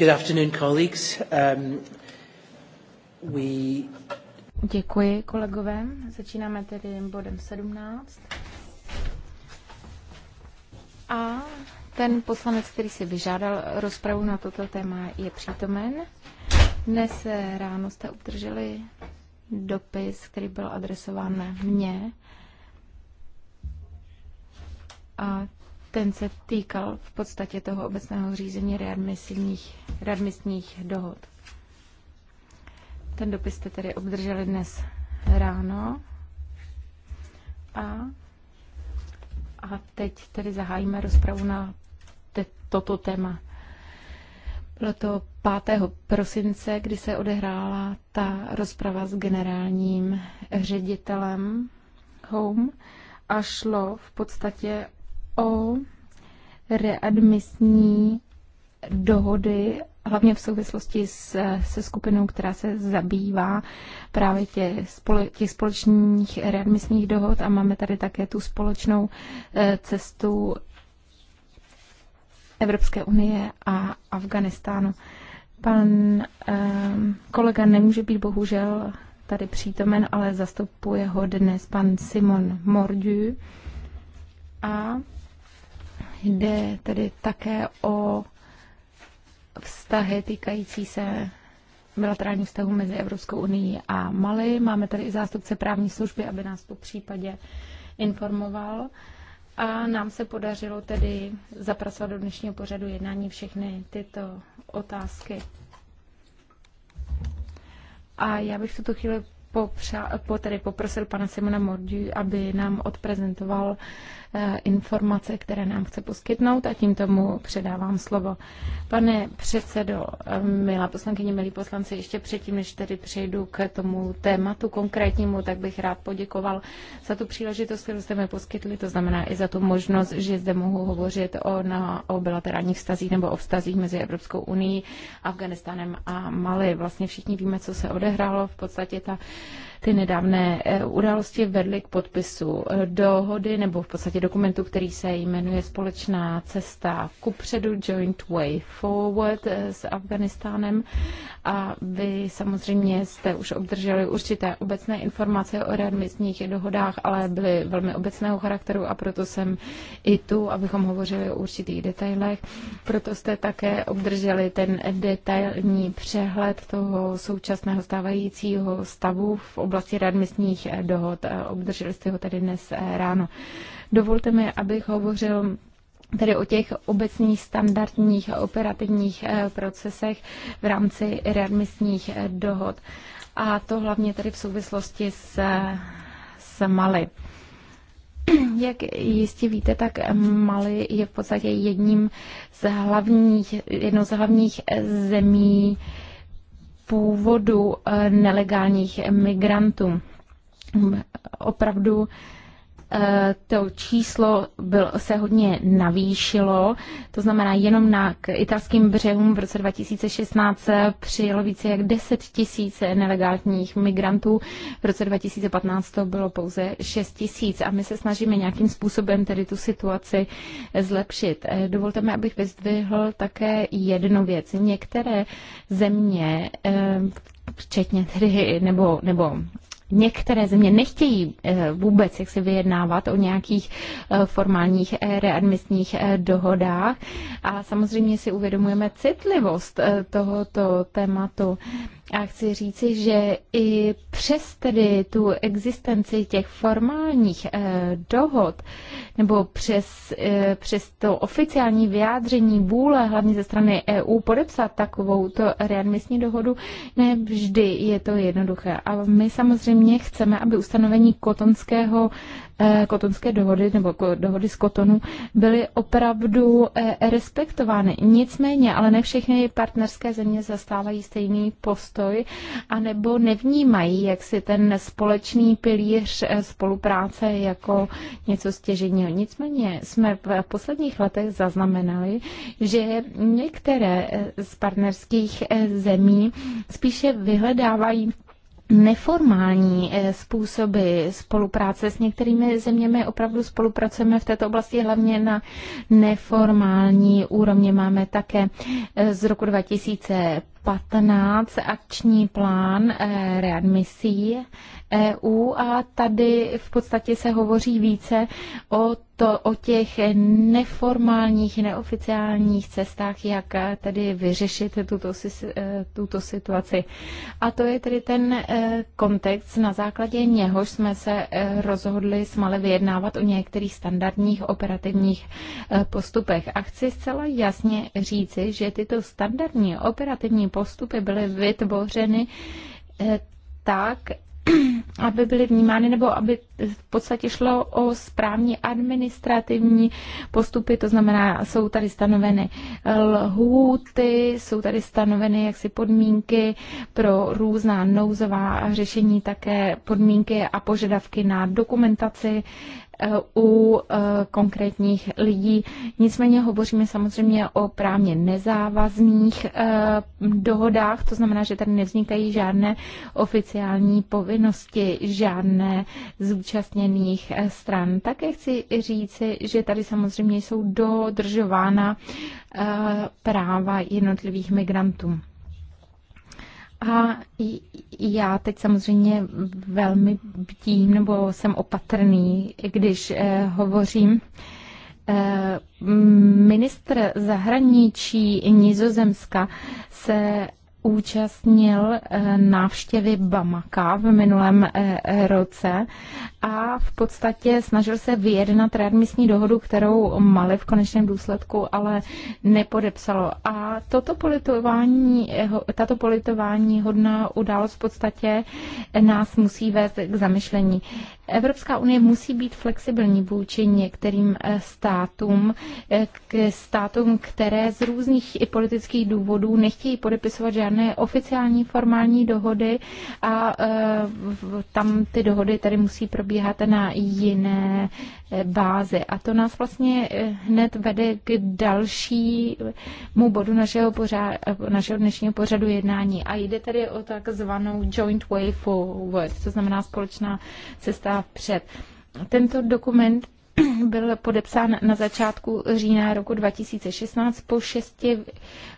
Good afternoon, colleagues. Um, we... Děkuji, kolegové. Začínáme tedy bodem 17. A ten poslanec, který si vyžádal rozpravu na toto téma, je přítomen. Dnes ráno jste obdrželi dopis, který byl adresován mně. A ten se týkal v podstatě toho obecného řízení readmisních, readmisních dohod. Ten dopis jste tedy obdrželi dnes ráno. A, a teď tedy zahájíme rozpravu na te, toto téma. Bylo to 5. prosince, kdy se odehrála ta rozprava s generálním ředitelem Home a šlo v podstatě o readmisní dohody, hlavně v souvislosti s, se skupinou, která se zabývá právě tě spole, těch společných readmisních dohod a máme tady také tu společnou eh, cestu Evropské unie a Afganistánu. Pan ehm, kolega nemůže být bohužel tady přítomen, ale zastupuje ho dnes pan Simon Mordu a Jde tedy také o vztahy týkající se bilaterálních vztahů mezi Evropskou unii a Mali. Máme tady i zástupce právní služby, aby nás po případě informoval. A nám se podařilo tedy zapracovat do dnešního pořadu jednání všechny tyto otázky. A já bych v tuto chvíli popřa, po, tedy poprosil pana Simona Mordiu, aby nám odprezentoval Eh, informace, které nám chce poskytnout a tím tomu předávám slovo. Pane předsedo, eh, milá poslankyně, milí poslanci, ještě předtím, než tedy přejdu k tomu tématu konkrétnímu, tak bych rád poděkoval za tu příležitost, kterou jste mi poskytli, to znamená i za tu možnost, že zde mohu hovořit o, na, o bilaterálních vztazích nebo o vztazích mezi Evropskou unii, Afganistánem a Mali. Vlastně všichni víme, co se odehrálo. V podstatě ta ty nedávné eh, události vedly k podpisu eh, dohody nebo v podstatě dokumentu, který se jmenuje Společná cesta předu Joint Way Forward eh, s Afganistánem. A vy samozřejmě jste už obdrželi určité obecné informace o readmisních dohodách, ale byly velmi obecného charakteru a proto jsem i tu, abychom hovořili o určitých detailech. Proto jste také obdrželi ten detailní přehled toho současného stávajícího stavu v oblasti oblasti readmisních eh, dohod. Eh, obdrželi jste ho tady dnes eh, ráno. Dovolte mi, abych hovořil tedy o těch obecných standardních operativních procesech v rámci readmisních dohod. A to hlavně tedy v souvislosti s, s Mali. Jak jistě víte, tak Mali je v podstatě jedním z hlavních, jednou z hlavních zemí, původu eh, nelegálních migrantů. Opravdu Eh, to číslo byl, se hodně navýšilo, to znamená jenom na k italským břehům v roce 2016 přijelo více jak 10 tisíc nelegálních migrantů, v roce 2015 to bylo pouze 6 tisíc a my se snažíme nějakým způsobem tedy tu situaci zlepšit. Eh, dovolte mi, abych vyzdvihl také jednu věc. Některé země eh, včetně tedy, nebo, nebo některé země nechtějí eh, vůbec jak se vyjednávat o nějakých eh, formálních eh, readmisních dohodách. A samozřejmě si uvědomujeme citlivost tohoto tématu. A chci říci, že i přes tedy tu existenci těch formálních dohod, nebo přes, eh, přes to oficiální vyjádření vůle, hlavně ze strany EU, podepsat takovou to readmisní dohodu, ne vždy je to jednoduché. A my samozřejmě chceme, aby ustanovení kotonského Eh, kotonské dohody nebo dohody z kotonu byly opravdu eh, respektovány. Nicméně, ale ne všechny partnerské země zastávají stejný postoj a nebo nevnímají, jak si ten společný pilíř eh, spolupráce jako něco stěžení. Nicméně jsme v posledních letech zaznamenali, že některé z partnerských zemí spíše vyhledávají neformální eh, způsoby spolupráce s některými zeměmi. Opravdu spolupracujeme v této oblasti hlavně na neformální úrovni. Máme také eh, z roku 2015 akční plán eh, readmisí EU a tady v podstatě se hovoří více o, to, o těch neformálních, neoficiálních cestách, jak tedy vyřešit tuto, eh, tuto situaci. A to je tedy ten eh, kontext, na základě něhož jsme se eh, rozhodli s Mali vyjednávat o některých standardních operativních postupech. A chci zcela jasně říci, že tyto standardní operativní postupy byly vytvořeny tak, aby byly vnímány, nebo aby v podstatě šlo o správní administrativní postupy, to znamená, jsou tady stanoveny lhůty, jsou tady stanoveny jaksi podmínky pro různá nouzová řešení, také podmínky a požadavky na dokumentaci u eh, konkrétních lidí. Nicméně hovoříme samozřejmě o právně nezávazných eh, dohodách, to znamená, že tady nevznikají žádné oficiální povinnosti, žádné zúčastněných eh, stran. Také chci říci, že tady samozřejmě jsou dodržována práva jednotlivých migrantů. A já teď samozřejmě velmi bdím nebo jsem opatrný, když eh, hovořím. Eh, ministr zahraničí Nizozemska se účastnil eh, návštěvy Bamaka v minulém eh, roce a v podstatě snažil se vyjednat readmisní dohodu, kterou Mali v konečném důsledku ale nepodepsalo. A toto politování, tato politování hodná událost v podstatě nás musí vést k zamyšlení. Evropská unie musí být flexibilní vůči některým eh, státům, eh, k státům, které z různých i politických důvodů nechtějí podepisovat žádné oficiální formální dohody a eh, tam ty dohody tady musí probíhat na jiné bázi. A to nás vlastně hned vede k dalšímu bodu našeho, pořád, našeho dnešního pořadu jednání. A jde tady o takzvanou joint way forward, to znamená společná cesta před. Tento dokument byl podepsán na začátku října roku 2016 po šesti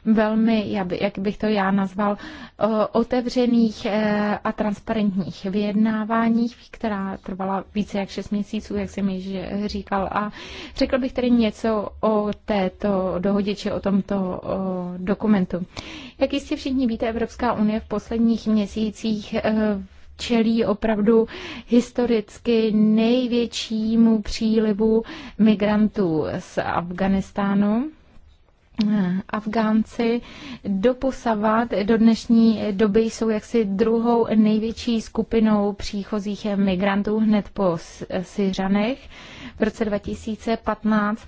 velmi, jak bych to já nazval, otevřených e, a transparentních vyjednáváních, která trvala více jak šest měsíců, jak jsem již říkal. A řekl bych tedy něco o této dohodě či o tomto dokumentu. Jak jistě všichni víte, Evropská unie v posledních měsících e, čelí opravdu historicky největšímu přílivu migrantů z Afganistánu. Afgánci doposavat do dnešní doby jsou jaksi druhou největší skupinou příchozích migrantů hned po Syřanech. V roce 2015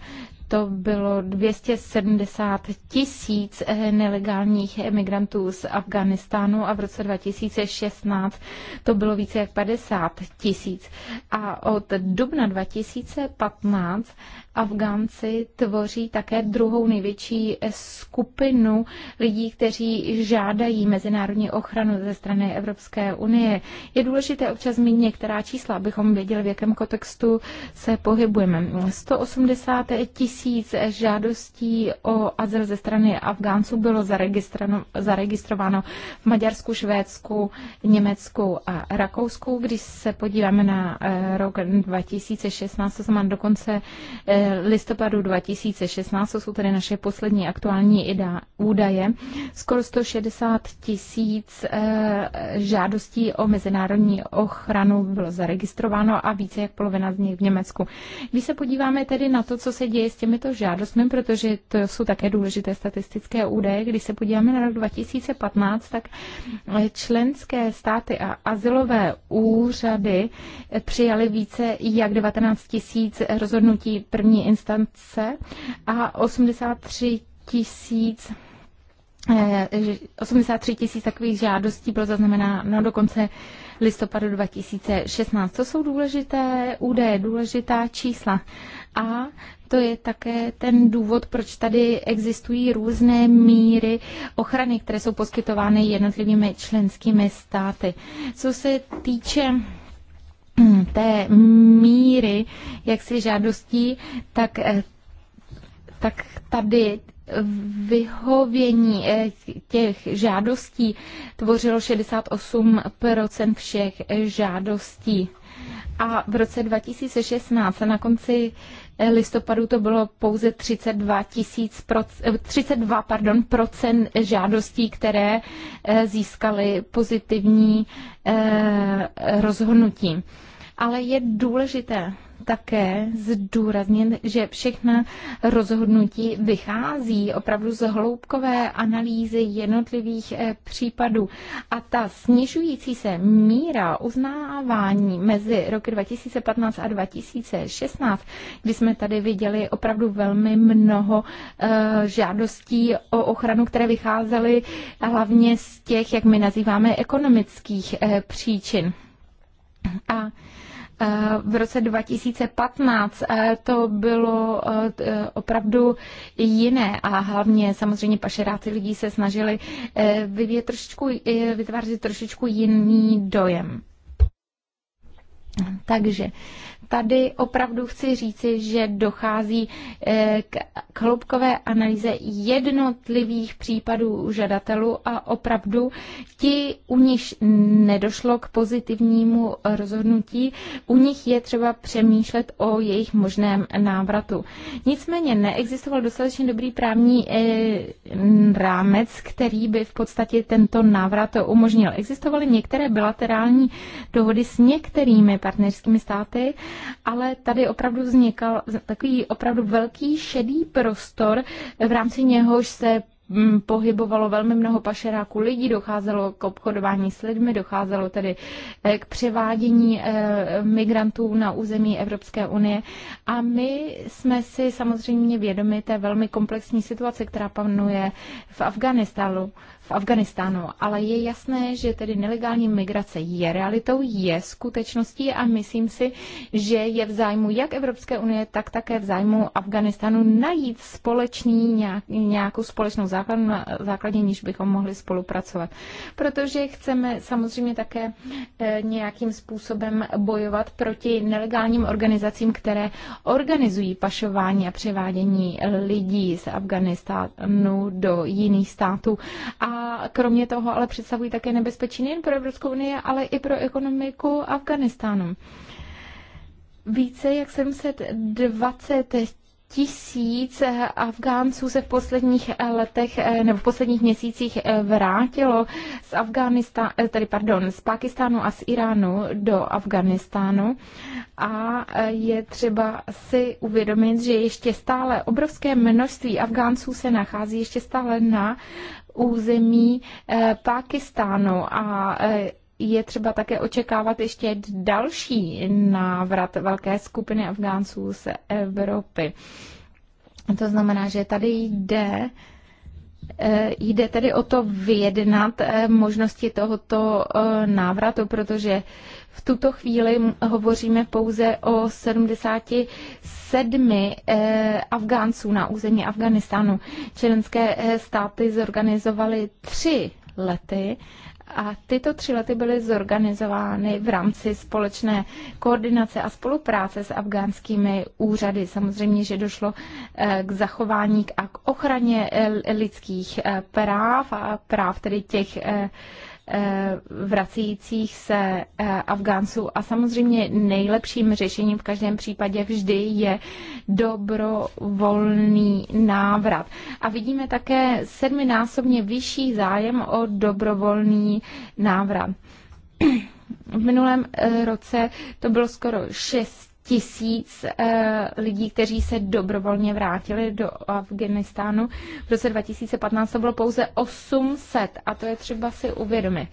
to bylo 270 tisíc eh, nelegálních emigrantů z Afganistánu a v roce 2016 to bylo více jak 50 tisíc. A od dubna 2015 Afgánci tvoří také druhou největší skupinu lidí, kteří žádají mezinárodní ochranu ze strany Evropské unie. Je důležité občas mít některá čísla, abychom věděli, v jakém kontextu se pohybujeme. 180 tisíc žádostí o azyl ze strany Afgánců bylo zaregistrováno v Maďarsku, Švédsku, Německu a Rakousku. Když se podíváme na eh, rok 2016, to znamená dokonce eh, listopadu 2016, to jsou tedy naše poslední aktuální údaje, skoro 160 tisíc eh, žádostí o mezinárodní ochranu bylo zaregistrováno a více jak polovina z nich v Německu. Když se podíváme tedy na to, co se děje s těmito žádostmi, protože to jsou také důležité statistické údaje, když se podíváme na rok 2015, tak eh, členské státy a asilové úřady eh, přijali více jak 19 tisíc rozhodnutí první první instance a 83 tisíc 83 eh, tisíc takových žádostí bylo zaznamenáno do konce listopadu 2016. To jsou důležité údaje, důležitá čísla. A to je také ten důvod, proč tady existují různé míry ochrany, které jsou poskytovány jednotlivými členskými státy. Co se týče té míry si žádostí, tak, eh, tak tady vyhovění eh, těch žádostí tvořilo 68% všech žádostí. A v roce 2016 na konci listopadu to bylo pouze 32, tisíc 32 eh, pardon, procent žádostí, které eh, získaly pozitivní eh, rozhodnutí. Ale je důležité také zdůraznit, že všechna rozhodnutí vychází opravdu z hloubkové analýzy jednotlivých eh, případů. A ta snižující se míra uznávání mezi roky 2015 a 2016, kdy jsme tady viděli opravdu velmi mnoho eh, žádostí o ochranu, které vycházely hlavně z těch, jak my nazýváme, ekonomických eh, příčin. A Eh, v roce 2015 eh, to bylo eh, opravdu jiné a hlavně samozřejmě pašeráci lidí se snažili vyvíjet trošičku, vytvářet trošičku jiný dojem. Takže tady opravdu chci říci, že dochází eh, k hloubkové analýze jednotlivých případů žadatelů a opravdu ti, u nich nedošlo k pozitivnímu rozhodnutí, u nich je třeba přemýšlet o jejich možném návratu. Nicméně neexistoval dostatečně dobrý právní eh, rámec, který by v podstatě tento návrat umožnil. Existovaly některé bilaterální dohody s některými partnerskými státy, ale tady opravdu vznikal takový opravdu velký šedý prostor, v rámci něhož se pohybovalo velmi mnoho pašeráků lidí, docházelo k obchodování s lidmi, docházelo tedy eh, k převádění eh, migrantů na území Evropské unie. A my jsme si samozřejmě vědomi té velmi komplexní situace, která panuje v Afganistánu, v Afganistánu. Ale je jasné, že tedy nelegální migrace je realitou, je skutečností a myslím si, že je v zájmu jak Evropské unie, tak také v zájmu Afganistánu najít společný, nějak, nějakou společnou základu, na základě níž bychom mohli spolupracovat. Protože chceme samozřejmě také eh, nějakým způsobem bojovat proti nelegálním organizacím, které organizují pašování a převádění lidí z Afganistánu do jiných států. A kromě toho ale představují také nebezpečí nejen pro Evropskou unii, ale i pro ekonomiku Afganistánu. Více jak 720 tisíc Afgánců se v posledních eh, letech eh, nebo v posledních měsících eh, vrátilo z Afganistánu, tedy pardon, z Pakistánu a z Iránu do Afganistánu a je třeba si uvědomit, že ještě stále obrovské množství Afgánců se nachází ještě stále na území Pakistánu a je třeba také očekávat ještě další návrat velké skupiny Afgánců z Evropy. To znamená, že tady jde eh, Jde tedy o to vyjednat eh, možnosti tohoto eh, návratu, protože v tuto chvíli hovoříme pouze o 77 Afgánců na území Afganistánu. Členské státy zorganizovaly tři lety a tyto tři lety byly zorganizovány v rámci společné koordinace a spolupráce s afgánskými úřady. Samozřejmě, že došlo eh, k zachování a k ochraně eh, lidských eh, práv a práv tedy těch Eh, vracících se eh, Afgánců. A samozřejmě nejlepším řešením v každém případě vždy je dobrovolný návrat. A vidíme také sedminásobně vyšší zájem o dobrovolný návrat. V minulém eh, roce to bylo skoro 6 tisíc eh, lidí, kteří se dobrovolně vrátili do Afganistánu. V roce 2015 to bylo pouze 800 a to je třeba si uvědomit.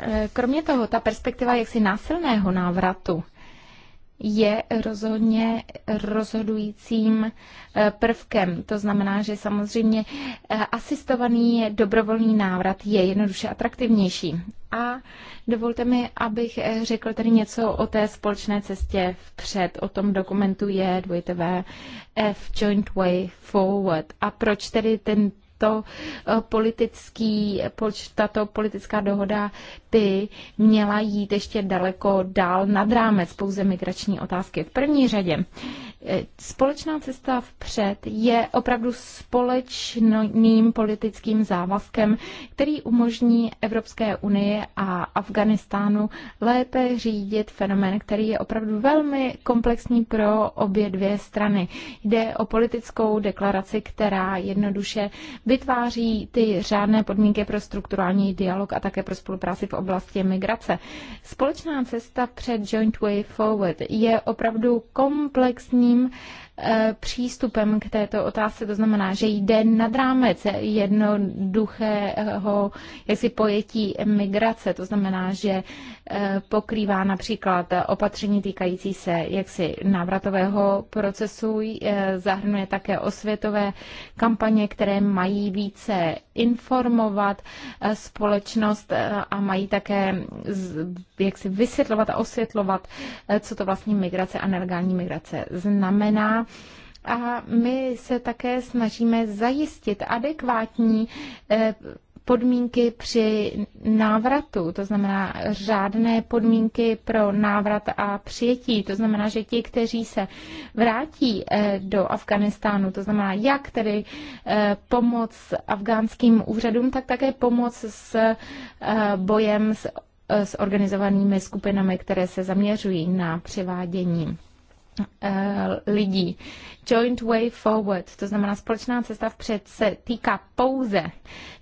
Eh, kromě toho, ta perspektiva jaksi násilného návratu je rozhodně rozhodujícím eh, prvkem. To znamená, že samozřejmě asistovaný dobrovolný návrat je jednoduše atraktivnější. A dovolte mi, abych eh, řekl tady něco o té společné cestě vpřed. O tom dokumentu je dvojitevé F Joint Way Forward. A proč tedy ten to eh, politický, tato politická dohoda by měla jít ještě daleko dál nad rámec pouze migrační otázky. V první řadě Eh, společná cesta vpřed je opravdu společným politickým závazkem, který umožní Evropské unii a Afganistánu lépe řídit fenomén, který je opravdu velmi komplexní pro obě dvě strany. Jde o politickou deklaraci, která jednoduše vytváří ty řádné podmínky pro strukturální dialog a také pro spolupráci v oblasti migrace. Společná cesta před Joint Way Forward je opravdu komplexní jednáním E, přístupem k této otázce. To znamená, že jde nad rámec jednoduchého jaksi pojetí migrace. To znamená, že e, pokrývá například opatření týkající se jaksi návratového procesu, e, zahrnuje také osvětové kampaně, které mají více informovat společnost a mají také jaksi vysvětlovat a osvětlovat, co to vlastně migrace a nelegální migrace znamená a my se také snažíme zajistit adekvátní eh, podmínky při návratu, to znamená řádné podmínky pro návrat a přijetí. To znamená, že ti, kteří se vrátí eh, do Afganistánu, to znamená jak tedy eh, pomoc afgánským úřadům, tak také pomoc s bojem s, s organizovanými skupinami, které se zaměřují na přivádění Eh, lidí. Joint Way Forward, to znamená společná cesta vpřed, se týká pouze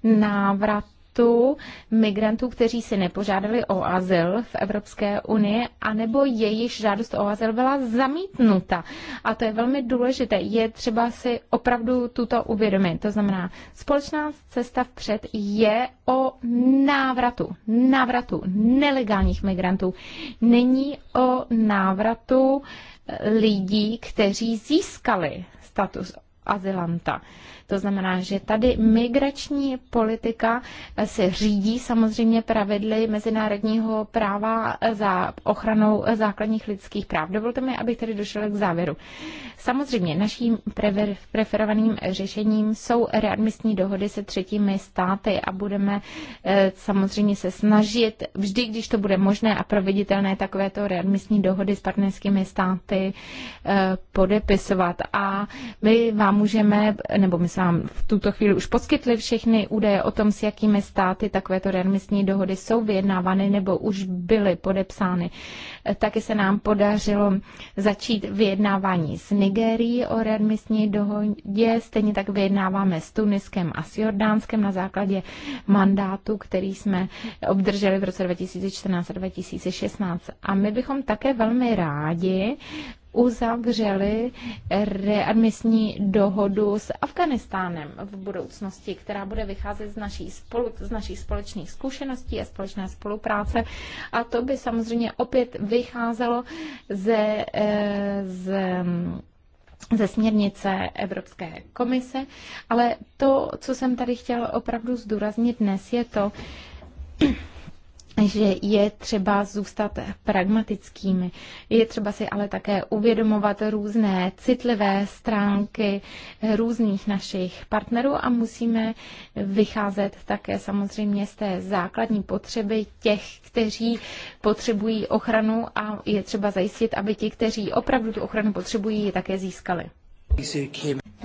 návratu migrantů, kteří si nepožádali o azyl v Evropské unii, anebo jejich žádost o azyl byla zamítnuta. A to je velmi důležité. Je třeba si opravdu tuto uvědomit. To znamená, společná cesta vpřed je o návratu, návratu nelegálních migrantů. Není o návratu uh, lidí, kteří získali status azylanta. To znamená, že tady migrační politika se řídí samozřejmě pravidly mezinárodního práva za ochranou základních lidských práv. Dovolte mi, abych tady došel k závěru. Samozřejmě naším preferovaným řešením jsou readmisní dohody se třetími státy a budeme eh, samozřejmě se snažit vždy, když to bude možné a proveditelné, takovéto readmisní dohody s partnerskými státy eh, podepisovat. A my vám můžeme, nebo my se sám v tuto chvíli už poskytli všechny údaje o tom, s jakými státy takovéto remisní dohody jsou vyjednávány nebo už byly podepsány. E, taky se nám podařilo začít vyjednávání s Nigerií o remisní dohodě, stejně tak vyjednáváme s Tuniskem a s Jordánskem na základě mandátu, který jsme obdrželi v roce 2014 a 2016. A my bychom také velmi rádi uzavřeli readmisní dohodu s Afganistánem v budoucnosti, která bude vycházet z, naší spolu, z naší společných zkušeností a společné spolupráce. A to by samozřejmě opět vycházelo ze, eh, z ze směrnice Evropské komise, ale to, co jsem tady chtěla opravdu zdůraznit dnes, je to, že je třeba zůstat pragmatickými. Je třeba si ale také uvědomovat různé citlivé stránky různých našich partnerů a musíme vycházet také samozřejmě z té základní potřeby těch, kteří potřebují ochranu a je třeba zajistit, aby ti, kteří opravdu tu ochranu potřebují, ji také získali.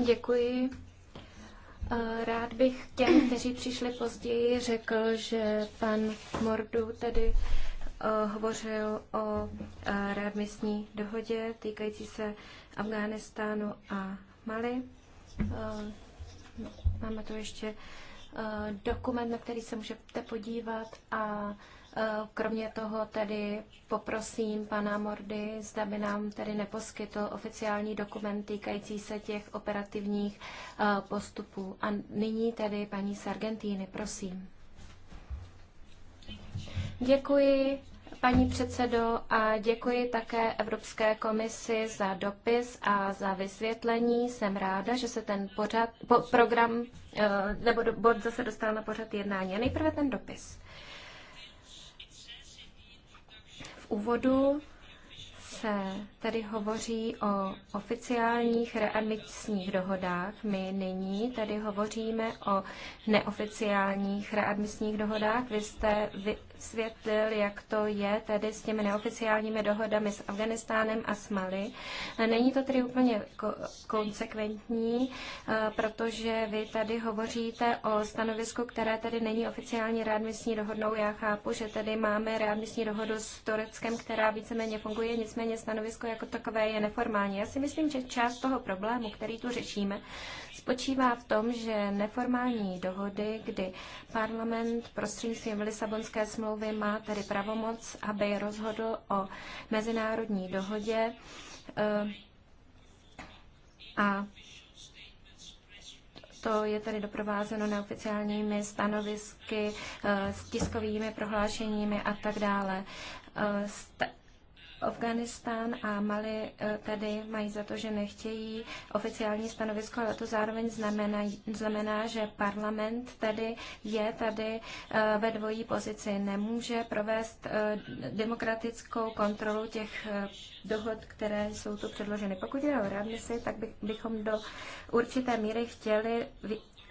Děkuji. Rád bych těm, kteří přišli později, řekl, že pan Mordu tedy eh, hovořil o eh, readmisní dohodě týkající se Afghánistánu a Mali. Eh, máme tu ještě dokument, na který se můžete podívat a Kromě toho tedy poprosím pana Mordy, zda by nám tedy neposkytl oficiální dokument týkající se těch operativních eh, postupů. A nyní tedy paní Sargentini, prosím. Děkuji paní předsedo, a děkuji také Evropské komisi za dopis a za vysvětlení. Jsem ráda, že se ten pořad, po, program eh, nebo bod zase dostal na pořad jednání. A nejprve ten dopis. úvodu se tady hovoří o oficiálních readmisních dohodách. My nyní tady hovoříme o neoficiálních readmisních dohodách. Vy jste vysvětlil, jak to je tedy s těmi neoficiálními dohodami s Afganistánem a s Mali. Není to tedy úplně konsekventní, eh, protože vy tady hovoříte o stanovisku, které tedy není oficiální readmisní dohodnou. Já chápu, že tady máme readmisní dohodu s Tureckem, která víceméně funguje, nicméně stanovisko jako takové je neformální. Já si myslím, že část toho problému, který tu řešíme, spočívá v tom, že neformální dohody, kdy parlament prostřednictvím Lisabonské smlouvy má tedy pravomoc, aby rozhodl o mezinárodní dohodě eh, a to je tady doprovázeno neoficiálními stanovisky, eh, s tiskovými prohlášeními a tak dále. Eh, Afganistán a Mali eh, tady mají za to, že nechtějí oficiální stanovisko, ale to zároveň znamená, znamená že parlament tady je tady eh, ve dvojí pozici. Nemůže provést eh, demokratickou kontrolu těch dohod, které jsou tu předloženy. Pokud je o readmisi, tak bychom do určité míry chtěli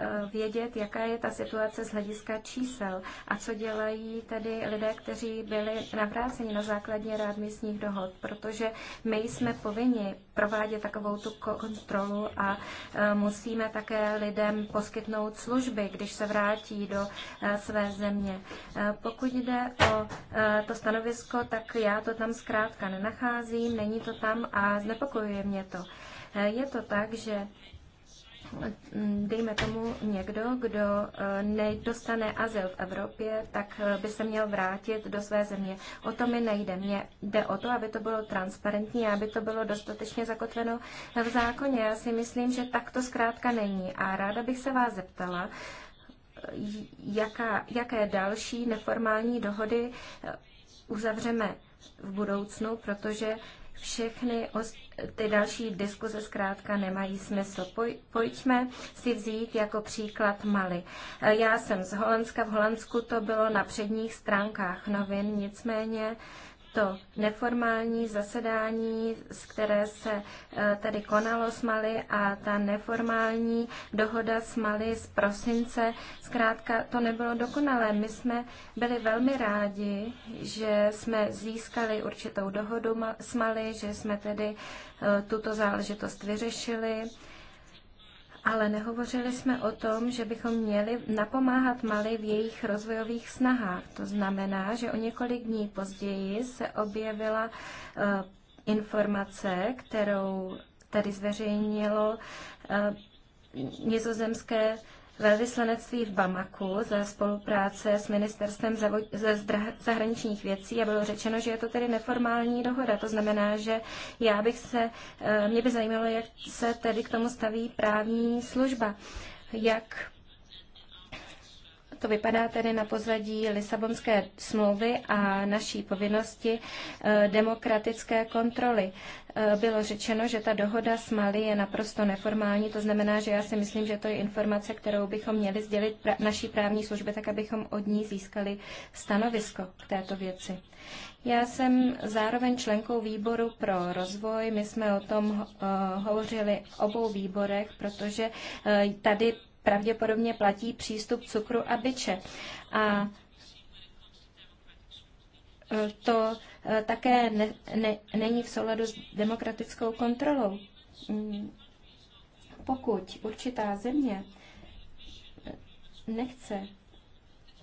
Eh, vědět, jaká je ta situace z hlediska čísel a co dělají tedy lidé, kteří byli navráceni na základě místních dohod, protože my jsme povinni provádět takovou tu kontrolu a eh, musíme také lidem poskytnout služby, když se vrátí do eh, své země. Pokud jde o to stanovisko, tak já to tam zkrátka nenacházím, není to tam a znepokojuje mě to. Je to tak, že dejme tomu někdo, kdo eh, nedostane azyl v Evropě, tak eh, by se měl vrátit do své země. O to mi nejde. Mně jde o to, aby to bylo transparentní, aby to bylo dostatečně zakotveno v zákoně. Já si myslím, že tak to zkrátka není. A ráda bych se vás zeptala, eh, jaká, jaké další neformální dohody uzavřeme v budoucnu, protože všechny ty další diskuze zkrátka nemají smysl. Poj, pojďme si vzít jako příklad Mali. Eh, já jsem z Holandska, v Holandsku to bylo na předních stránkách novin, nicméně to neformální zasedání, z které se eh, tedy konalo s Mali a ta neformální dohoda s Mali z prosince, zkrátka to nebylo dokonalé. My jsme byli velmi rádi, že jsme získali určitou dohodu s Mali, že jsme tedy eh, tuto záležitost vyřešili ale nehovořili jsme o tom, že bychom měli napomáhat Mali v jejich rozvojových snahách. To znamená, že o několik dní později se objevila eh, informace, kterou tady zveřejnilo eh, nizozemské velvyslanectví v Bamaku za spolupráce s ministerstvem ze zahraničních věcí a bylo řečeno, že je to tedy neformální dohoda. To znamená, že já bych se, eh, mě by zajímalo, jak se tedy k tomu staví právní služba. Jak to vypadá tedy na pozadí Lisabonské smlouvy a naší povinnosti eh, demokratické kontroly. Eh, bylo řečeno, že ta dohoda s Mali je naprosto neformální, to znamená, že já si myslím, že to je informace, kterou bychom měli sdělit naší právní službě, tak abychom od ní získali stanovisko k této věci. Já jsem zároveň členkou výboru pro rozvoj. My jsme o tom eh, hovořili obou výborech, protože tady pravděpodobně platí přístup cukru a byče. A e, to e, také ne, ne, není v souladu s demokratickou kontrolou. Mm, pokud určitá země nechce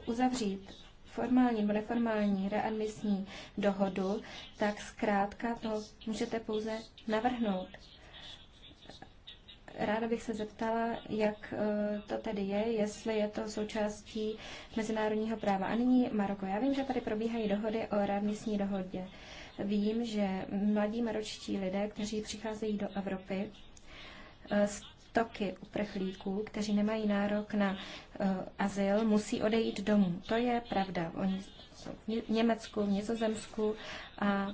uzavřít formální nebo neformální readmisní dohodu, tak zkrátka to můžete pouze navrhnout. Ráda bych se zeptala, jak e, to tedy je, jestli je to součástí mezinárodního práva. A nyní Maroko. Já vím, že tady probíhají dohody o readmisní dohodě. Vím, že mladí maročtí lidé, kteří přicházejí do Evropy, e, stoky uprchlíků, kteří nemají nárok na e, azyl, musí odejít domů. To je pravda. Oni v Německu, v Nizozemsku a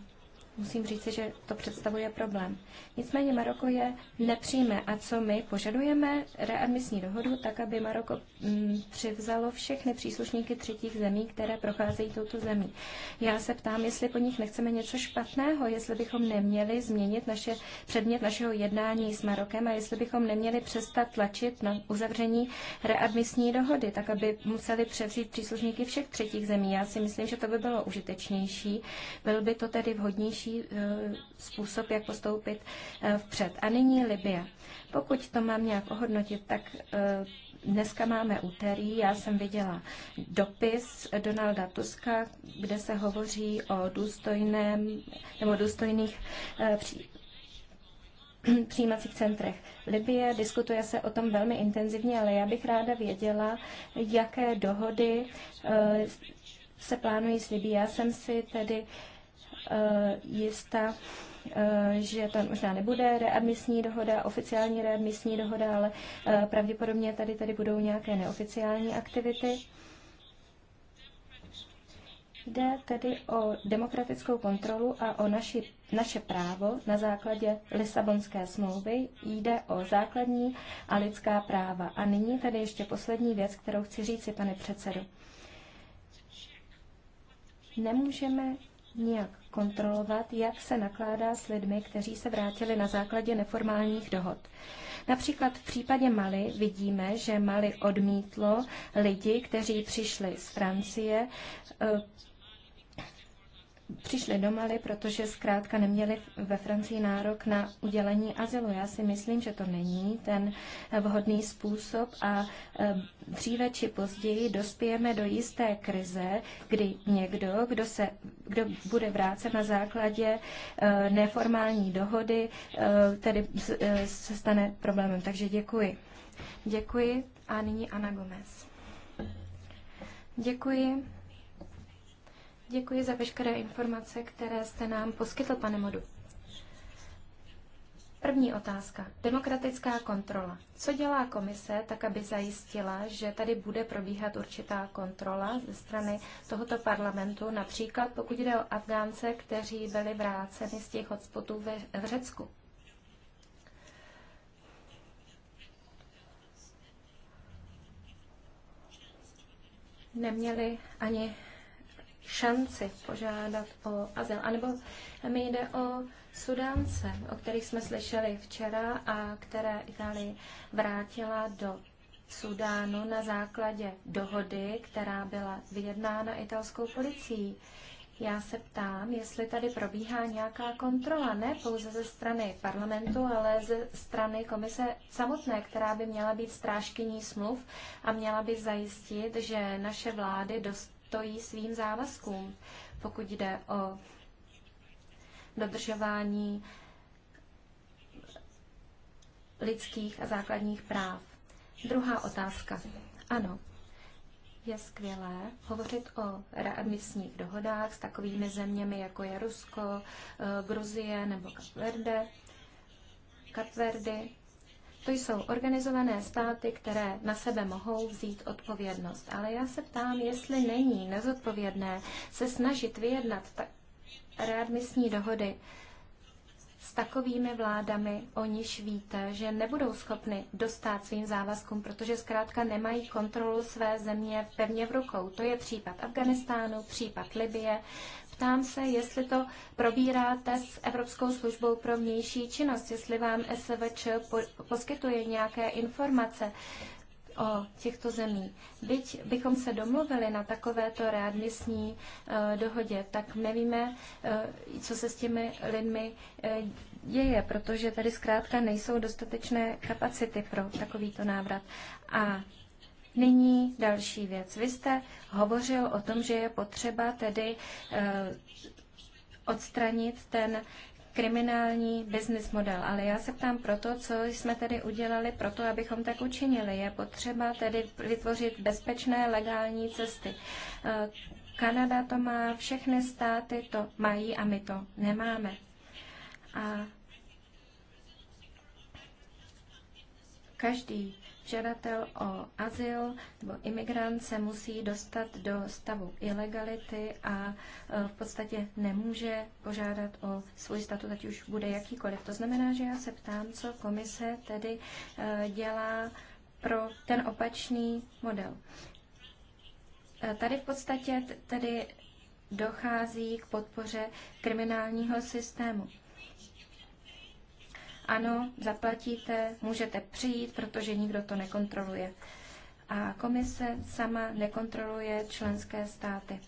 musím říci, že to představuje problém. Nicméně Maroko je nepřijme a co my požadujeme readmisní dohodu, tak aby Maroko m, mm, přivzalo všechny příslušníky třetích zemí, které procházejí touto zemí. Já se ptám, jestli po nich nechceme něco špatného, jestli bychom neměli změnit naše, předmět našeho jednání s Marokem a jestli bychom neměli přestat tlačit na uzavření readmisní dohody, tak aby museli převzít příslušníky všech třetích zemí. Já si myslím, že to by bylo užitečnější, byl by to tedy vhodnější nejlepší eh, způsob, jak postoupit eh, vpřed. A nyní Libie. Pokud to mám nějak ohodnotit, tak eh, dneska máme úterý, já jsem viděla dopis Donalda Tuska, kde se hovoří o důstojném nebo důstojných pří, přijímacích centrech Libie. Diskutuje se o tom velmi intenzivně, ale já bych ráda věděla, jaké dohody se plánují s Libí. Já jsem si tedy Eh, jistá, eh, že tam možná nebude readmisní dohoda, oficiální readmisní dohoda, ale eh, pravděpodobně tady tady budou nějaké neoficiální aktivity. Jde tedy o demokratickou kontrolu a o naši, naše právo na základě Lisabonské smlouvy. Jde o základní a lidská práva. A nyní tady ještě poslední věc, kterou chci říci, pane předsedo. Nemůžeme nijak kontrolovat, jak se nakládá s lidmi, kteří se vrátili na základě neformálních dohod. Například v případě Mali vidíme, že Mali odmítlo lidi, kteří přišli z Francie, eh, přišli do Mali, protože zkrátka neměli ve Francii nárok na udělení azylu. Já si myslím, že to není ten vhodný způsob a e, dříve či později dospějeme do jisté krize, kdy někdo, kdo, se, kdo bude vrácen na základě e, neformální dohody, e, tedy se stane problémem. Takže děkuji. Děkuji a nyní Ana Gomez. Děkuji. Děkuji za veškeré informace, které jste nám poskytl, pane Modu. První otázka. Demokratická kontrola. Co dělá komise tak, aby zajistila, že tady bude probíhat určitá kontrola ze strany tohoto parlamentu, například pokud jde o Afgánce, kteří byli vráceni z těch hotspotů ve, v Řecku? Neměli ani šanci požádat o azyl. A nebo mi jde o Sudánce, o kterých jsme slyšeli včera a které Itálii vrátila do Sudánu na základě dohody, která byla vyjednána italskou policií. Já se ptám, jestli tady probíhá nějaká kontrola, ne pouze ze strany parlamentu, ale ze strany komise samotné, která by měla být strážkyní smluv a měla by zajistit, že naše vlády dost stojí svým závazkům, pokud jde o dodržování lidských a základních práv. Druhá otázka. Ano, je skvělé hovořit o readmisních dohodách s takovými zeměmi, jako je Rusko, eh, Gruzie nebo Kapverde, Kapverdy. To jsou organizované státy, které na sebe mohou vzít odpovědnost. Ale já se ptám, jestli není nezodpovědné se snažit vyjednat ta- readmisní dohody s takovými vládami, o níž víte, že nebudou schopny dostat svým závazkům, protože zkrátka nemají kontrolu své země pevně v rukou. To je případ Afganistánu, případ Libie, Ptám se, jestli to probíráte s Evropskou službou pro vnější činnost, jestli vám SVČ poskytuje nějaké informace o těchto zemí. Byť bychom se domluvili na takovéto readmisní e, dohodě, tak nevíme, eh, co se s těmi lidmi eh, děje, protože tady zkrátka nejsou dostatečné kapacity pro takovýto návrat. A Nyní další věc. Vy jste hovořil o tom, že je potřeba tedy eh, odstranit ten kriminální business model. Ale já se ptám proto, co jsme tedy udělali pro to, abychom tak učinili. Je potřeba tedy vytvořit bezpečné legální cesty. Eh, Kanada to má, všechny státy to mají a my to nemáme. A každý žadatel o azyl nebo imigrant se musí dostat do stavu ilegality a e, v podstatě nemůže požádat o svůj statut, ať už bude jakýkoliv. To znamená, že já se ptám, co komise tedy e, dělá pro ten opačný model. E, tady v podstatě tedy dochází k podpoře kriminálního systému. Ano, zaplatíte, můžete přijít, protože nikdo to nekontroluje. A komise sama nekontroluje členské státy,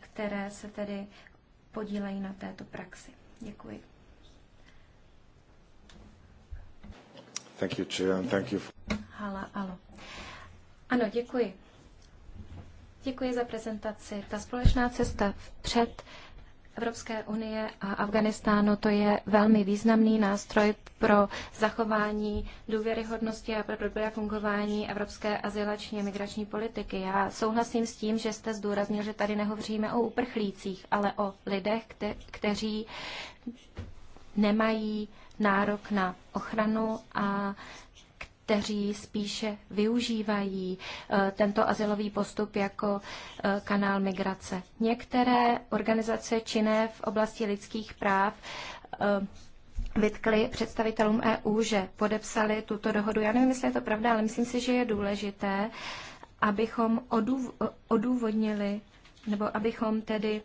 které se tedy podílejí na této praxi. Děkuji. Thank you, Chair, and thank you. for. Hala, alo. Ano, děkuji. Děkuji za prezentaci. Ta společná cesta vpřed Evropské unie a Afganistánu, to je velmi významný nástroj pro zachování důvěryhodnosti a pro dobré fungování evropské azylační a migrační politiky. Já souhlasím s tím, že jste zdůraznil, že tady nehovoříme o uprchlících, ale o lidech, kte- kteří nemají nárok na ochranu a kteří spíše využívají eh, tento azylový postup jako eh, kanál migrace. Některé organizace činné v oblasti lidských práv eh, vytkli představitelům EU, že podepsali tuto dohodu. Já nevím, jestli je to pravda, ale myslím si, že je důležité, abychom odůvodnili, nebo abychom tedy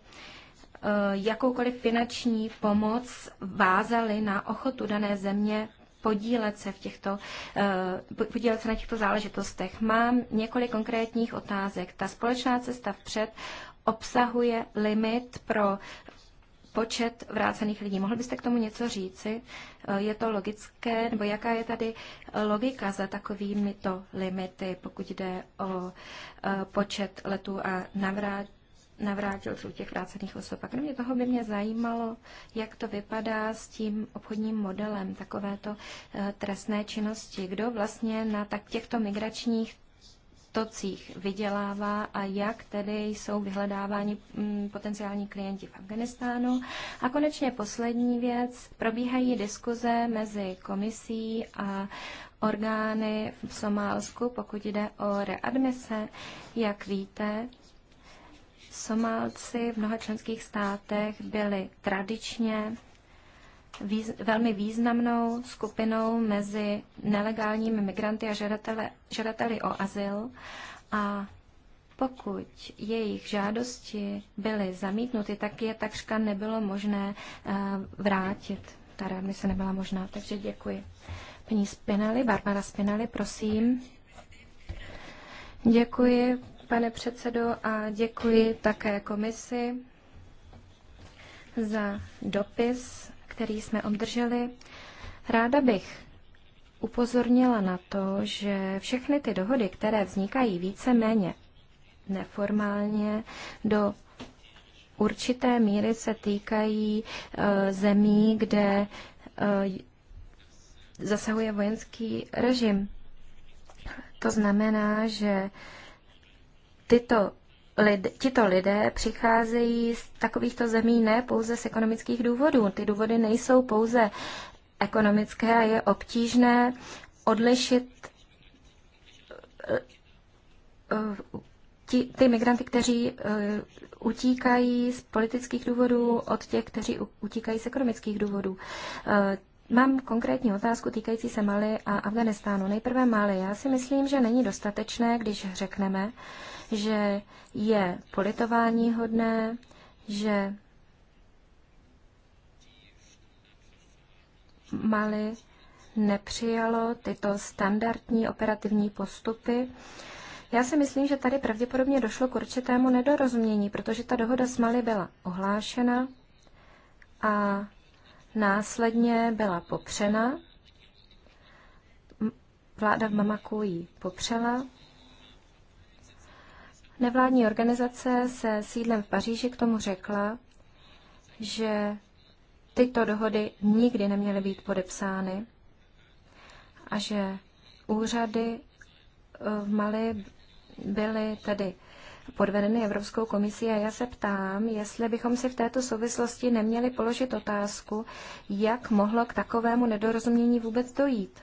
jakoukoliv finanční pomoc vázali na ochotu dané země podílet se, v těchto, eh, podílet se na těchto záležitostech. Mám několik konkrétních otázek. Ta společná cesta vpřed obsahuje limit pro počet vrácených lidí. Mohl byste k tomu něco říci? Eh, je to logické, nebo jaká je tady eh, logika za takovými to limity, pokud jde o počet letů a navrát navrátilců, těch vrácených osob. A kromě toho by mě zajímalo, jak to vypadá s tím obchodním modelem takovéto eh, trestné činnosti. Kdo vlastně na tak těchto migračních tocích vydělává a jak tedy jsou vyhledáváni mm, potenciální klienti v Afganistánu. A konečně poslední věc, probíhají diskuze mezi komisí a orgány v Somálsku, pokud jde o readmise. Jak víte, Somálci v mnoha členských státech byli tradičně výz, velmi významnou skupinou mezi nelegálními migranty a žadateli, žadateli o azyl a pokud jejich žádosti byly zamítnuty, tak je takřka nebylo možné eh, vrátit. Ta se nebyla možná, takže děkuji. Paní Spinelli, Barbara Spinelli, prosím. Děkuji, pane předsedo, a děkuji také komisi za dopis, který jsme obdrželi. Ráda bych upozornila na to, že všechny ty dohody, které vznikají více-méně neformálně, do určité míry se týkají e, zemí, kde e, zasahuje vojenský režim. To znamená, že tyto lid, tito lidé přicházejí z takovýchto zemí ne pouze z ekonomických důvodů. Ty důvody nejsou pouze ekonomické a je obtížné odlišit eh, eh, ty, ty migranty, kteří eh, utíkají z politických důvodů od těch, kteří utíkají z ekonomických důvodů. Mám konkrétní otázku týkající se Mali a Afganistánu. Nejprve Mali. Já si myslím, že není dostatečné, když řekneme, že je politování hodné, že Mali nepřijalo tyto standardní operativní postupy. Já si myslím, že tady pravděpodobně došlo k určitému nedorozumění, protože ta dohoda s Mali byla ohlášena a následně byla popřena. Vláda v Mamaku ji popřela Nevládní organizace se sídlem v Paříži k tomu řekla, že tyto dohody nikdy neměly být podepsány a že úřady eh, v Mali byly tedy podvedeny Evropskou komisí a já se ptám, jestli bychom si v této souvislosti neměli položit otázku, jak mohlo k takovému nedorozumění vůbec dojít.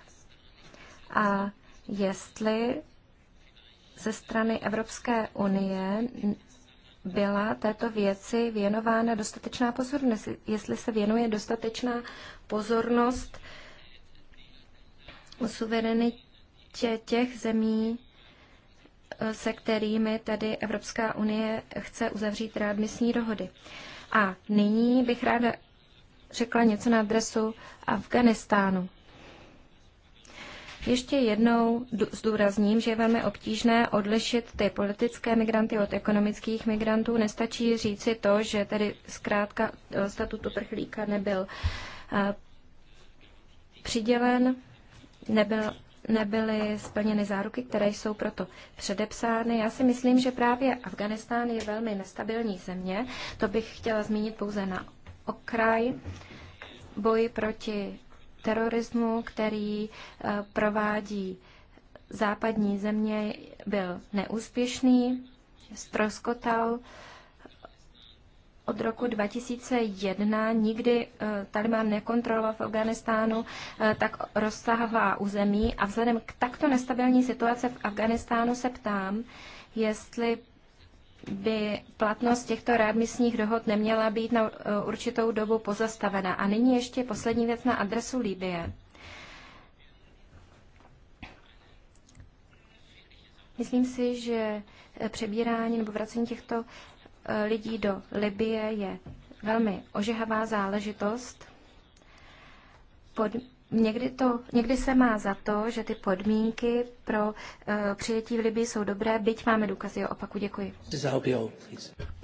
A jestli ze strany Evropské unie byla této věci věnována dostatečná pozornost, jestli se věnuje dostatečná pozornost suverenitě těch zemí, se kterými tedy Evropská unie chce uzavřít readmisní dohody. A nyní bych ráda řekla něco na adresu Afganistánu. Ještě jednou zdůrazním, že je velmi obtížné odlišit ty politické migranty od ekonomických migrantů. Nestačí říci to, že tedy zkrátka eh, statut uprchlíka nebyl eh, přidělen, nebyl nebyly splněny záruky, které jsou proto předepsány. Já si myslím, že právě Afganistán je velmi nestabilní země. To bych chtěla zmínit pouze na okraj. Boj proti terorismu, který eh, provádí západní země, byl neúspěšný, stroskotal. Od roku 2001 nikdy eh, Taliban nekontroloval v Afganistánu eh, tak rozsáhlá území a vzhledem k takto nestabilní situace v Afganistánu se ptám, jestli by platnost těchto rádmisních dohod neměla být na eh, určitou dobu pozastavena. A nyní ještě poslední věc na adresu Líbie. Myslím si, že eh, přebírání nebo vracení těchto eh, lidí do Libie je velmi ožehavá záležitost. Pod Někdy, to, někdy se má za to, že ty podmínky pro uh, přijetí v Libii jsou dobré, byť máme důkazy o opaku. Děkuji.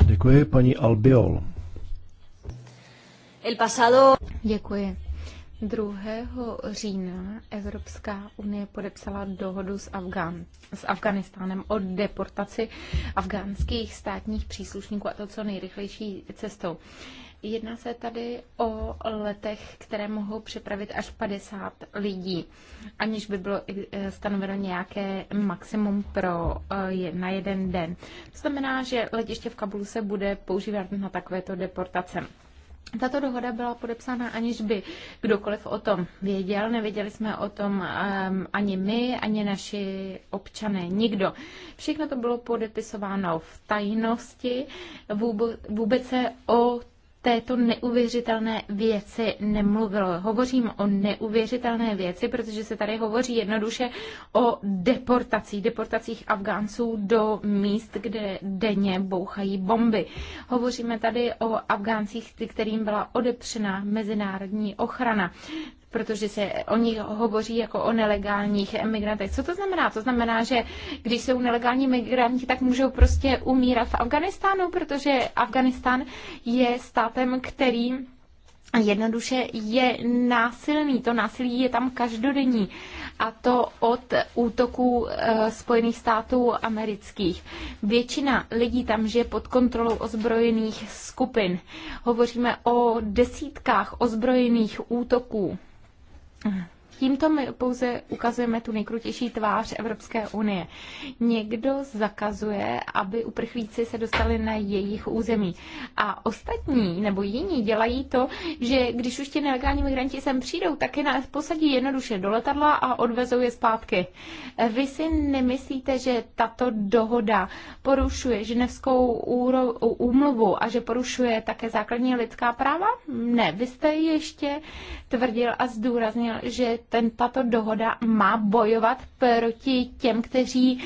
Děkuji, paní Albiol. El pasado... Děkuji. 2. října Evropská unie podepsala dohodu s, Afgán, s Afganistánem o deportaci afgánských státních příslušníků a to co nejrychlejší cestou. Uh, Jedná se tady o letech, které mohou přepravit až 50 lidí, aniž by bylo eh, stanoveno nějaké maximum pro eh, na jeden den. To znamená, že letiště v Kabulu se bude používat na takovéto deportace. Tato dohoda byla podepsána, aniž by kdokoliv o tom věděl. Nevěděli jsme o tom um, ani my, ani naši občané, nikdo. Všechno to bylo podepisováno v tajnosti. Vůbec, vůbec se o této neuvěřitelné věci nemluvilo. Hovořím o neuvěřitelné věci, protože se tady hovoří jednoduše o deportacích, deportacích Afgánců do míst, kde denně bouchají bomby. Hovoříme tady o Afgáncích, kterým byla odepřena mezinárodní ochrana protože se o nich hovoří jako o nelegálních emigrantech. Co to znamená? To znamená, že když jsou nelegální migranti, tak můžou prostě umírat v Afganistánu, protože Afganistán je státem, který jednoduše je násilný. To násilí je tam každodenní. A to od útoků eh, Spojených států amerických. Většina lidí tam žije pod kontrolou ozbrojených skupin. Hovoříme o desítkách ozbrojených útoků Mm-hmm. Tímto my pouze ukazujeme tu nejkrutější tvář Evropské unie. Někdo zakazuje, aby uprchlíci se dostali na jejich území. A ostatní nebo jiní dělají to, že když už ti nelegální migranti sem přijdou, tak je nás posadí jednoduše do letadla a odvezou je zpátky. Vy si nemyslíte, že tato dohoda porušuje ženevskou úmluvu a že porušuje také základní lidská práva? Ne, vy jste ještě tvrdil a zdůraznil, že ten, tato dohoda má bojovat proti těm, kteří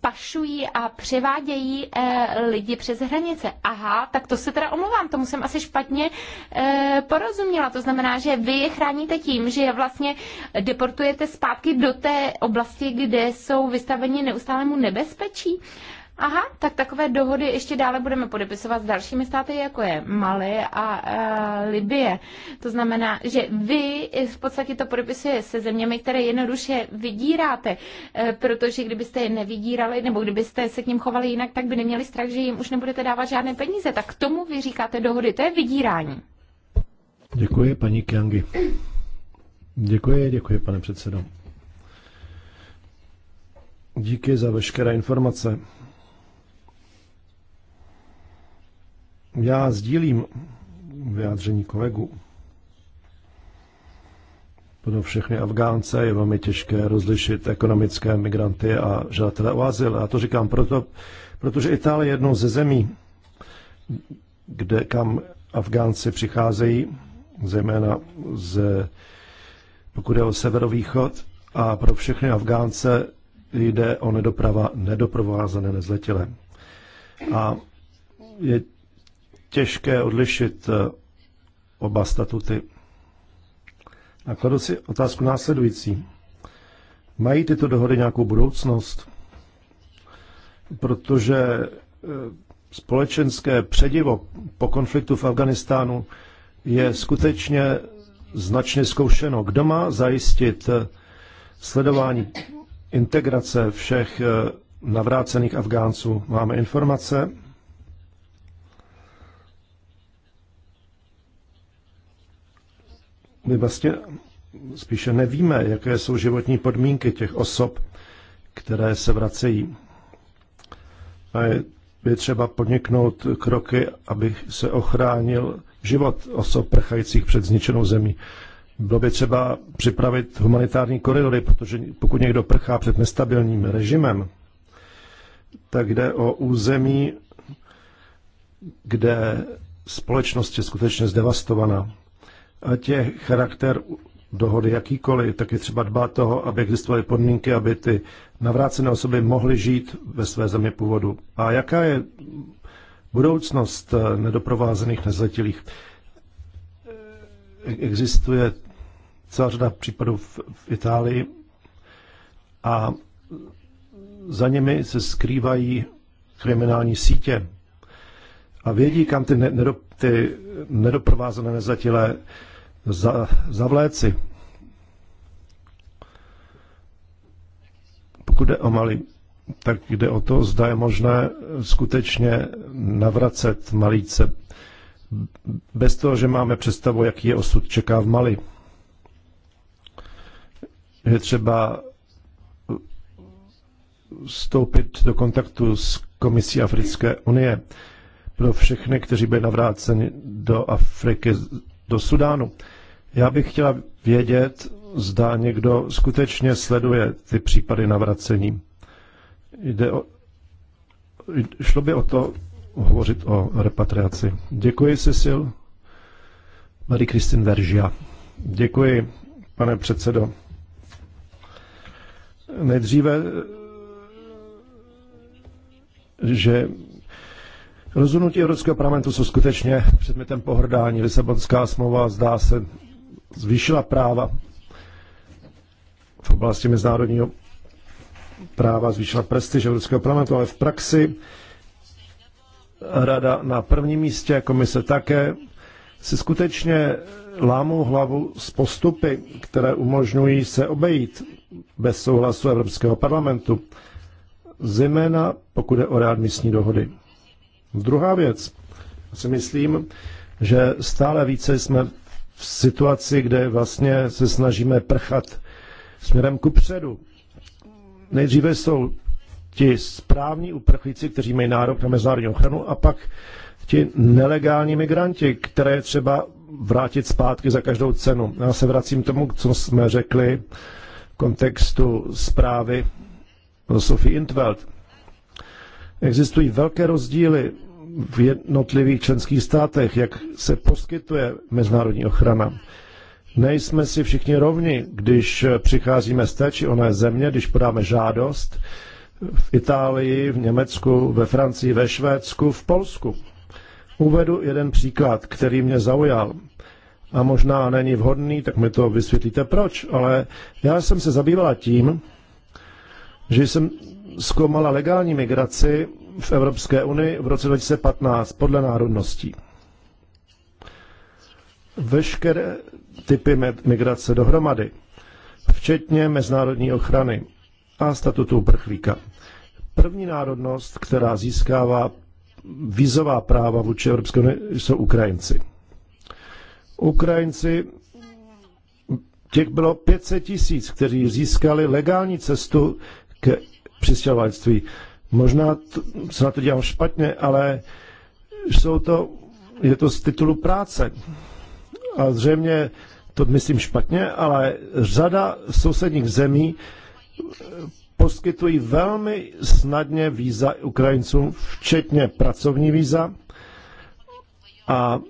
pašují a převádějí e, lidi přes hranice. Aha, tak to se teda omlouvám, tomu jsem asi špatně e, porozuměla. To znamená, že vy je chráníte tím, že je vlastně deportujete zpátky do té oblasti, kde jsou vystaveni neustálému nebezpečí. Aha, tak takové dohody ještě dále budeme podepisovat s dalšími státy, jako je Mali a e, Libie. To znamená, že vy v podstatě to podepisuje se zeměmi, které jednoduše vydíráte, e, protože kdybyste je nevydírali, nebo kdybyste se k ním chovali jinak, tak by neměli strach, že jim už nebudete dávat žádné peníze. Tak k tomu vy říkáte dohody, to je vydírání. Děkuji, paní Kiangi. Děkuji, děkuji, pane předsedo. Díky za veškeré informace. Já sdílím vyjádření kolegu. Pro všechny Afgánce je velmi těžké rozlišit ekonomické migranty a žadatele o azyl. A to říkám proto, protože Itálie je jednou ze zemí, kde kam Afgánci přicházejí, zejména z, pokud je o severovýchod, a pro všechny Afgánce jde o nedoprava nedoprovázané nezletilé. A je těžké odlišit eh, oba statuty. A kladu si otázku následující. Mají tyto dohody nějakou budoucnost? Protože eh, společenské předivo po konfliktu v Afganistánu je skutečně značně zkoušeno. Kdo má zajistit eh, sledování integrace všech navrácených Afgánců? Máme informace, my vlastně spíše nevíme, jaké jsou životní podmínky těch osob, které se vracejí. A je, je třeba podniknout kroky, aby se ochránil život osob prchajících před zničenou zemí. Bylo by třeba připravit humanitární koridory, protože pokud někdo prchá před nestabilním režimem, tak jde o území, kde společnost je skutečně zdevastovaná ať je charakter dohody jakýkoliv, tak je třeba dbát toho, aby existovaly podmínky, aby ty navrácené osoby mohly žít ve své zemi původu. A jaká je budoucnost nedoprovázených nezletilých? Existuje celá řada případů v, v Itálii a za nimi se skrývají kriminální sítě a vědí, kam ty, nedop, ty nedoprovázené nezletilé za, zavléci. Pokud jde o Mali, tak jde o to, zda je možné skutečně navracet malíce bez toho, že máme představu, jaký je osud čeká v Mali. Je třeba vstoupit do kontaktu s Komisí Africké unie pro všechny, kteří byli navráceni do Afriky do Sudánu. Já bych chtěla vědět, zda někdo skutečně sleduje ty případy navracení. Jde o, šlo by o to hovořit o repatriaci. Děkuji, Cecil. Marie Kristin Veržia. Děkuji, pane předsedo. Nejdříve, že Rozhodnutí Evropského parlamentu jsou skutečně předmětem pohrdání. Lisabonská smlouva zdá se zvýšila práva v oblasti mezinárodního práva, zvýšila prestiž Evropského parlamentu, ale v praxi rada na prvním místě, komise také, si skutečně lámou hlavu s postupy, které umožňují se obejít bez souhlasu Evropského parlamentu, zejména pokud je o readmisní dohody. Druhá věc, Já si myslím, že stále více jsme v situaci, kde vlastně se snažíme prchat směrem ku předu. Nejdříve jsou ti správní uprchlíci, kteří mají nárok na mezinárodní ochranu, a pak ti nelegální migranti, které třeba vrátit zpátky za každou cenu. Já se vracím k tomu, co jsme řekli v kontextu zprávy Sophie Intveld. Existují velké rozdíly v jednotlivých členských státech, jak se poskytuje mezinárodní ochrana. Nejsme si všichni rovni, když přicházíme z té či oné země, když podáme žádost v Itálii, v Německu, ve Francii, ve Švédsku, v Polsku. Uvedu jeden příklad, který mě zaujal. A možná není vhodný, tak mi to vysvětlíte proč, ale já jsem se zabývala tím, že jsem zkoumala legální migraci v Evropské unii v roce 2015 podle národností. Veškeré typy migrace dohromady, včetně mezinárodní ochrany a statutu uprchlíka. První národnost, která získává vízová práva vůči Evropské unii, jsou Ukrajinci. Ukrajinci, těch bylo 500 tisíc, kteří získali legální cestu k přistěhovalectví. Možná to, se na to dělám špatně, ale jsou to, je to z titulu práce. A zřejmě to myslím špatně, ale řada sousedních zemí eh, poskytují velmi snadně víza Ukrajincům, včetně pracovní víza. A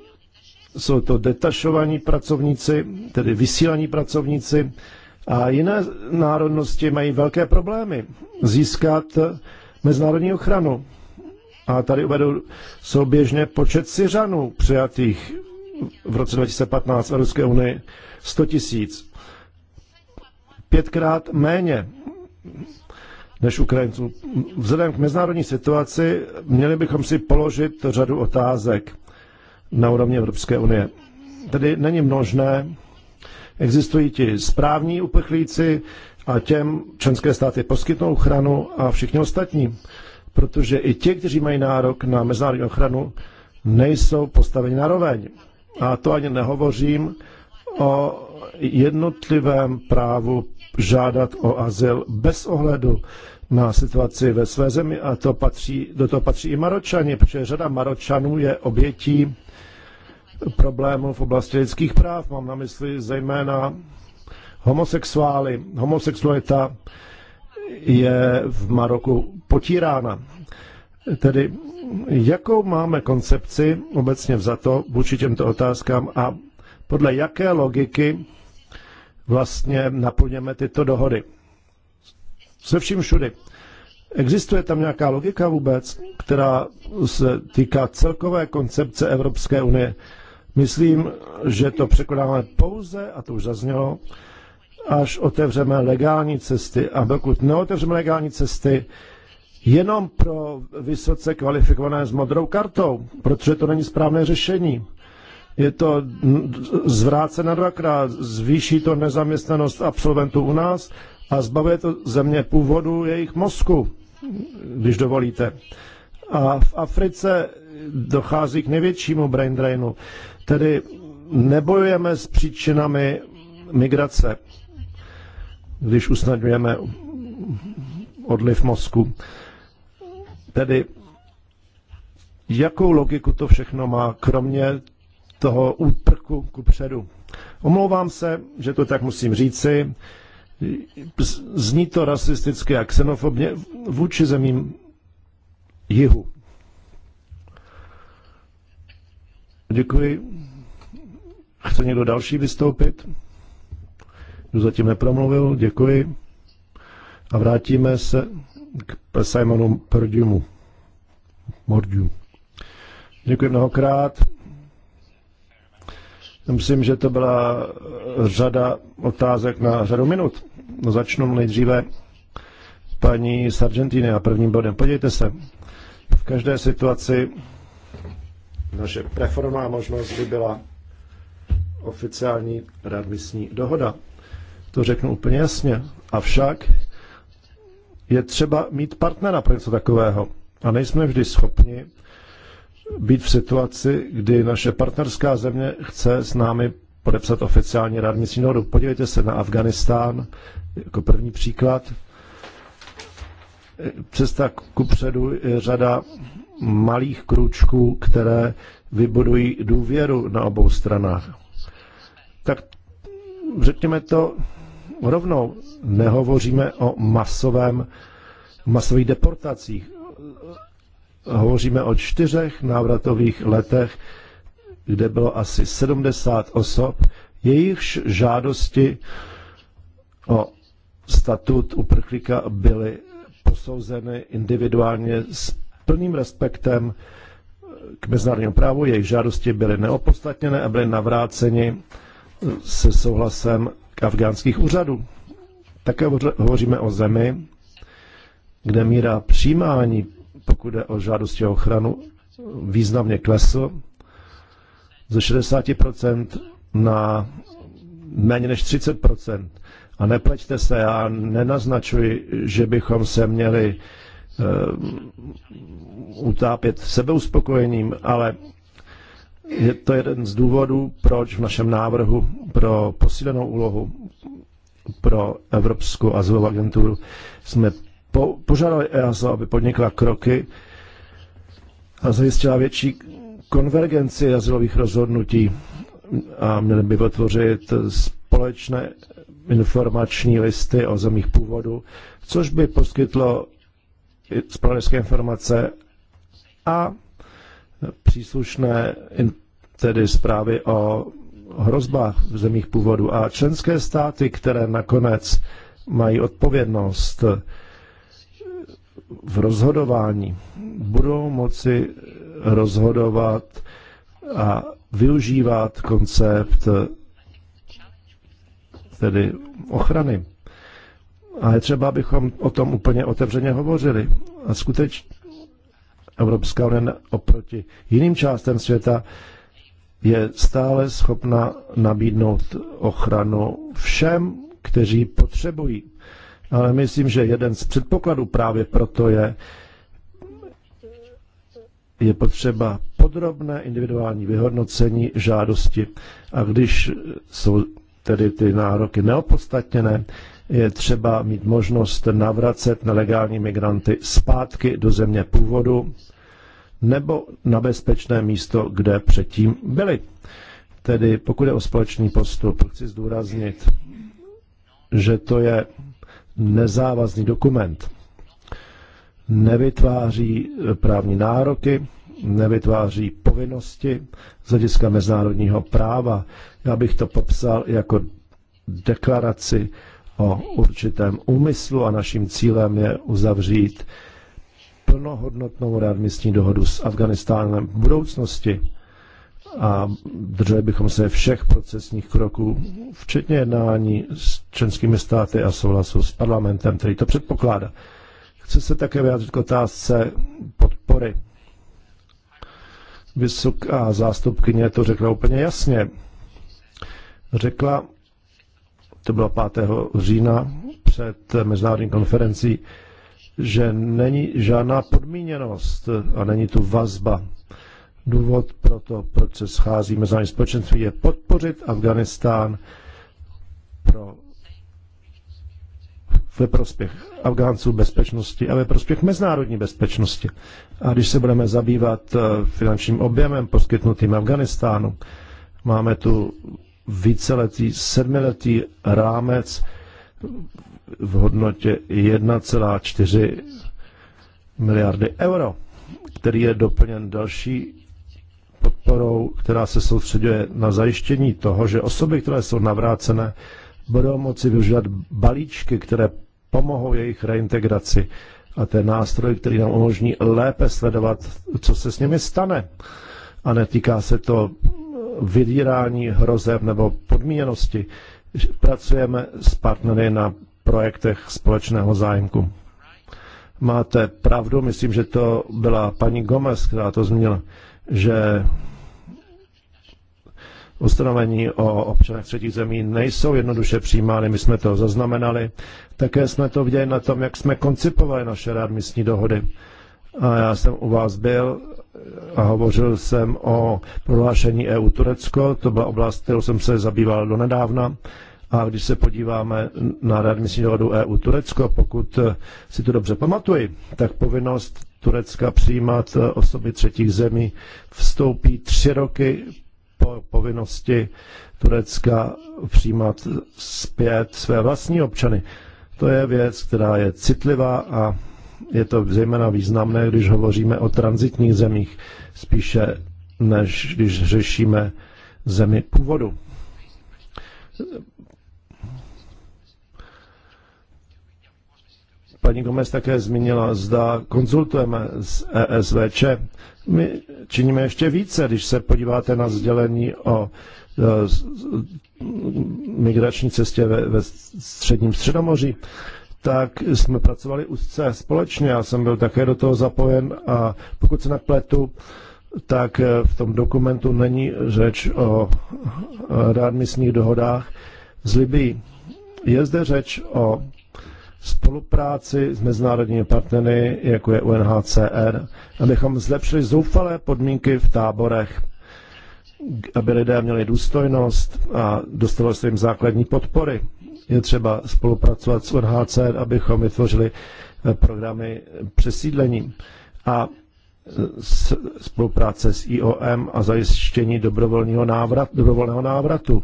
jsou to detašovaní pracovníci, tedy vysílaní pracovníci, a jiné národnosti mají velké problémy získat mezinárodní ochranu. A tady uvedu souběžně počet Syřanů přijatých v roce 2015 v Evropské unii 100 tisíc. Pětkrát méně než Ukrajinců. Vzhledem k mezinárodní situaci měli bychom si položit řadu otázek na úrovni Evropské unie. Tedy není možné Existují ti správní uprchlíci a těm členské státy poskytnou ochranu a všichni ostatní, protože i ti, kteří mají nárok na mezinárodní ochranu, nejsou postaveni na roveň. A to ani nehovořím o jednotlivém právu žádat o azyl bez ohledu na situaci ve své zemi. A to patří, do toho patří i Maročani, protože řada Maročanů je obětí problémů v oblasti lidských práv. Mám na mysli zejména homosexuály. Homosexualita je v Maroku potírána. Tedy jakou máme koncepci obecně vzato vůči těmto otázkám a podle jaké logiky vlastně naplňujeme tyto dohody? Se vším všudy. Existuje tam nějaká logika vůbec, která se týká celkové koncepce Evropské unie? Myslím, že to překonáme pouze, a to už zaznělo, až otevřeme legální cesty. A pokud neotevřeme legální cesty, jenom pro vysoce kvalifikované s modrou kartou, protože to není správné řešení. Je to zvrácena dvakrát, zvýší to nezaměstnanost absolventů u nás a zbavuje to země původu jejich mozku, když dovolíte. A v Africe dochází k největšímu brain drainu. Tedy nebojujeme s příčinami migrace, když usnadňujeme odliv mozku. Tedy jakou logiku to všechno má, kromě toho úprku ku předu. Omlouvám se, že to tak musím říci. Zní to rasisticky a xenofobně vůči zemím jihu. Děkuji. Chce někdo další vystoupit? Kdo zatím nepromluvil, děkuji. A vrátíme se k Simonu Perdiumu. Mordiu. Děkuji mnohokrát. Myslím, že to byla řada otázek na řadu minut. No, začnu nejdříve paní z Argentíny a prvním bodem. Podívejte se, v každé situaci naše preforma možnost by byla oficiální readmisní dohoda. To řeknu úplně jasně. Avšak je třeba mít partnera pro něco takového. A nejsme vždy schopni být v situaci, kdy naše partnerská země chce s námi podepsat oficiální readmisní dohodu. Podívejte se na Afganistán jako první příklad. Cesta ku předu je řada malých krůčků, které vybudují důvěru na obou stranách tak řekněme to rovnou, nehovoříme o masovém, masových deportacích. Hovoříme o čtyřech návratových letech, kde bylo asi 70 osob, jejichž žádosti o statut uprchlíka byly posouzeny individuálně s plným respektem k mezinárodnímu právu, jejich žádosti byly neopodstatněné a byly navráceny se souhlasem afgánských úřadů. Také hovoříme o zemi, kde míra přijímání, pokud je o žádosti o ochranu, významně klesl ze 60% na méně než 30%. A nepleťte se, já nenaznačuji, že bychom se měli uh, utápět sebeuspokojením, ale je to jeden z důvodů, proč v našem návrhu pro posílenou úlohu pro Evropskou azylovou agenturu jsme po, požádali EASO, aby podnikla kroky a zajistila větší konvergenci azylových rozhodnutí a měli by vytvořit společné informační listy o zemích původu, což by poskytlo spravodajské informace a příslušné tedy zprávy o hrozbách v zemích původu a členské státy, které nakonec mají odpovědnost v rozhodování, budou moci rozhodovat a využívat koncept tedy ochrany. A je třeba, abychom o tom úplně otevřeně hovořili. A skutečně Evropská unie oproti jiným částem světa je stále schopna nabídnout ochranu všem, kteří potřebují. Ale myslím, že jeden z předpokladů právě proto je, je potřeba podrobné individuální vyhodnocení žádosti. A když jsou tedy ty nároky neopodstatněné, je třeba mít možnost navracet nelegální migranty zpátky do země původu nebo na bezpečné místo, kde předtím byli. Tedy pokud je o společný postup, chci zdůraznit, že to je nezávazný dokument. Nevytváří právní nároky, nevytváří povinnosti z hlediska mezinárodního práva. Já bych to popsal jako deklaraci o určitém úmyslu a naším cílem je uzavřít plnohodnotnou readmisní dohodu s Afganistánem v budoucnosti a drželi bychom se všech procesních kroků, včetně jednání s členskými státy a souhlasu s parlamentem, který to předpokládá. Chci se také vyjádřit k otázce podpory. Vysoká zástupkyně to řekla úplně jasně. Řekla, to bylo 5. října před mezinárodní konferencí, že není žádná podmíněnost a není tu vazba. Důvod pro to, proč se schází mezinárodní společenství, je podpořit Afganistán pro, ve prospěch Afgánců bezpečnosti a ve prospěch mezinárodní bezpečnosti. A když se budeme zabývat eh, finančním objemem poskytnutým Afganistánu, máme tu víceletý sedmiletý rámec v hodnotě 1,4 miliardy euro, který je doplněn další podporou, která se soustředuje na zajištění toho, že osoby, které jsou navrácené, budou moci využívat balíčky, které pomohou jejich reintegraci a ten nástroj, který nám umožní lépe sledovat, co se s nimi stane. A netýká se to vydírání hrozeb nebo podmíněnosti. Pracujeme s partnery na projektech společného zájmu Máte pravdu, myslím, že to byla paní Gomez, která to zmínila, že ustanovení o občanech třetích zemí nejsou jednoduše přijímány, my jsme to zaznamenali. Také jsme to viděli na tom, jak jsme koncipovali naše readmisní dohody. A já jsem u vás byl a hovořil jsem o prohlášení EU Turecko, to byla oblast, kterou jsem se zabýval donedávna. A když se podíváme na readmisní dohodu EU Turecko, pokud si to dobře pamatuji, tak povinnost Turecka přijímat osoby třetích zemí vstoupí tři roky po povinnosti Turecka přijímat zpět své vlastní občany. To je věc, která je citlivá a je to zejména významné, když hovoříme o transitních zemích, spíše než když řešíme zemi původu. Paní Gomez také zmínila, zda konzultujeme s ESVČ. My činíme ještě více, když se podíváte na sdělení o e, migrační cestě ve, ve středním středomoří tak jsme pracovali úzce společně. Já jsem byl také do toho zapojen a pokud se nepletu, tak eh, v tom dokumentu není řeč o eh, readmisních dohodách z Libii. Je zde řeč o spolupráci s mezinárodními partnery, jako je UNHCR, abychom zlepšili zoufalé podmínky v táborech, aby lidé měli důstojnost a dostalo se jim základní podpory. Je třeba spolupracovat s UNHCR, abychom vytvořili eh, programy přesídlení a eh, spolupráce s IOM a zajištění dobrovolného návrat, dobrovolného návratu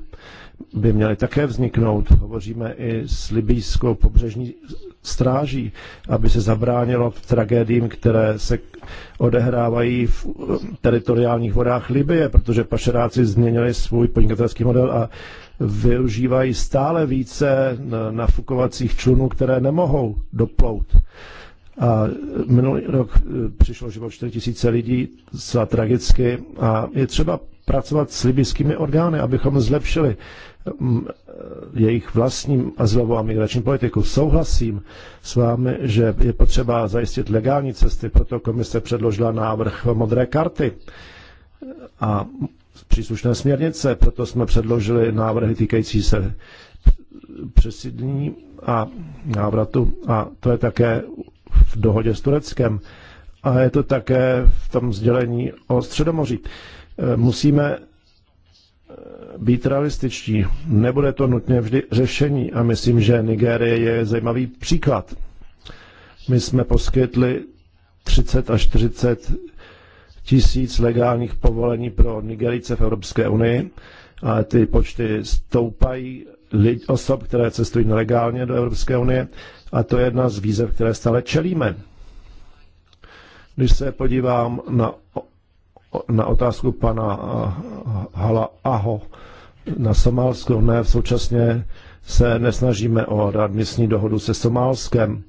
by měly také vzniknout. Hovoříme i s libýskou pobřežní stráží, aby se zabránilo tragédiím, které se odehrávají v eh, teritoriálních vodách Libie, protože pašeráci změnili svůj podnikatelský model a využívají stále více nafukovacích člunů, které nemohou doplout. A minulý rok eh, přišlo život 4 000 lidí, zcela tragicky, a je třeba pracovat s libyskými orgány, abychom zlepšili mm, eh, jejich vlastní azylovou a migrační politiku. Souhlasím s vámi, že je potřeba zajistit legální cesty, proto komise předložila návrh modré karty. A příslušné směrnice, proto jsme předložili návrhy týkající se přesídlení a návratu a to je také v dohodě s Tureckem a je to také v tom sdělení o Středomoří. E, musíme e, být realističtí. Nebude to nutně vždy řešení a myslím, že Nigérie je zajímavý příklad. My jsme poskytli 30 až 40 tisíc legálních povolení pro Nigerice v Evropské unii, ale ty počty stoupají lid, osob, které cestují nelegálně do Evropské unie a to je jedna z výzev, které stále čelíme. Když se podívám na, na otázku pana Hala Aho na Somálsko, ne, v současně se nesnažíme o readmisní dohodu se Somálskem,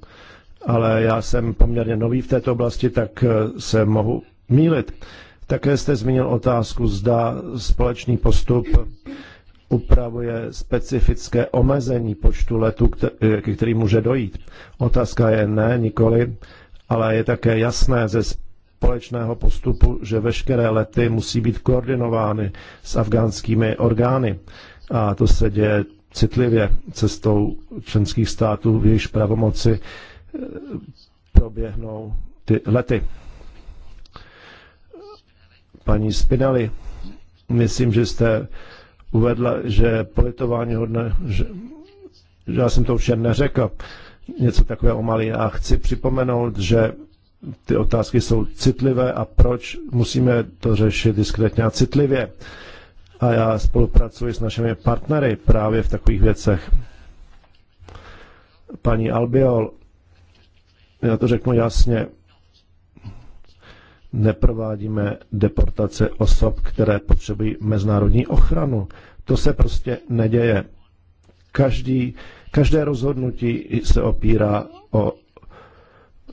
ale já jsem poměrně nový v této oblasti, tak e, se mohu mílit. Také jste zmínil otázku, zda společný postup upravuje specifické omezení počtu letů, ke který může dojít. Otázka je ne, nikoli, ale je také jasné ze společného postupu, že veškeré lety musí být koordinovány s afgánskými orgány. A to se děje citlivě cestou členských států, v jejichž pravomoci eh, proběhnou ty lety. Paní Spinelli, myslím, že jste uvedla, že politování hodné, že, že já jsem to jen neřekl, něco takového o Mali. A chci připomenout, že ty otázky jsou citlivé a proč musíme to řešit diskrétně a citlivě. A já spolupracuji s našimi partnery právě v takových věcech. Paní Albiol, já to řeknu jasně, neprovádíme deportace osob, které potřebují mezinárodní ochranu. To se prostě neděje. Každý, každé rozhodnutí se opírá o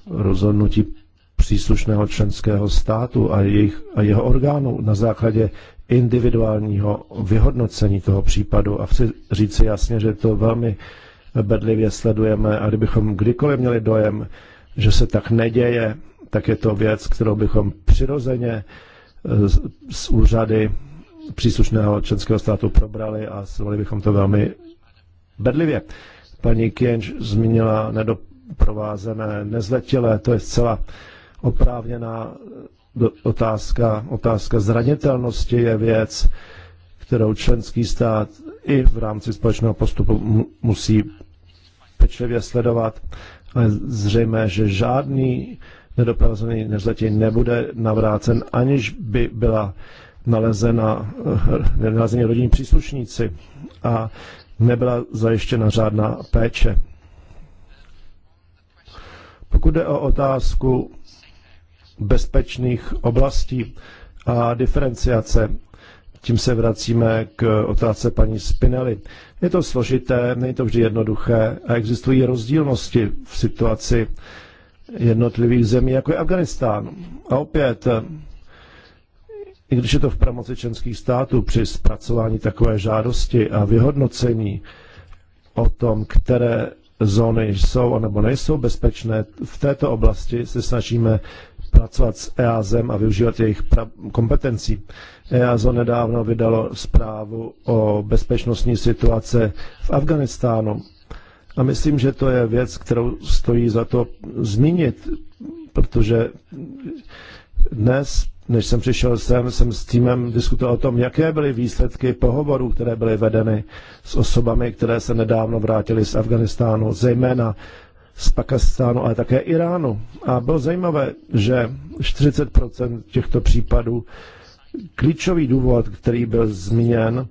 rozhodnutí příslušného členského státu a, jejich, a jeho orgánů na základě individuálního vyhodnocení toho případu. A chci říci jasně, že to velmi bedlivě sledujeme a kdybychom kdykoliv měli dojem, že se tak neděje, tak je to věc, kterou bychom přirozeně z eh, úřady příslušného členského státu probrali a zvolili bychom to velmi bedlivě. Paní Kienč zmínila nedoprovázené nezletilé, to je zcela oprávněná eh, otázka. Otázka zranitelnosti je věc, kterou členský stát i v rámci společného postupu musí pečlivě sledovat. Ale zřejmé, že žádný nedoprovázený nezletí nebude navrácen, aniž by byla nalezena, eh, nalezení rodinní příslušníci a nebyla zajištěna řádná péče. Pokud jde o otázku bezpečných oblastí a diferenciace, tím se vracíme k otázce paní Spinelli. Je to složité, není to vždy jednoduché a existují rozdílnosti v situaci jednotlivých zemí, jako je Afganistán. A opět, i když je to v pravomoci členských států při zpracování takové žádosti a vyhodnocení o tom, které zóny jsou nebo nejsou bezpečné, v této oblasti se snažíme pracovat s EASem a využívat jejich kompetencí. EASO nedávno vydalo zprávu o bezpečnostní situace v Afganistánu a myslím, že to je věc, kterou stojí za to zmínit, protože dnes, než jsem přišel sem, jsem s týmem diskutoval o tom, jaké byly výsledky pohovorů, které byly vedeny s osobami, které se nedávno vrátily z Afganistánu, zejména z Pakistánu, ale také Iránu. A bylo zajímavé, že 40% těchto případů klíčový důvod, který byl zmíněn,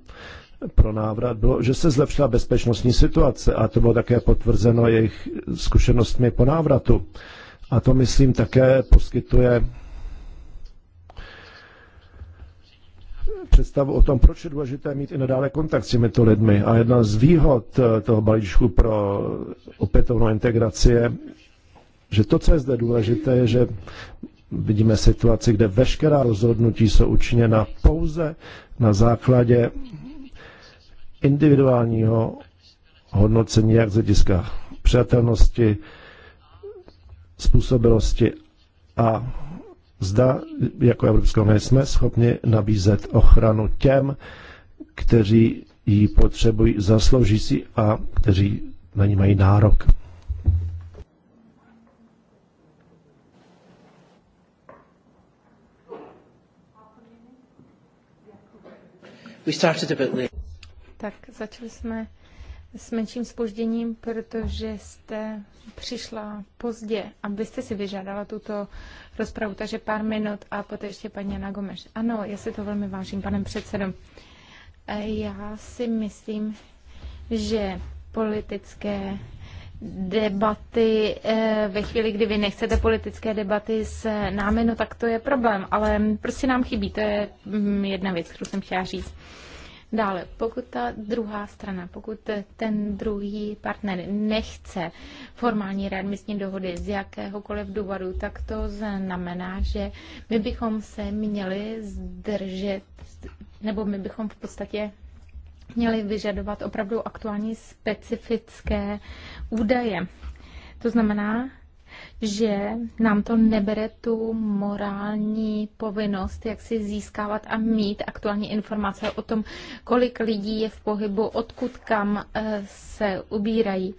pro návrat bylo, že se zlepšila bezpečnostní situace a to bylo také potvrzeno jejich zkušenostmi po návratu. A to, myslím, také poskytuje představu o tom, proč je důležité mít i nadále kontakt s těmito lidmi. A jedna z výhod eh, toho balíčku pro opětovnou integraci je, že to, co je zde důležité, je, že vidíme situaci, kde veškerá rozhodnutí jsou učiněna pouze na základě individuálního hodnocení jak z hlediska přijatelnosti, způsobilosti a zda jako Evropská unie jsme schopni nabízet ochranu těm, kteří ji potřebují, zaslouží si a kteří na ní mají nárok. We started a bit late. Tak začali jsme s menším spožděním, protože jste přišla pozdě Abyste si vyžádala tuto rozpravu, takže pár minut a poté ještě paní Jana Gomeš. Ano, já si to velmi vážím, panem předsedom. E, já si myslím, že politické debaty, e, ve chvíli, kdy vy nechcete politické debaty s námi, no tak to je problém, ale prostě nám chybí, to je mm, jedna věc, kterou jsem chtěla říct. Dále, pokud ta druhá strana, pokud ten druhý partner nechce formální readmisní dohody z jakéhokoliv důvodu, tak to znamená, že my bychom se měli zdržet, nebo my bychom v podstatě měli vyžadovat opravdu aktuální specifické údaje. To znamená, že nám to nebere tu morální povinnost, jak si získávat a mít aktuální informace o tom, kolik lidí je v pohybu, odkud kam eh, se ubírají.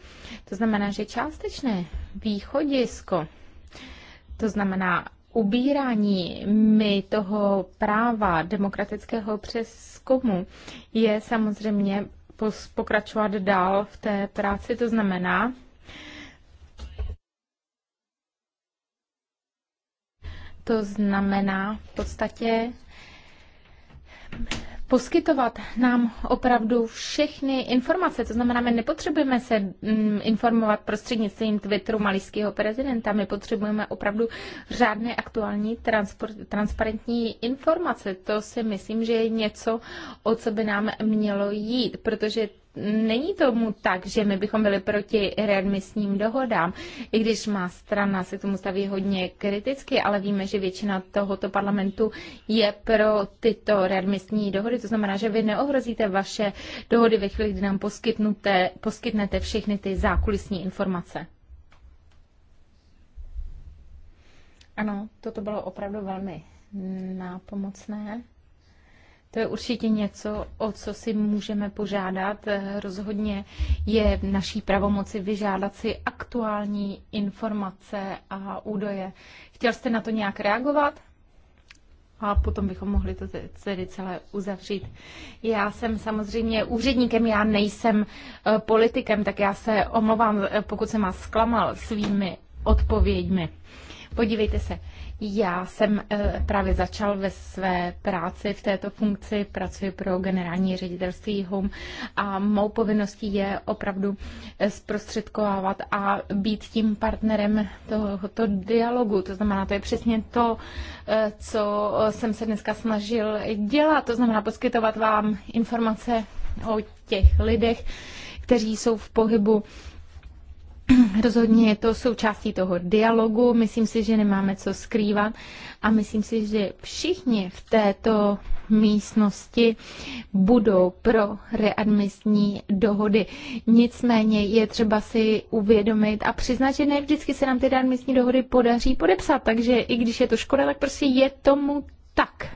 To znamená, že částečné východisko, to znamená ubírání mi toho práva demokratického přeskumu je samozřejmě pokračovat dál v té práci. To znamená, To znamená v podstatě poskytovat nám opravdu všechny informace. To znamená, my nepotřebujeme se mm, informovat prostřednictvím Twitteru malijského prezidenta, my potřebujeme opravdu řádné aktuální transparentní informace. To si myslím, že je něco, o co by nám mělo jít, protože není tomu tak, že my bychom byli proti readmisním dohodám, i když má strana se tomu staví hodně kriticky, ale víme, že většina tohoto parlamentu je pro tyto readmisní dohody. To znamená, že vy neohrozíte vaše dohody ve chvíli, kdy nám poskytnete, poskytnete všechny ty zákulisní informace. Ano, toto bylo opravdu velmi nápomocné. To je určitě něco, o co si můžeme požádat. Rozhodně je v naší pravomoci vyžádat si aktuální informace a údaje. Chtěl jste na to nějak reagovat? a potom bychom mohli to tedy celé uzavřít. Já jsem samozřejmě úředníkem, já nejsem e, politikem, tak já se omlouvám, e, pokud jsem vás zklamal svými odpověďmi. Podívejte se, já jsem eh, právě začal ve své práci v této funkci, pracuji pro generální ředitelství Home a mou povinností je opravdu eh, zprostředkovávat a být tím partnerem tohoto dialogu. To znamená, to je přesně to, eh, co jsem se dneska snažil dělat. To znamená poskytovat vám informace o těch lidech, kteří jsou v pohybu Rozhodně je to součástí toho dialogu, myslím si, že nemáme co skrývat a myslím si, že všichni v této místnosti budou pro readmisní dohody. Nicméně je třeba si uvědomit a přiznat, že ne vždycky se nám ty readmisní dohody podaří podepsat, takže i když je to škoda, tak prostě je tomu tak.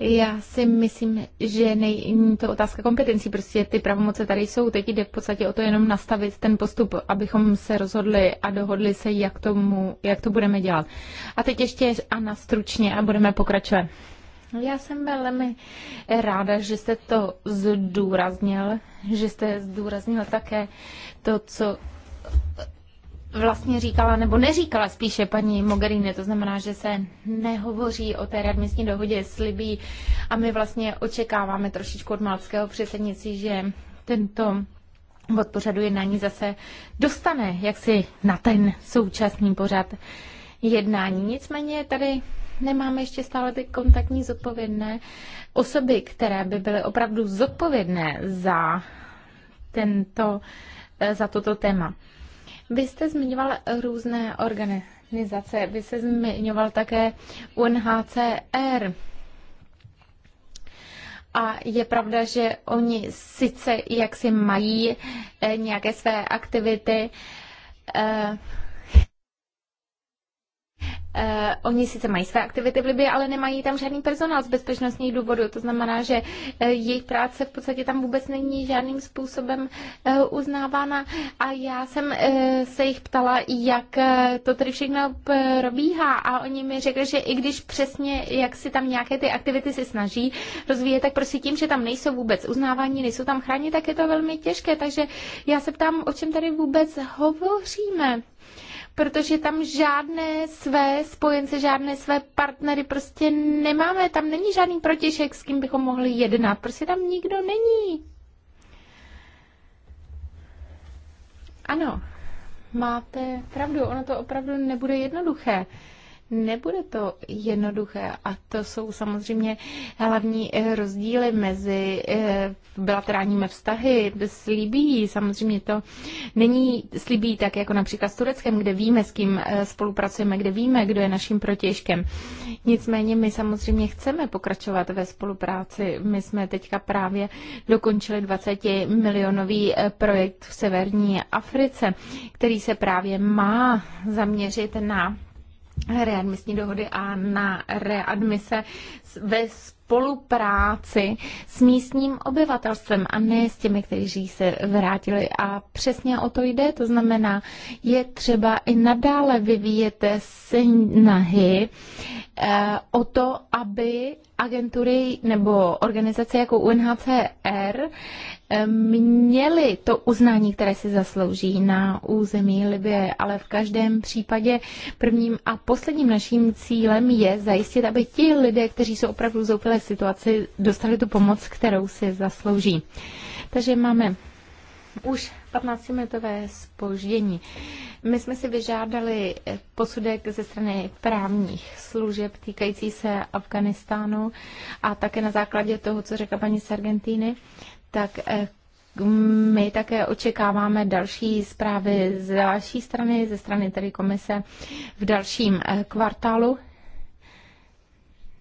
Já si myslím, že není to otázka kompetencí, prostě ty pravomoce tady jsou, teď jde v podstatě o to jenom nastavit ten postup, abychom se rozhodli a dohodli se, jak, tomu, jak to budeme dělat. A teď ještě Anna stručně a budeme pokračovat. Já jsem velmi ráda, že jste to zdůraznil, že jste zdůraznil také to, co vlastně říkala, nebo neříkala spíše paní Mogherini, to znamená, že se nehovoří o té readmisní dohodě s Libí a my vlastně očekáváme trošičku od malckého předsednictví, že tento bod pořadu jednání zase dostane jaksi na ten současný pořad jednání. Nicméně tady nemáme ještě stále ty kontaktní zodpovědné osoby, které by byly opravdu zodpovědné za tento, za toto téma. Vy jste zmiňoval různé organizace, vy jste zmiňoval také UNHCR. A je pravda, že oni sice jaksi mají eh, nějaké své aktivity, eh, Uh, oni sice mají své aktivity v Libii, ale nemají tam žádný personál z bezpečnostních důvodů. To znamená, že uh, jejich práce v podstatě tam vůbec není žádným způsobem uh, uznávána. A já jsem uh, se jich ptala, jak uh, to tady všechno probíhá. A oni mi řekli, že i když přesně, jak si tam nějaké ty aktivity se snaží rozvíjet, tak prostě tím, že tam nejsou vůbec uznávání, nejsou tam chráni, tak je to velmi těžké. Takže já se ptám, o čem tady vůbec hovoříme. Uh, protože tam žádné své spojence, žádné své partnery prostě nemáme. Tam není žádný protišek, s kým bychom mohli jednat. Prostě tam nikdo není. Ano, máte pravdu, ono to opravdu nebude jednoduché. Nebude to jednoduché a to jsou samozřejmě hlavní eh, rozdíly mezi eh, bilaterálními vztahy s Libií. Samozřejmě to není s Libií tak jako například s Tureckem, kde víme, s kým eh, spolupracujeme, kde víme, kdo je naším protěžkem. Nicméně my samozřejmě chceme pokračovat ve spolupráci. My jsme teďka právě dokončili 20 milionový projekt v severní Africe, který se právě má zaměřit na readmisní dohody a na readmise ve spolupráci s místním obyvatelstvem a ne s těmi, kteří se vrátili. A přesně o to jde, to znamená, je třeba i nadále vyvíjet snahy eh, o to, aby agentury nebo organizace jako UNHCR měli to uznání, které si zaslouží na území Libie, ale v každém případě prvním a posledním naším cílem je zajistit, aby ti lidé, kteří jsou opravdu v situaci, dostali tu pomoc, kterou si zaslouží. Takže máme už 15-minutové spoždění. My jsme si vyžádali eh, posudek ze strany právních služeb týkající se Afganistánu a také na základě toho, co řekla paní z tak eh, my také očekáváme další zprávy z další strany, ze strany tedy komise v dalším eh, kvartálu.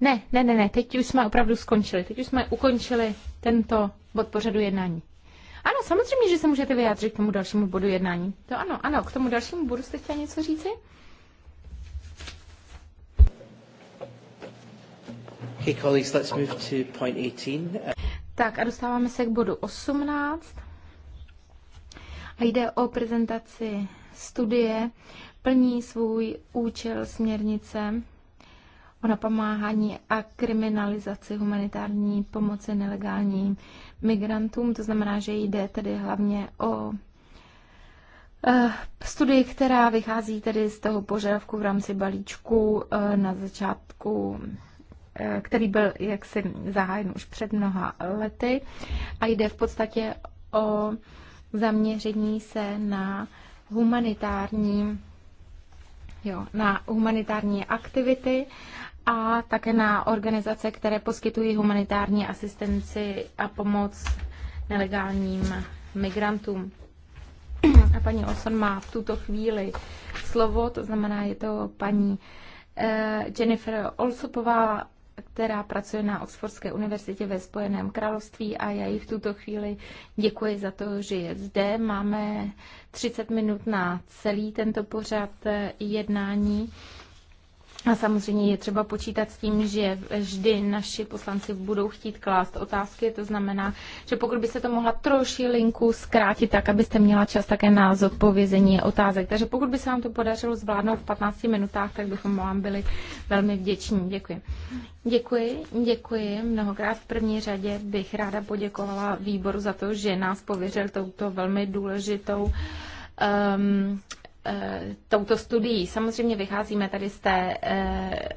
Ne, ne, ne, ne, teď už jsme opravdu skončili, teď už jsme ukončili tento bod pořadu jednání. Ano, samozřejmě, že se můžete vyjádřit k tomu dalšímu bodu jednání. To ano, ano, k tomu dalšímu bodu jste chtěli něco říci? Okay, colleagues, let's move to point 18. Tak a dostáváme se k bodu 18. A jde o prezentaci studie plní svůj účel směrnice o napomáhání a kriminalizaci humanitární pomoci nelegálním migrantům. To znamená, že jde tedy hlavně o eh, studii, která vychází tedy z toho požadavku v rámci balíčku eh, na začátku Eh, který byl jaksi zahájen už před mnoha lety a jde v podstatě o zaměření se na humanitární, jo, na humanitární aktivity a také na organizace, které poskytují humanitární asistenci a pomoc nelegálním migrantům. A paní Olson má v tuto chvíli slovo, to znamená, je to paní eh, Jennifer Olsopová, která pracuje na Oxfordské univerzitě ve Spojeném království a já jí v tuto chvíli děkuji za to, že je zde. Máme 30 minut na celý tento pořad eh, jednání. A samozřejmě je třeba počítat s tím, že vždy naši poslanci budou chtít klást otázky. To znamená, že pokud by se to mohla troši linku zkrátit, tak abyste měla čas také na zodpovězení otázek. Takže pokud by se vám to podařilo zvládnout v 15 minutách, tak bychom vám byli velmi vděční. Děkuji. Děkuji, děkuji. Mnohokrát v první řadě bych ráda poděkovala výboru za to, že nás pověřil touto velmi důležitou um, Eh, touto studií. Samozřejmě vycházíme tady z té eh,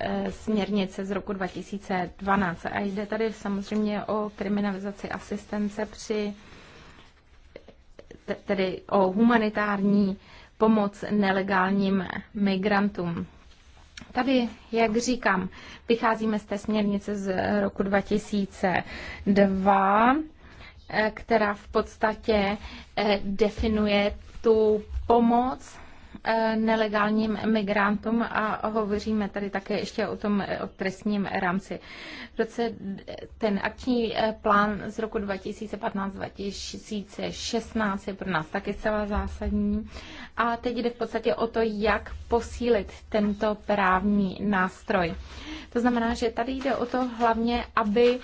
eh, směrnice z roku 2012 a jde tady samozřejmě o kriminalizaci asistence při tedy o humanitární pomoc nelegálním migrantům. Tady, jak říkám, vycházíme z té směrnice z roku 2002, která v podstatě definuje tu pomoc Eh, nelegálním migrantům a hovoříme tady také ještě o tom eh, o trestním rámci. V roce eh, ten akční plán z roku 2015-2016 je pro nás taky celá zásadní. A teď jde v podstatě o to, jak posílit tento právní nástroj. To znamená, že tady jde o to hlavně, aby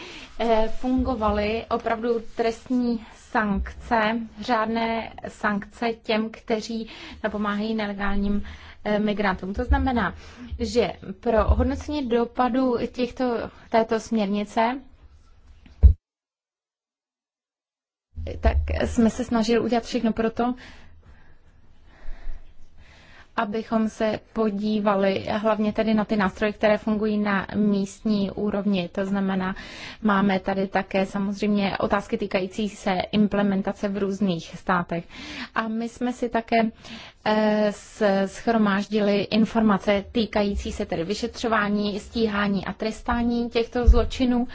fungovaly opravdu trestní sankce, řádné sankce těm, kteří napomáhají nelegálním eh, migrantům. To znamená, že pro hodnocení dopadu těchto, této směrnice tak jsme se snažili udělat všechno pro to, abychom se podívali hlavně tedy na ty nástroje, které fungují na místní úrovni. To znamená, máme tady také samozřejmě otázky týkající se implementace v různých státech. A my jsme si také eh, schromáždili informace týkající se tedy vyšetřování, stíhání a trestání těchto zločinů.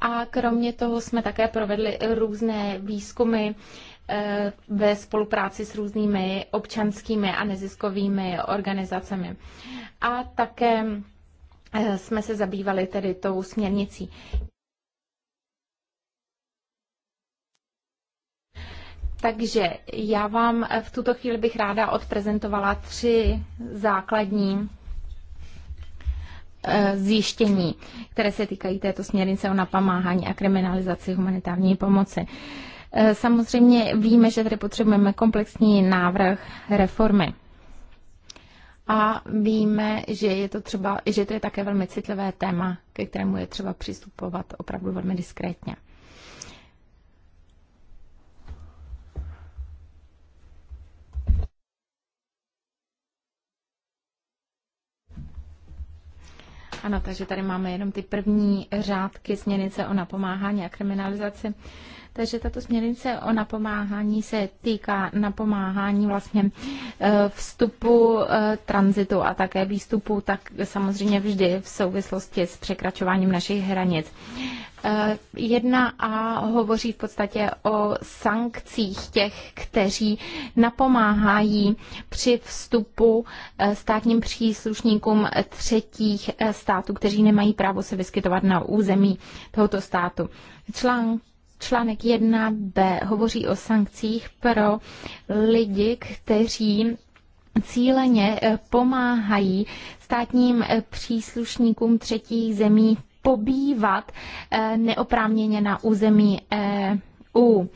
A kromě toho jsme také provedli různé výzkumy, Eh, ve spolupráci s různými občanskými a neziskovými organizacemi. A také eh, jsme se zabývali tedy tou směrnicí. Takže já vám eh, v tuto chvíli bych ráda odprezentovala tři základní zjištění, které se týkají této směrnice o napomáhání a kriminalizaci humanitární pomoci. Eh, samozřejmě víme, že tady potřebujeme komplexní návrh reformy. A víme, že je to třeba, že to je také velmi citlivé téma, ke kterému je třeba přistupovat opravdu velmi diskrétně. Ano, takže tady máme jenom ty první řádky směrnice o napomáhání a kriminalizaci takže tato směrnice o napomáhání se týká napomáhání vlastně eh, vstupu eh, tranzitu a také výstupu, tak samozřejmě vždy v souvislosti s překračováním našich hranic. Eh, jedna a hovoří v podstatě o sankcích těch, kteří napomáhají při vstupu státním příslušníkům třetích států, kteří nemají právo se vyskytovat na území tohoto státu. Článk Článek 1b hovoří o sankcích pro lidi, kteří cíleně eh, pomáhají státním eh, příslušníkům třetích zemí pobývat eh, neoprávněně na území EU.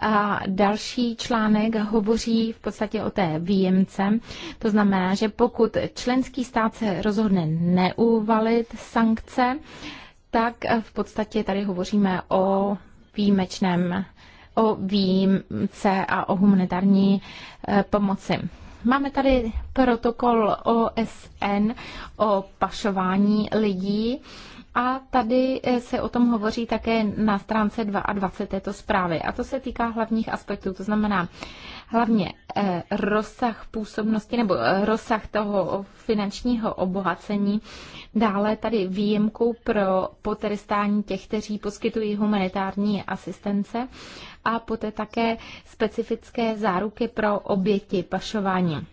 A další článek hovoří v podstatě o té výjimce. To znamená, že pokud členský stát se rozhodne neuvalit sankce, tak v podstatě tady hovoříme o výjimečném, o výjimce a o humanitární eh, pomoci. Máme tady protokol OSN o pašování lidí a tady eh, se o tom hovoří také na stránce 22 této zprávy. A to se týká hlavních aspektů, to znamená hlavně eh, rozsah působnosti nebo eh, rozsah toho finančního obohacení. Dále tady výjimku pro potrestání těch, kteří poskytují humanitární asistence a poté také specifické záruky pro oběti pašování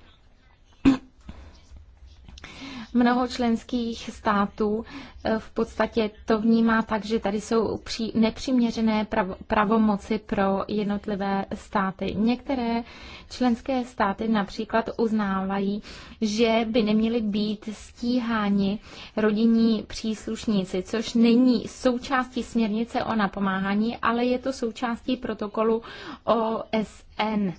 mnoho členských států eh, v podstatě to vnímá tak, že tady jsou nepřiměřené pravomoci pro jednotlivé státy. Některé členské státy například uznávají, že by neměly být stíháni rodinní příslušníci, což není součástí směrnice o napomáhání, ale je to součástí protokolu OSN.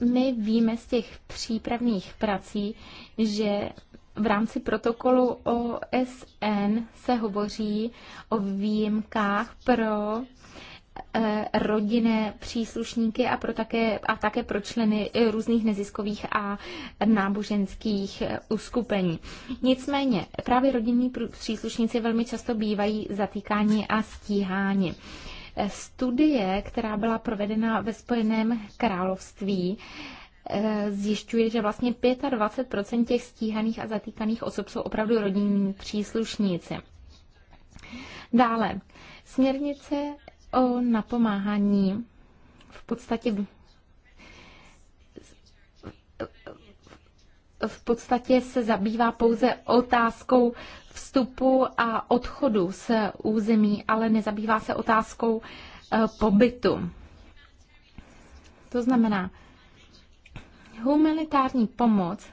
my víme z těch přípravných prací, že v rámci protokolu OSN se hovoří o výjimkách pro eh, rodinné příslušníky a, pro také, a také pro členy eh, různých neziskových a náboženských eh, uskupení. Nicméně právě rodinní příslušníci velmi často bývají zatýkáni a stíháni. Studie, která byla provedena ve Spojeném království, eh, zjišťuje, že vlastně 25% těch stíhaných a zatýkaných osob jsou opravdu rodinní příslušníci. Dále, směrnice o napomáhání v podstatě v podstatě se zabývá pouze otázkou vstupu a odchodu z území, ale nezabývá se otázkou eh, pobytu. To znamená, humanitární pomoc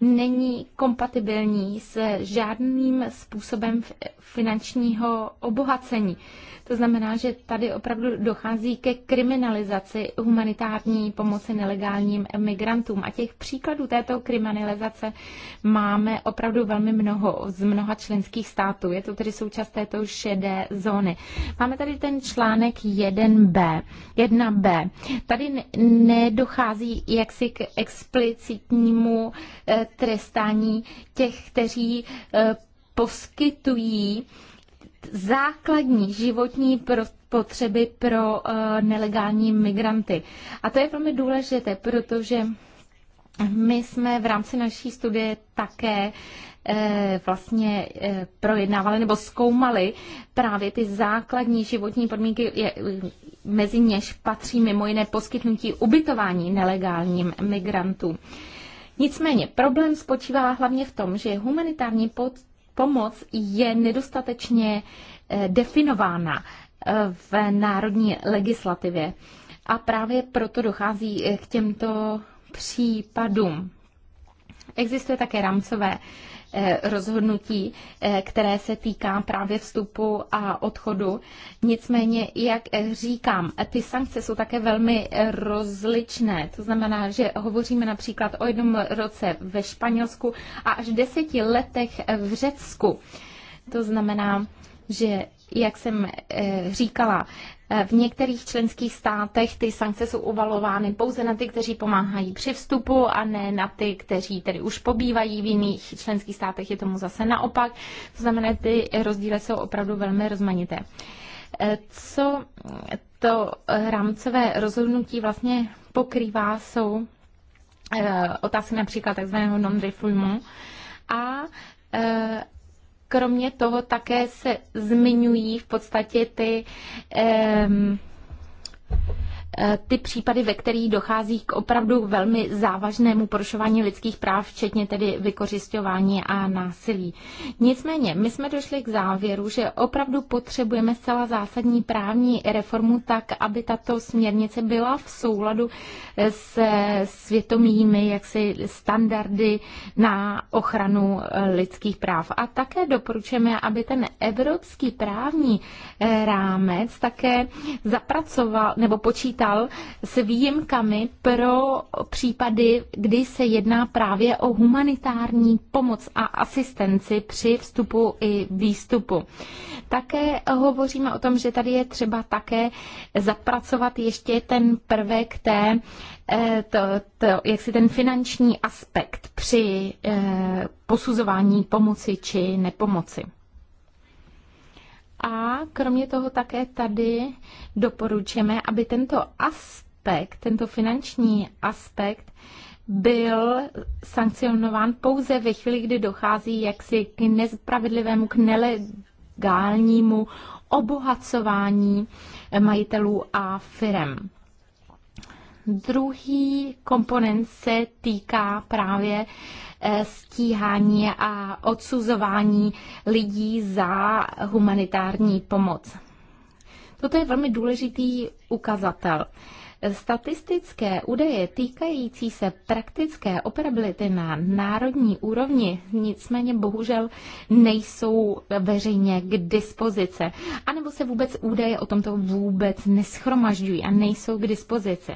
není kompatibilní s žádným způsobem finančního obohacení. To znamená, že tady opravdu dochází ke kriminalizaci humanitární pomoci nelegálním emigrantům. A těch příkladů této kriminalizace máme opravdu velmi mnoho z mnoha členských států. Je to tedy součást této šedé zóny. Máme tady ten článek 1b. 1b. Tady nedochází jaksi k explicitnímu eh, trestání těch, kteří eh, poskytují základní životní potřeby pro eh, nelegální migranty. A to je velmi důležité, protože my jsme v rámci naší studie také eh, vlastně projednávali nebo zkoumali právě ty základní životní podmínky, mezi něž patří mimo jiné poskytnutí ubytování nelegálním migrantům. Nicméně problém spočívá hlavně v tom, že humanitární pomoc je nedostatečně eh, definována eh, v národní legislativě. A právě proto dochází eh, k těmto případům. Existuje také rámcové Eh, rozhodnutí, eh, které se týká právě vstupu a odchodu. Nicméně, jak eh, říkám, ty sankce jsou také velmi rozličné. To znamená, že hovoříme například o jednom roce ve Španělsku a až deseti letech v Řecku. To znamená, že jak jsem říkala, Eh, v některých členských státech ty sankce jsou uvalovány pouze na ty, kteří pomáhají při vstupu a ne na ty, kteří tedy už pobývají. V jiných členských státech je tomu zase naopak. To znamená, ty rozdíly jsou opravdu velmi rozmanité. Eh, co to rámcové rozhodnutí vlastně pokrývá, jsou eh, otázky například tzv. non-refoulement a kromě toho také se zmiňují v podstatě ty um, Eh, ty případy, ve kterých dochází k opravdu velmi závažnému porušování lidských práv, včetně tedy vykořišťování a násilí. Nicméně, my jsme došli k závěru, že opravdu potřebujeme zcela zásadní právní reformu tak, aby tato směrnice byla v souladu se světomými jaksi standardy na ochranu eh, lidských práv. A také doporučujeme, aby ten evropský právní eh, rámec také zapracoval nebo počítal stal s výjimkami pro případy, kdy se jedná právě o humanitární pomoc a asistenci při vstupu i výstupu. Také hovoříme o tom, že tady je třeba také zapracovat ještě ten prvek té eh, to, to, jak si ten finanční aspekt při eh, posuzování pomoci či nepomoci. A kromě toho také tady doporučujeme, aby tento aspekt, tento finanční aspekt, byl sankcionován pouze ve chvíli, kdy dochází jaksi k nespravedlivému, k nelegálnímu obohacování majitelů a firem. Druhý komponent se týká právě eh, stíhání a odsuzování lidí za humanitární pomoc. Toto je velmi důležitý ukazatel. Statistické údaje týkající se praktické operability na národní úrovni nicméně bohužel nejsou veřejně k dispozici, anebo se vůbec údaje o tomto vůbec neschromažďují a nejsou k dispozici.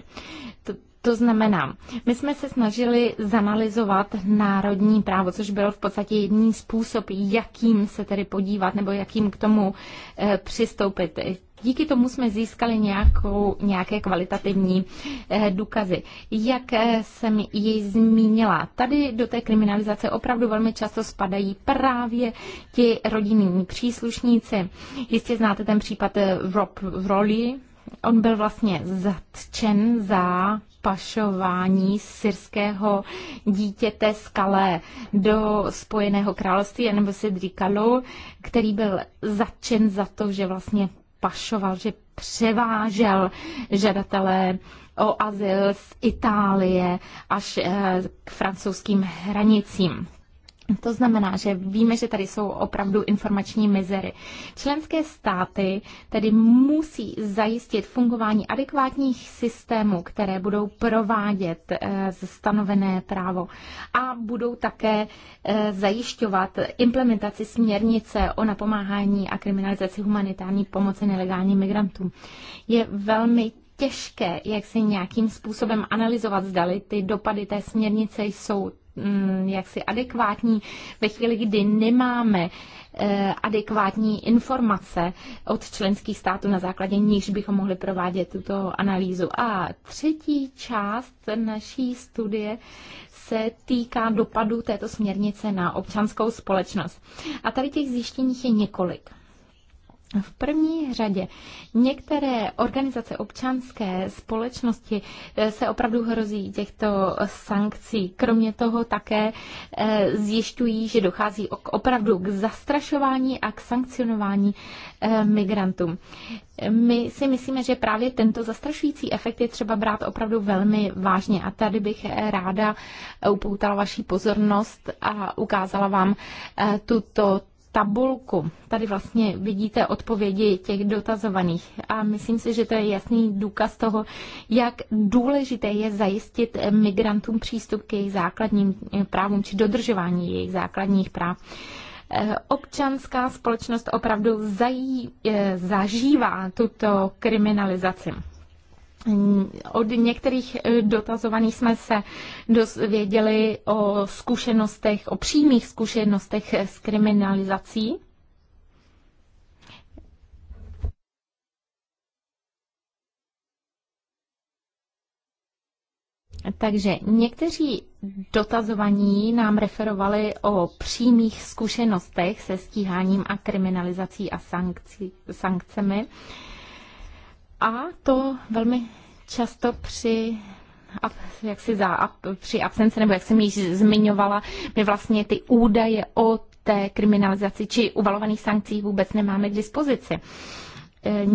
To, to znamená, my jsme se snažili zanalizovat národní právo, což byl v podstatě jediný způsob, jakým se tedy podívat nebo jakým k tomu eh, přistoupit díky tomu jsme získali nějakou, nějaké kvalitativní eh, důkazy. Jak eh, jsem ji zmínila, tady do té kriminalizace opravdu velmi často spadají právě ti rodinní příslušníci. Jistě znáte ten případ eh, Rob Rolly? On byl vlastně zatčen za pašování syrského dítěte z Kalé do Spojeného království, nebo se říkalo, který byl zatčen za to, že vlastně pašoval, že převážel žadatelé o azyl z Itálie až eh, k francouzským hranicím. To znamená, že víme, že tady jsou opravdu informační mezery. Členské státy tedy musí zajistit fungování adekvátních systémů, které budou provádět eh, stanovené právo a budou také eh, zajišťovat implementaci směrnice o napomáhání a kriminalizaci humanitární pomoci nelegálním migrantům. Je velmi těžké, jak se nějakým způsobem analyzovat, zdali ty dopady té směrnice jsou Mm, jaksi adekvátní ve chvíli, kdy nemáme eh, adekvátní informace od členských států, na základě níž bychom mohli provádět tuto analýzu. A třetí část naší studie se týká dopadu této směrnice na občanskou společnost. A tady těch zjištěních je několik. V první řadě některé organizace občanské společnosti eh, se opravdu hrozí těchto sankcí. Kromě toho také eh, zjišťují, že dochází opravdu k zastrašování a k sankcionování eh, migrantů. My si myslíme, že právě tento zastrašující efekt je třeba brát opravdu velmi vážně a tady bych ráda upoutala vaši pozornost a ukázala vám tuto tabulku. Tady vlastně vidíte odpovědi těch dotazovaných a myslím si, že to je jasný důkaz toho, jak důležité je zajistit migrantům přístup k jejich základním právům či dodržování jejich základních práv eh, občanská společnost opravdu zají, eh, zažívá tuto kriminalizaci. Od některých eh, dotazovaných jsme se dozvěděli o zkušenostech, o přímých zkušenostech s kriminalizací. Takže někteří dotazovaní nám referovali o přímých zkušenostech se stíháním a kriminalizací a sankci, sankcemi. A to velmi často při jak si za, při absence, nebo jak jsem již zmiňovala, my vlastně ty údaje o té kriminalizaci či uvalovaných sankcí vůbec nemáme k dispozici. Uh, Eh,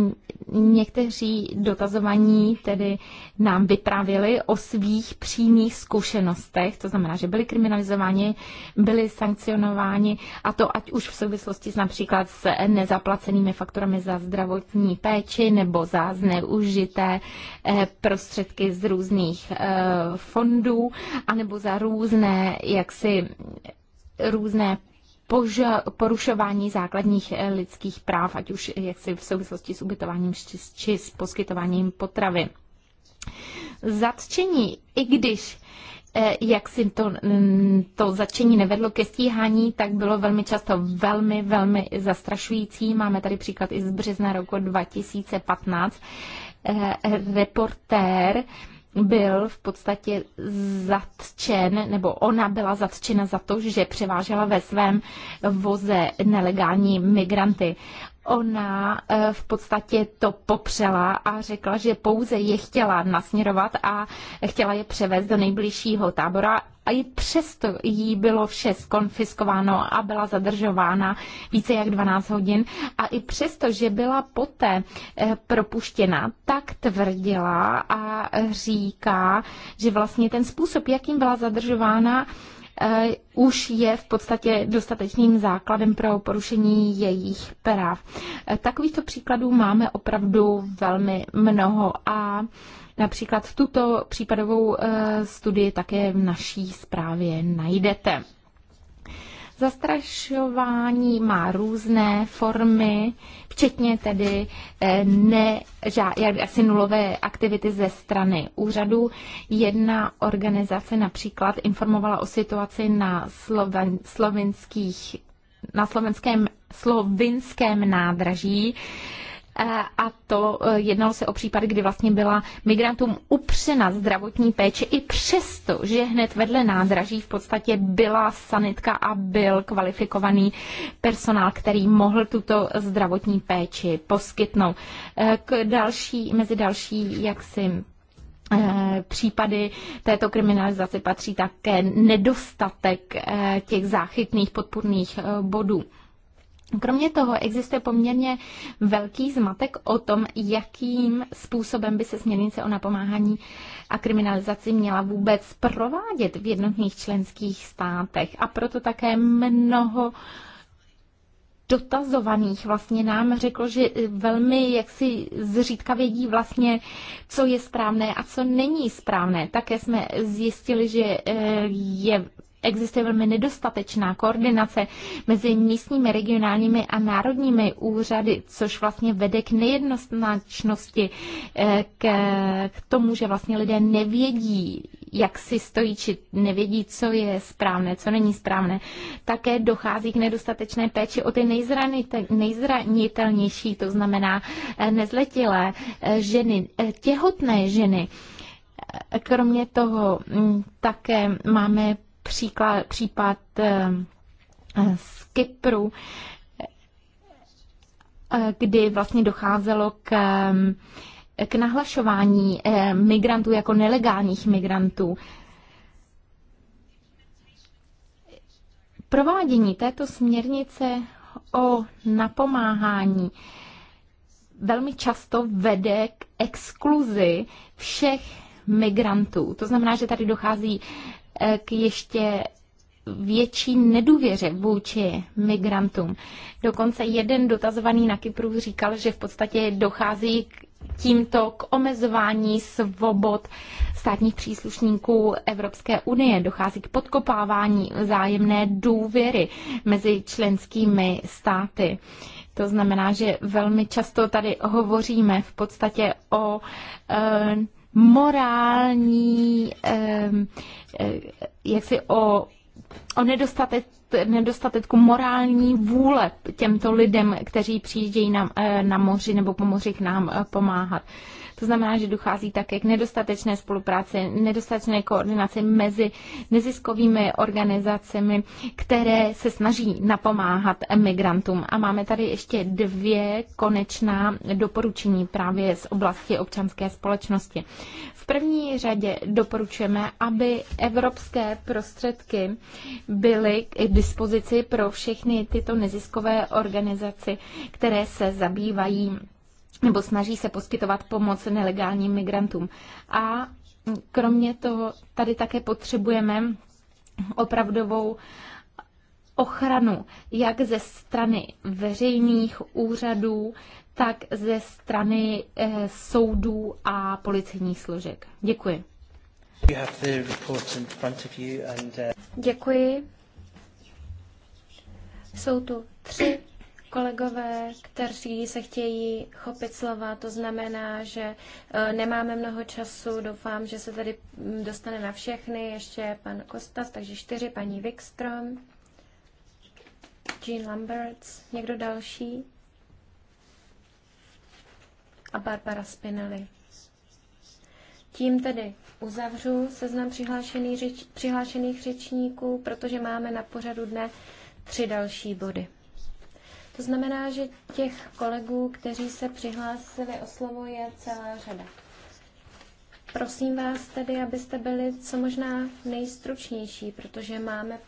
někteří dotazovaní tedy nám vyprávěli o svých přímých zkušenostech, to znamená, že byli kriminalizováni, byli sankcionováni a to ať už v souvislosti s například s nezaplacenými fakturami za zdravotní péči nebo za zneužité eh, prostředky z různých eh, fondů anebo za různé jaksi různé porušování základních eh, lidských práv, ať už eh, jaksi v souvislosti s ubytováním či, či s poskytováním potravy. Zatčení, i když eh, jak si to, to začení nevedlo ke stíhání, tak bylo velmi často velmi, velmi zastrašující. Máme tady příklad i z března roku 2015. Reportér byl v podstatě zatčen, nebo ona byla zatčena za to, že převážela ve svém voze nelegální migranty ona eh, v podstatě to popřela a řekla, že pouze je chtěla nasměrovat a chtěla je převést do nejbližšího tábora a i přesto jí bylo vše skonfiskováno a byla zadržována více jak 12 hodin. A i přesto, že byla poté eh, propuštěna, tak tvrdila a říká, že vlastně ten způsob, jakým byla zadržována, Eh, už je v podstatě dostatečným základem pro porušení jejich práv. Eh, takovýchto příkladů máme opravdu velmi mnoho a například tuto případovou eh, studii také v naší zprávě najdete. Zastrašování má různé formy, včetně tedy eh, ne, žád, asi nulové aktivity ze strany úřadů. Jedna organizace například informovala o situaci na sloven, slovenských na slovenském slovinském nádraží Eh, a to eh, jednalo se o případy, kdy vlastně byla migrantům upřena zdravotní péče i přesto, že hned vedle nádraží v podstatě byla sanitka a byl kvalifikovaný personál, který mohl tuto zdravotní péči poskytnout. Eh, k další, mezi další si případy této kriminalizace patří také nedostatek těch záchytných podpůrných bodů. Kromě toho existuje poměrně velký zmatek o tom, jakým způsobem by se směrnice o napomáhání a kriminalizaci měla vůbec provádět v jednotných členských státech. A proto také mnoho dotazovaných vlastně nám řeklo, že velmi jaksi zřídka vědí vlastně, co je správné a co není správné. Také jsme zjistili, že eh, je existuje velmi nedostatečná koordinace mezi místními, regionálními a národními úřady, což vlastně vede k nejednoznačnosti, eh, k, k tomu, že vlastně lidé nevědí, jak si stojí, či nevědí, co je správné, co není správné. Také dochází k nedostatečné péči o ty nejzranitelnější, to znamená eh, nezletilé eh, ženy, těhotné ženy. Kromě toho mm, také máme příklad, případ ehm, z Kypru, eh, kdy vlastně docházelo k ehm, k nahlašování ehm, migrantů jako nelegálních migrantů. Provádění této směrnice o napomáhání velmi často vede k exkluzi všech migrantů. To znamená, že tady dochází k ještě větší nedůvěře vůči migrantům. Dokonce jeden dotazovaný na Kypru říkal, že v podstatě dochází k tímto k omezování svobod státních příslušníků Evropské unie. Dochází k podkopávání vzájemné důvěry mezi členskými státy. To znamená, že velmi často tady hovoříme v podstatě o e, morální, eh, jak si o, o nedostatek, nedostatku morální vůle těmto lidem, kteří přijíždějí na, eh, na moři nebo po moři k nám eh, pomáhat. To znamená, že dochází také k nedostatečné spolupráci, nedostatečné koordinaci mezi neziskovými organizacemi, které se snaží napomáhat emigrantům. A máme tady ještě dvě konečná doporučení právě z oblasti občanské společnosti. V první řadě doporučujeme, aby evropské prostředky byly k dispozici pro všechny tyto neziskové organizace, které se zabývají nebo snaží se poskytovat pomoc nelegálním migrantům. A kromě toho tady také potřebujeme opravdovou ochranu jak ze strany veřejných úřadů, tak ze strany e, soudů a policejních složek. Děkuji. Eh, Děkuji. Jsou tu tři Kolegové, kteří se chtějí chopit slova, to znamená, že e, nemáme mnoho času. Doufám, že se tady mm, dostane na všechny. Ještě pan Kostas, takže čtyři, paní Wikström, Jean Lamberts, někdo další a Barbara Spinelli. Tím tedy uzavřu seznam přihlášených, řeč, přihlášených řečníků, protože máme na pořadu dne tři další body. To znamená, že těch kolegů, kteří se přihlásili o slovo, je celá řada. Prosím vás tedy, abyste byli co možná nejstručnější, protože máme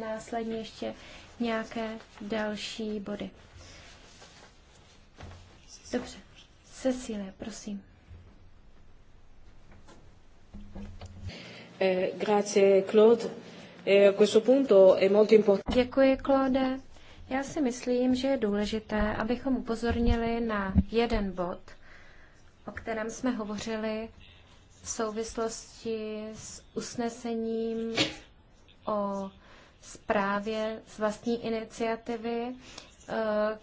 následně ještě nějaké další body. Dobře. Cecilie, prosím. Eh, grazie Claude. Eh, Děkuji, Claude. Já si myslím, že je důležité, abychom upozornili na jeden bod, o kterém jsme hovořili v souvislosti s usnesením o zprávě z vlastní iniciativy, eh,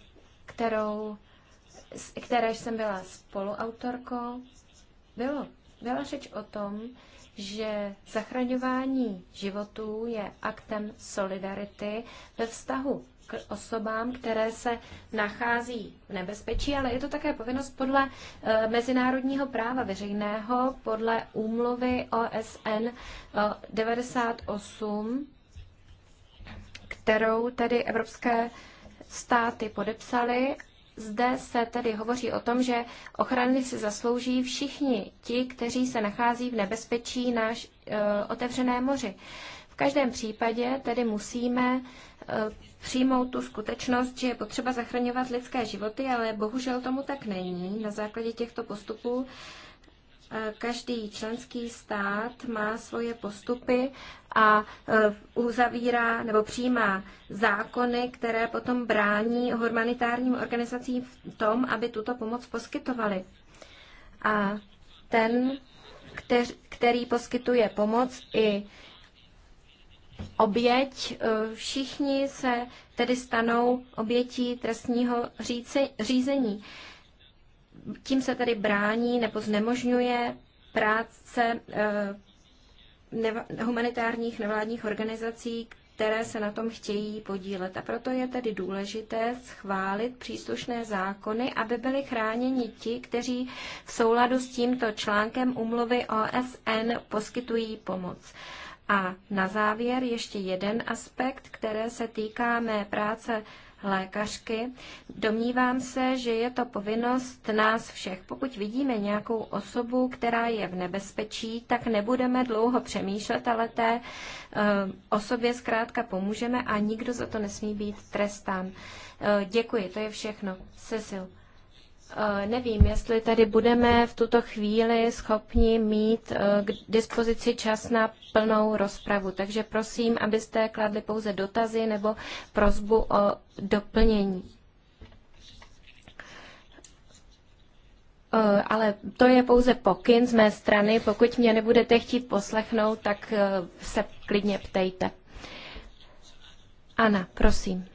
kterou, které jsem byla spoluautorkou. Bylo, byla řeč o tom, že zachraňování životů je aktem solidarity ve vztahu k osobám, které se nachází v nebezpečí, ale je to také povinnost podle eh, mezinárodního práva veřejného, podle úmluvy eh, OSN 98, kterou tedy evropské státy podepsaly zde se tedy hovoří o tom, že ochrany si zaslouží všichni ti, kteří se nachází v nebezpečí na e, otevřené moři. V každém případě tedy musíme e, přijmout tu skutečnost, že je potřeba zachraňovat lidské životy, ale bohužel tomu tak není. Na základě těchto postupů Každý členský stát má svoje postupy a e, uzavírá nebo přijímá zákony, které potom brání humanitárním organizacím v tom, aby tuto pomoc poskytovali. A ten, který poskytuje pomoc i oběť, e, všichni se tedy stanou obětí trestního říci, řízení tím se tedy brání nebo znemožňuje práce eh, humanitárních nevládních organizací, které se na tom chtějí podílet. A proto je tedy důležité schválit příslušné zákony, aby byli chráněni ti, kteří v souladu s tímto článkem umluvy OSN poskytují pomoc. A na závěr ještě jeden aspekt, které se týká mé práce lékařky. Domnívám se, že je to povinnost nás všech. Pokud vidíme nějakou osobu, která je v nebezpečí, tak nebudeme dlouho přemýšlet, ale té eh, osobě zkrátka pomůžeme a nikdo za to nesmí být trestán. Eh, děkuji, to je všechno. Cecil. Eh, nevím, jestli tady budeme v tuto chvíli schopni mít eh, k dispozici čas na plnou rozpravu. Takže prosím, abyste kladli pouze dotazy nebo prozbu o doplnění. Eh, ale to je pouze pokyn z mé strany. Pokud mě nebudete chtít poslechnout, tak se klidně ptejte. Ana, prosím.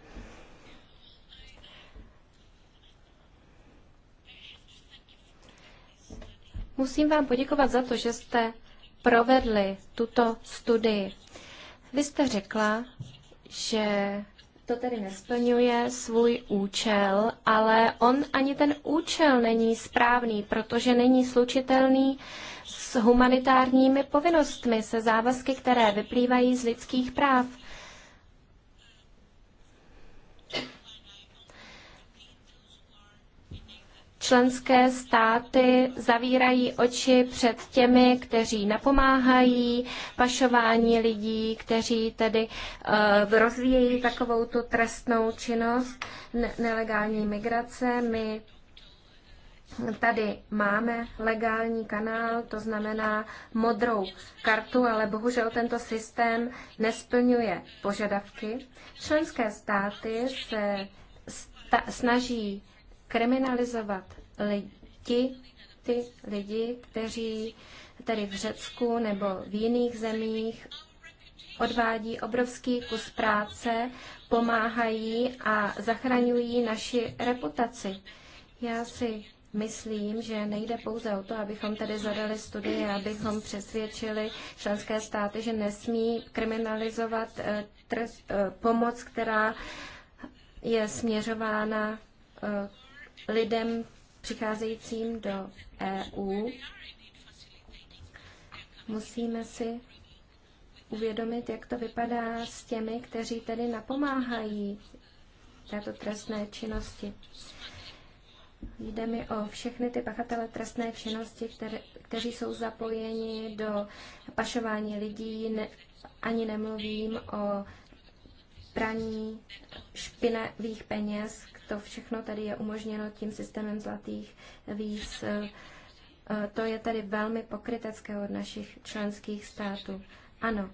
Musím vám poděkovat za to, že jste provedli tuto studii. Vy jste řekla, že to tedy nesplňuje svůj účel, ale on ani ten účel není správný, protože není slučitelný s humanitárními povinnostmi, se závazky, které vyplývají z lidských práv. členské státy zavírají oči před těmi, kteří napomáhají pašování lidí, kteří tedy uh, rozvíjejí takovou tu trestnou činnost ne- nelegální migrace. My tady máme legální kanál, to znamená modrou kartu, ale bohužel tento systém nesplňuje požadavky. Členské státy se snaží kriminalizovat lidi, ty lidi, kteří tady v Řecku nebo v jiných zemích odvádí obrovský kus práce, pomáhají a zachraňují naši reputaci. Já si myslím, že nejde pouze o to, abychom tady zadali studie, abychom přesvědčili členské státy, že nesmí kriminalizovat eh, trest, eh, pomoc, která je směřována eh, lidem přicházejícím do EU. Musíme si uvědomit, jak to vypadá s těmi, kteří tedy napomáhají této trestné činnosti. Jde mi o všechny ty pachatele trestné činnosti, které, kteří jsou zapojeni do pašování lidí, ne, ani nemluvím o praní špinavých peněz, to všechno tady je umožněno tím systémem zlatých víz. E, to je tady velmi pokrytecké od našich členských států. Ano,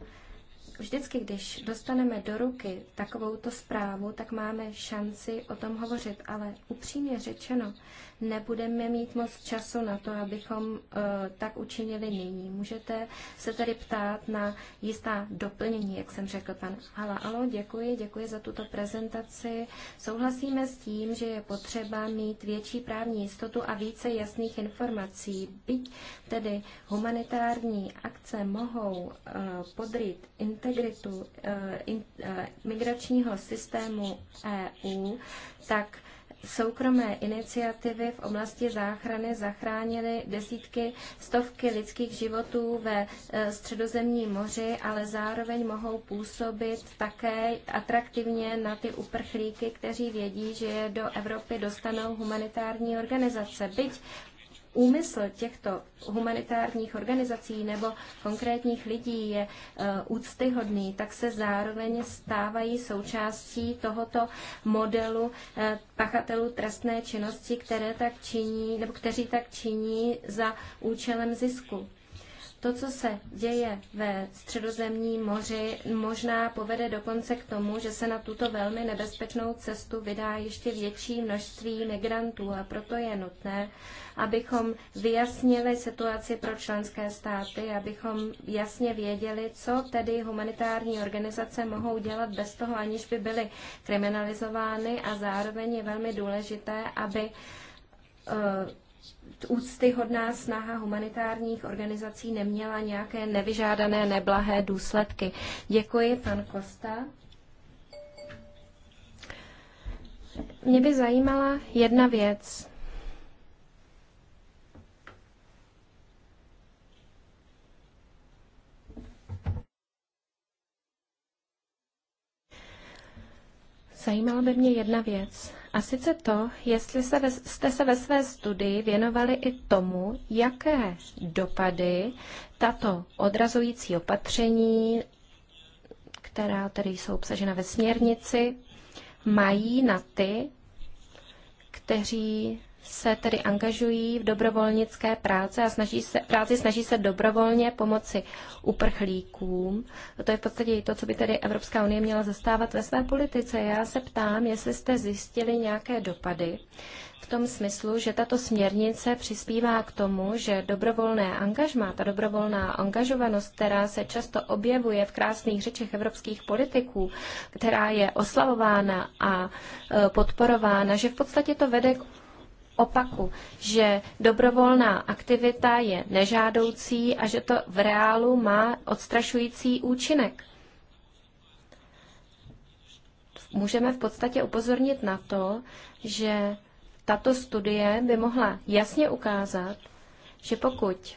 vždycky, když dostaneme do ruky takovouto zprávu, tak máme šanci o tom hovořit, ale upřímně řečeno, nebudeme mít moc času na to, abychom eh, tak učinili nyní. Můžete se tedy ptát na jistá doplnění, jak jsem řekl pan Hala. Ano, děkuji, děkuji za tuto prezentaci. Souhlasíme s tím, že je potřeba mít větší právní jistotu a více jasných informací. Byť tedy humanitární akce mohou eh, podrýt integritu eh, migračního systému EU, tak soukromé iniciativy v oblasti záchrany zachránily desítky, stovky lidských životů ve e, středozemním moři, ale zároveň mohou působit také atraktivně na ty uprchlíky, kteří vědí, že je do Evropy dostanou humanitární organizace. Byť úmysl těchto humanitárních organizací nebo konkrétních lidí je eh, úctyhodný, tak se zároveň stávají součástí tohoto modelu eh, pachatelů trestné činnosti, které tak činí, nebo kteří tak činí za účelem zisku. To, co se děje ve středozemní moři, možná povede dokonce k tomu, že se na tuto velmi nebezpečnou cestu vydá ještě větší množství migrantů a proto je nutné, abychom vyjasnili situaci pro členské státy, abychom jasně věděli, co tedy humanitární organizace mohou dělat bez toho, aniž by byly kriminalizovány a zároveň je velmi důležité, aby uh, úctyhodná snaha humanitárních organizací neměla nějaké nevyžádané, neblahé důsledky. Děkuji, pan Kosta. Mě by zajímala jedna věc. Zajímala by mě jedna věc. A sice to, jestli se ve, jste se ve své studii věnovali i tomu, jaké dopady tato odrazující opatření, která tedy jsou obsažena ve směrnici, mají na ty, kteří se tedy angažují v dobrovolnické práce a snaží se, práci snaží se dobrovolně pomoci uprchlíkům. To je v podstatě to, co by tedy Evropská unie měla zastávat ve své politice. Já se ptám, jestli jste zjistili nějaké dopady v tom smyslu, že tato směrnice přispívá k tomu, že dobrovolné angažma, ta dobrovolná angažovanost, která se často objevuje v krásných řečech evropských politiků, která je oslavována a e, podporována, že v podstatě to vede k opaku, že dobrovolná aktivita je nežádoucí a že to v reálu má odstrašující účinek. Můžeme v podstatě upozornit na to, že tato studie by mohla jasně ukázat, že pokud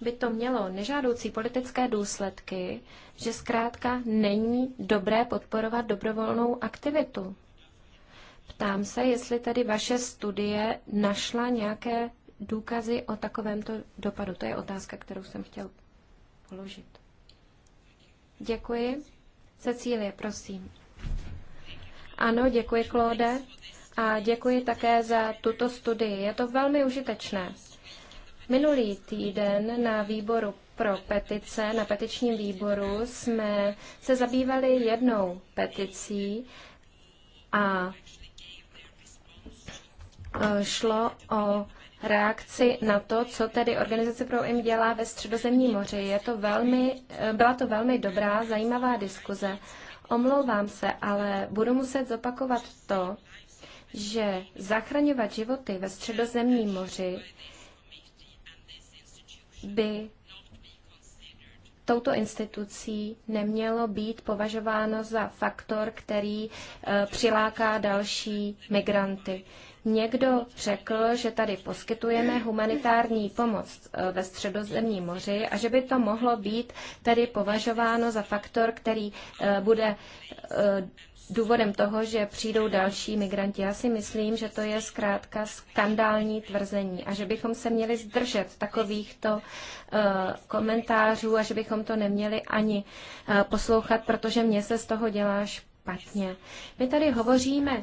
by to mělo nežádoucí politické důsledky, že zkrátka není dobré podporovat dobrovolnou aktivitu. Ptám se, jestli tedy vaše studie našla nějaké důkazy o takovémto dopadu. To je otázka, kterou jsem chtěl položit. Děkuji. Cecílie, prosím. Ano, děkuji, Klóde. A děkuji také za tuto studii. Je to velmi užitečné. Minulý týden na výboru pro petice, na petičním výboru, jsme se zabývali jednou peticí a Eh, šlo o reakci na to, co tedy Organizace pro IM dělá ve Středozemním moři. Je to velmi, eh, byla to velmi dobrá, zajímavá diskuze. Omlouvám se, ale budu muset zopakovat to, že zachraňovat životy ve Středozemním moři by touto institucí nemělo být považováno za faktor, který eh, přiláká další migranty. Někdo řekl, že tady poskytujeme humanitární pomoc e, ve středozemním moři a že by to mohlo být tedy považováno za faktor, který e, bude e, důvodem toho, že přijdou další migranti. Já si myslím, že to je zkrátka skandální tvrzení a že bychom se měli zdržet takovýchto komentářů a že bychom to neměli ani poslouchat, protože mně se z toho dělá špatně. My tady hovoříme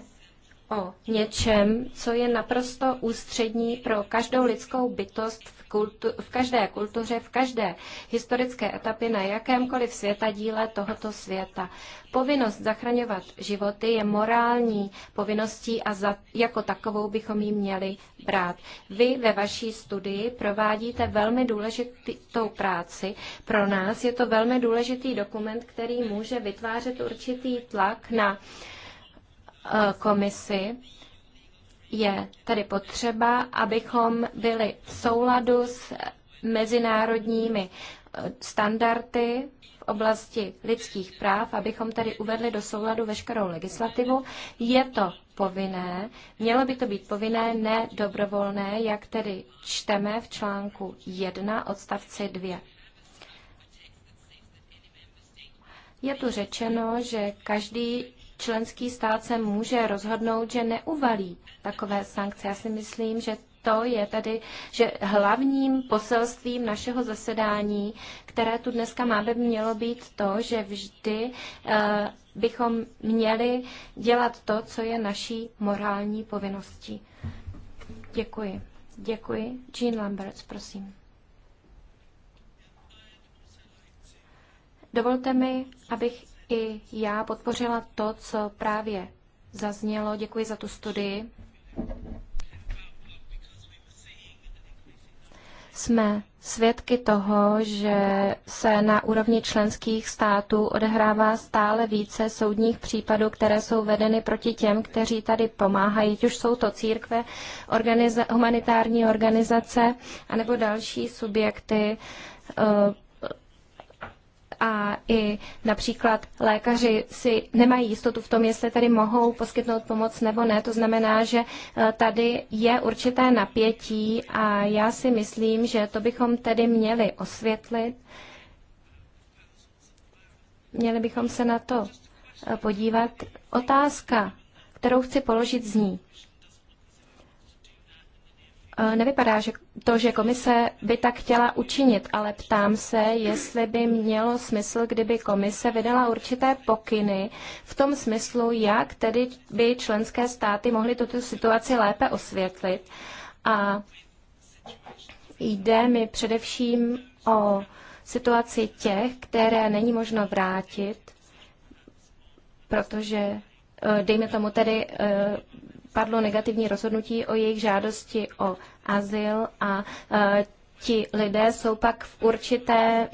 o něčem, co je naprosto ústřední pro každou lidskou bytost v, kultu, v každé kultuře, v každé historické etapě na jakémkoliv světa díle tohoto světa. Povinnost zachraňovat životy je morální povinností a za, jako takovou bychom ji měli brát. Vy ve vaší studii provádíte velmi důležitou práci. Pro nás je to velmi důležitý dokument, který může vytvářet určitý tlak na uh, Eh, komisi, je tedy potřeba, abychom byli v souladu s mezinárodními eh, standardy v oblasti lidských práv, abychom tedy uvedli do souladu veškerou legislativu. Je to povinné, mělo by to být povinné, ne dobrovolné, jak tedy čteme v článku 1 odstavci 2. Je tu řečeno, že každý členský stát se může rozhodnout, že neuvalí takové sankce. Já si myslím, že to je tedy, že hlavním poselstvím našeho zasedání, které tu dneska máme, mělo být to, že vždy eh, bychom měli dělat to, co je naší morální povinností. Děkuji. Děkuji. Jean Lambert, prosím. Dovolte mi, abych i já podpořila to, co právě zaznělo. Děkuji za tu studii. Jsme svědky toho, že se na úrovni členských států odehrává stále více soudních případů, které jsou vedeny proti těm, kteří tady pomáhají, už jsou to církve, organiza- humanitární organizace anebo další subjekty. Uh, a i například lékaři si nemají jistotu v tom, jestli tady mohou poskytnout pomoc nebo ne. To znamená, že eh, tady je určité napětí a já si myslím, že to bychom tedy měli osvětlit. Měli bychom se na to eh, podívat. Otázka, kterou chci položit, zní, Nevypadá že to, že komise by tak chtěla učinit, ale ptám se, jestli by mělo smysl, kdyby komise vydala určité pokyny v tom smyslu, jak tedy by členské státy mohly tuto situaci lépe osvětlit. A jde mi především o situaci těch, které není možno vrátit, protože eh, dejme tomu tedy eh, padlo negativní rozhodnutí o jejich žádosti o azyl a e, ti lidé jsou pak v určité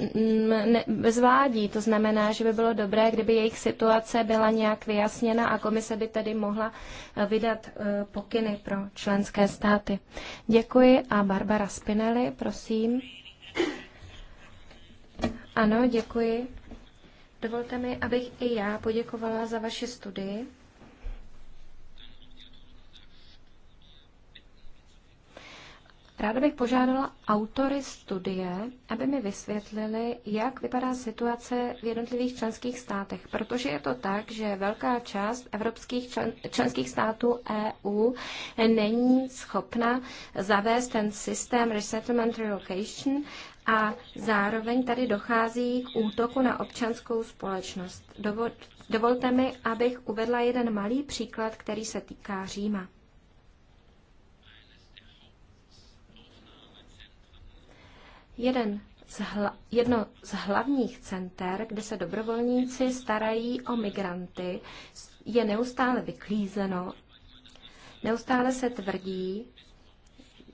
zvládí. To znamená, že by bylo dobré, kdyby jejich situace byla nějak vyjasněna a komise by tedy mohla e, vydat e, pokyny pro členské státy. Děkuji a Barbara Spinelli, prosím. Ano, děkuji. Dovolte mi, abych i já poděkovala za vaši studii. Ráda bych požádala autory studie, aby mi vysvětlili, jak vypadá situace v jednotlivých členských státech, protože je to tak, že velká část evropských člen, členských států EU není schopna zavést ten systém resettlement relocation a zároveň tady dochází k útoku na občanskou společnost. Dovol, dovolte mi, abych uvedla jeden malý příklad, který se týká Říma. jeden z hla, jedno z hlavních center, kde se dobrovolníci starají o migranty, je neustále vyklízeno. Neustále se tvrdí,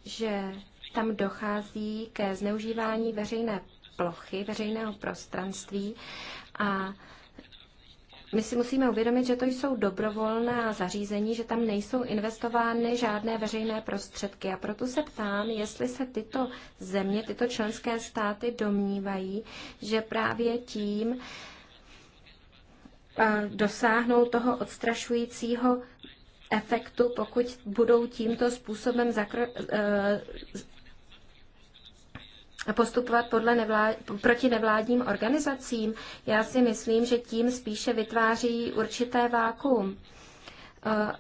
že tam dochází ke zneužívání veřejné plochy, veřejného prostranství a my si musíme uvědomit, že to jsou dobrovolná zařízení, že tam nejsou investovány žádné veřejné prostředky. A proto se ptám, jestli se tyto země, tyto členské státy domnívají, že právě tím eh, dosáhnou toho odstrašujícího efektu, pokud budou tímto způsobem zakr- eh, postupovat podle nevlád, proti nevládním organizacím? Já si myslím, že tím spíše vytváří určité vákuum. Eh,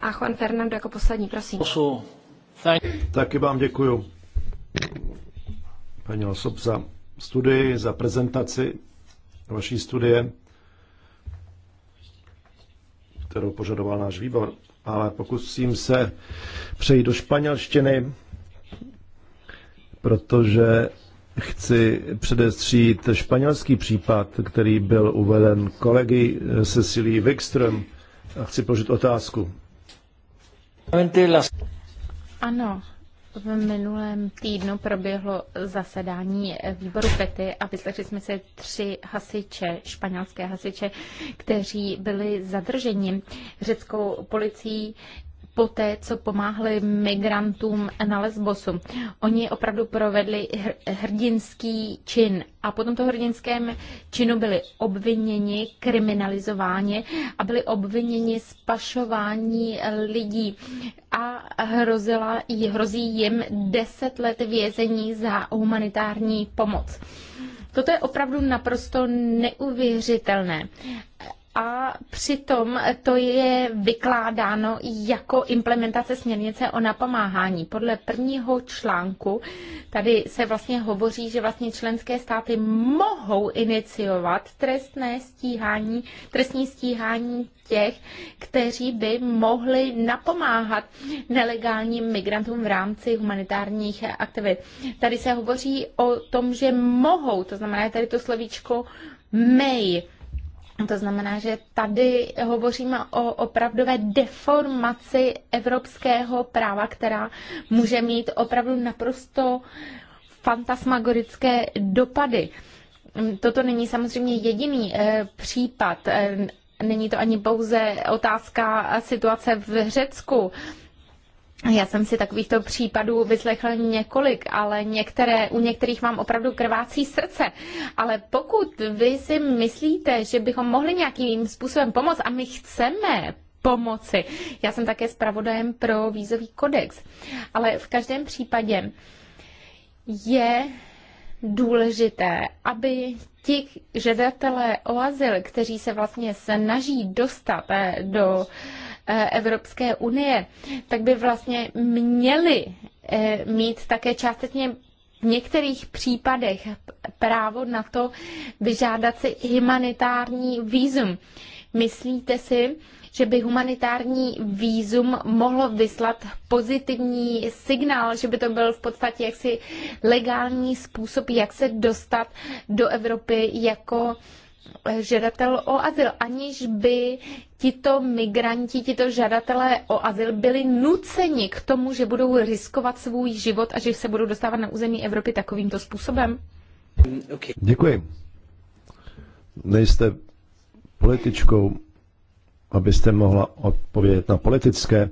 a Juan Fernando jako poslední, prosím. Taky vám děkuji. Paní Osob za studii, za prezentaci vaší studie, kterou požadoval náš výbor. Ale pokusím se přejít do španělštiny protože chci předestřít španělský případ, který byl uveden kolegy Cecilí Wikström a chci položit otázku. Ano, v minulém týdnu proběhlo zasedání výboru PETY a vyslechli jsme se tři hasiče, španělské hasiče, kteří byli zadrženi řeckou policií poté, co pomáhli migrantům na Lesbosu. Oni opravdu provedli hrdinský čin a po tomto hrdinském činu byli obviněni, kriminalizováni a byli obviněni z pašování lidí a hrozila, hrozí jim deset let vězení za humanitární pomoc. Toto je opravdu naprosto neuvěřitelné a přitom to je vykládáno jako implementace směrnice o napomáhání. Podle prvního článku tady se vlastně hovoří, že vlastně členské státy mohou iniciovat trestné stíhání, trestní stíhání těch, kteří by mohli napomáhat nelegálním migrantům v rámci humanitárních aktivit. Tady se hovoří o tom, že mohou, to znamená tady to slovíčko may, to znamená, že tady hovoříme o opravdové deformaci evropského práva, která může mít opravdu naprosto fantasmagorické dopady. Toto není samozřejmě jediný eh, případ. Eh, není to ani pouze otázka situace v Řecku. Já jsem si takovýchto případů vyslechl několik, ale některé, u některých mám opravdu krvácí srdce. Ale pokud vy si myslíte, že bychom mohli nějakým způsobem pomoct a my chceme pomoci, já jsem také zpravodajem pro vízový kodex, ale v každém případě je důležité, aby ti žadatelé o azyl, kteří se vlastně snaží dostat eh, do uh, Eh, Evropské unie, tak by vlastně měli eh, mít také částečně v některých případech právo na to vyžádat si humanitární výzum. Myslíte si, že by humanitární výzum mohlo vyslat pozitivní signál, že by to byl v podstatě jaksi legální způsob, jak se dostat do Evropy jako žadatel o azyl, aniž by tito migranti, tito žadatelé o azyl byli nuceni k tomu, že budou riskovat svůj život a že se budou dostávat na území Evropy takovýmto způsobem? Děkuji. Nejste političkou, abyste mohla odpovědět na politické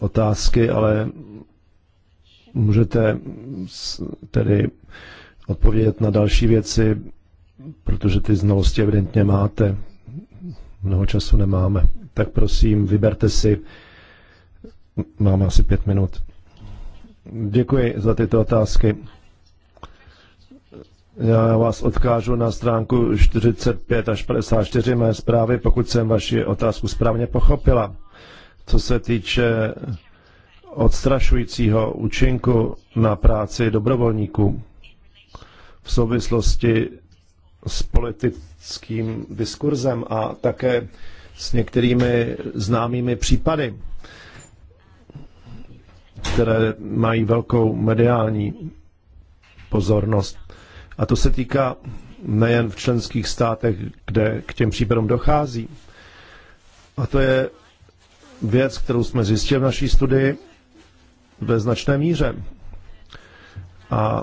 otázky, ale můžete tedy odpovědět na další věci protože ty znalosti evidentně máte. Mnoho času nemáme. Tak prosím, vyberte si. Máme asi pět minut. Děkuji za tyto otázky. Já vás odkážu na stránku 45 až 54 mé zprávy, pokud jsem vaši otázku správně pochopila. Co se týče odstrašujícího účinku na práci dobrovolníků v souvislosti s politickým diskurzem a také s některými známými případy, které mají velkou mediální pozornost. A to se týká nejen v členských státech, kde k těm případům dochází. A to je věc, kterou jsme zjistili v naší studii ve značné míře. A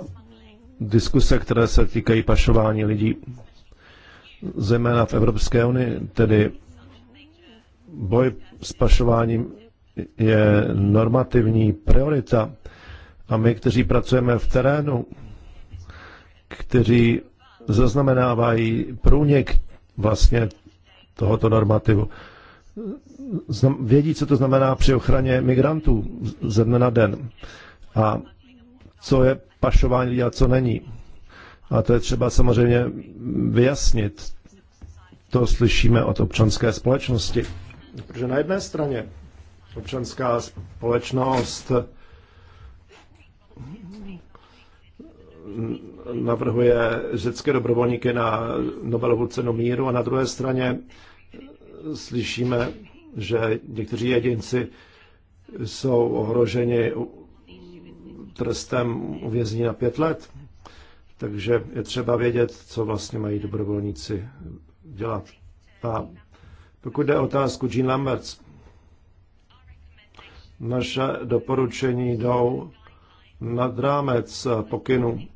diskuse, které se týkají pašování lidí, zejména v Evropské unii, tedy boj s pašováním je normativní priorita. A my, kteří pracujeme v terénu, kteří zaznamenávají průnik vlastně tohoto normativu, vědí, co to znamená při ochraně migrantů ze dne na den. A co je pašování lidí a co není. A to je třeba samozřejmě vyjasnit. To slyšíme od občanské společnosti. Protože na jedné straně občanská společnost navrhuje řecké dobrovolníky na Nobelovu cenu míru a na druhé straně slyšíme, že někteří jedinci jsou ohroženi trestem uvězní na pět let. Takže je třeba vědět, co vlastně mají dobrovolníci dělat. A pokud jde o otázku Jean Lamberts, naše doporučení jdou nad rámec pokynu.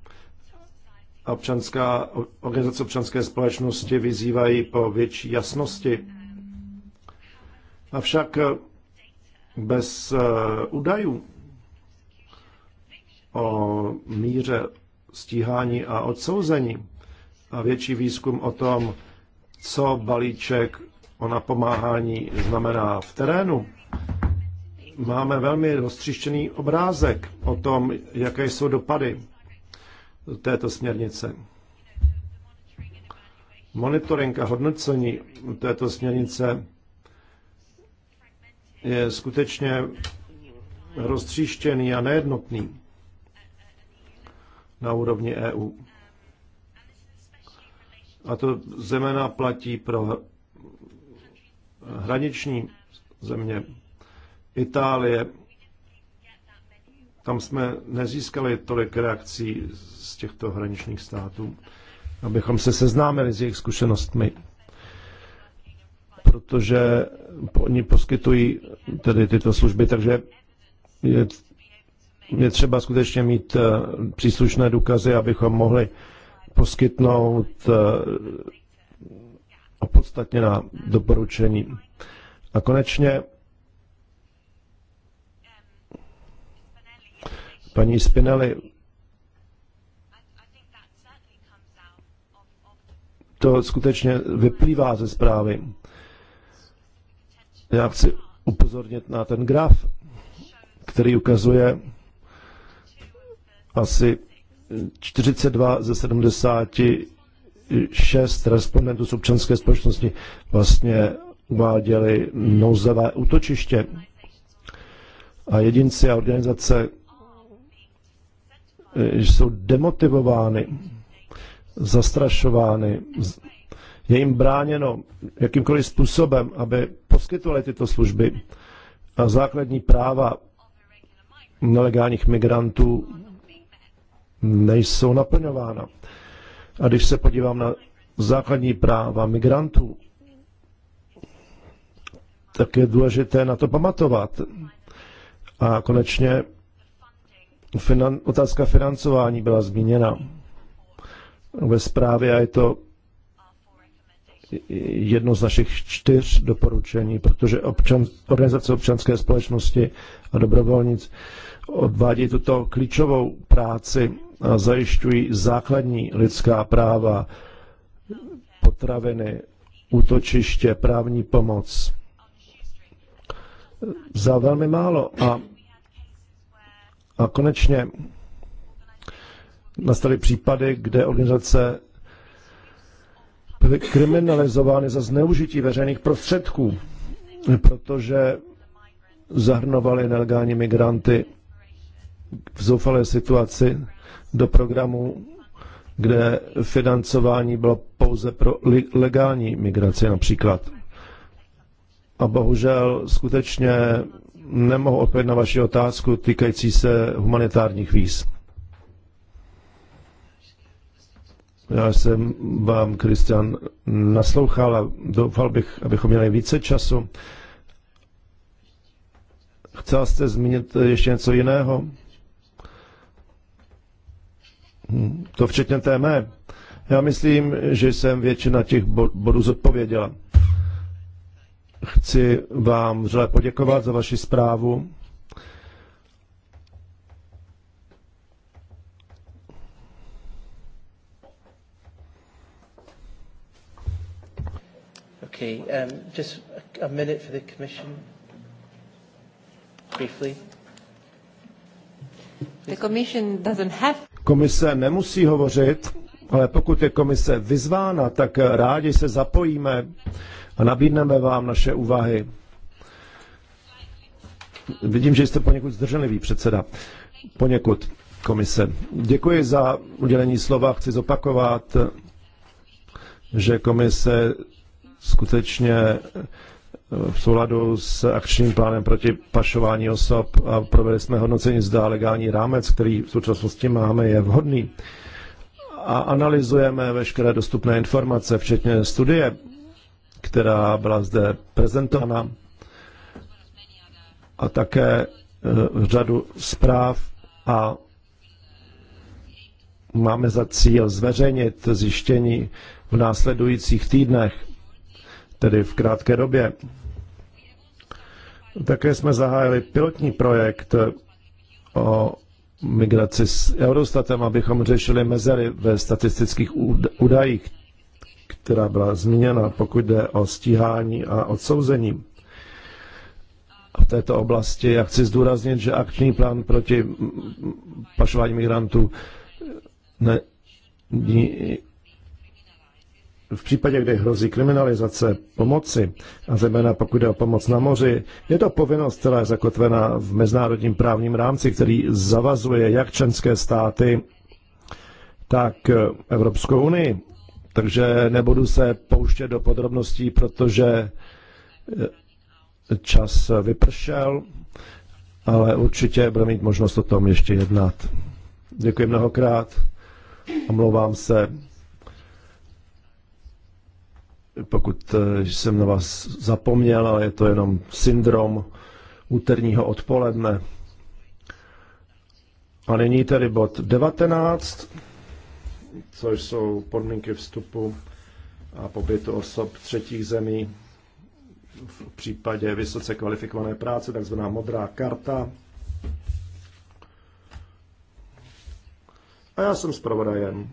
Občanská, organizace občanské společnosti vyzývají po větší jasnosti. Avšak bez eh, údajů o míře stíhání a odsouzení a větší výzkum o tom, co balíček o napomáhání znamená v terénu. Máme velmi roztřištěný obrázek o tom, jaké jsou dopady této směrnice. Monitoring a hodnocení této směrnice je skutečně roztříštěný a nejednotný na úrovni EU. A to zemena platí pro hraniční země. Itálie, tam jsme nezískali tolik reakcí z těchto hraničních států, abychom se seznámili s jejich zkušenostmi. Protože oni poskytují tedy tyto služby, takže je je třeba skutečně mít eh, příslušné důkazy, abychom mohli poskytnout eh, na doporučení. A konečně paní Spinelli, to skutečně vyplývá ze zprávy. Já chci upozornit na ten graf, který ukazuje, asi 42 ze 76 respondentů z občanské společnosti vlastně uváděli nouzové útočiště. A jedinci a organizace eh, jsou demotivovány, zastrašovány, je jim bráněno jakýmkoliv způsobem, aby poskytovali tyto služby a základní práva nelegálních migrantů nejsou naplňována. A když se podívám na základní práva migrantů, tak je důležité na to pamatovat. A konečně finan- otázka financování byla zmíněna ve zprávě a je to jedno z našich čtyř doporučení, protože občan, organizace občanské společnosti a dobrovolnic odvádí tuto klíčovou práci zajišťují základní lidská práva, potraviny, útočiště, právní pomoc. Za velmi málo. A, a konečně nastaly případy, kde organizace byly kriminalizovány za zneužití veřejných prostředků, protože zahrnovali nelegální migranty v zoufalé situaci do programu, kde financování bylo pouze pro legální migraci například. A bohužel skutečně nemohu odpovědět na vaši otázku týkající se humanitárních víz. Já jsem vám, Kristian, naslouchal a doufal bych, abychom měli více času. Chcel jste zmínit ještě něco jiného? to včetně té mé. Já myslím, že jsem většina těch bodů zodpověděla. Chci vám vřele poděkovat za vaši zprávu. Okay, um, just a minute for the commission, briefly. The commission doesn't have Komise nemusí hovořit, ale pokud je komise vyzvána, tak rádi se zapojíme a nabídneme vám naše úvahy. Vidím, že jste poněkud zdrženlivý předseda. Poněkud komise. Děkuji za udělení slova. Chci zopakovat, že komise skutečně v souladu s akčním plánem proti pašování osob a provedli jsme hodnocení zda legální rámec, který v současnosti máme, je vhodný. A analyzujeme veškeré dostupné informace, včetně studie, která byla zde prezentována a také e, řadu zpráv a máme za cíl zveřejnit zjištění v následujících týdnech tedy v krátké době. Také jsme zahájili pilotní projekt o migraci s Eurostatem, abychom řešili mezery ve statistických údajích, která byla zmíněna, pokud jde o stíhání a odsouzení v této oblasti. Já chci zdůraznit, že akční plán proti pašování migrantů ne, v případě, kdy hrozí kriminalizace pomoci, a zejména pokud jde o pomoc na moři, je to povinnost, která je zakotvena v mezinárodním právním rámci, který zavazuje jak členské státy, tak Evropskou unii. Takže nebudu se pouštět do podrobností, protože eh, čas vypršel, ale určitě budeme mít možnost o tom ještě jednat. Děkuji mnohokrát, omlouvám se pokud eh, jsem na vás zapomněl, ale je to jenom syndrom úterního odpoledne. A nyní tedy bod 19, což jsou podmínky vstupu a pobytu osob třetích zemí v případě vysoce kvalifikované práce, takzvaná modrá karta. A já jsem zpravodajem.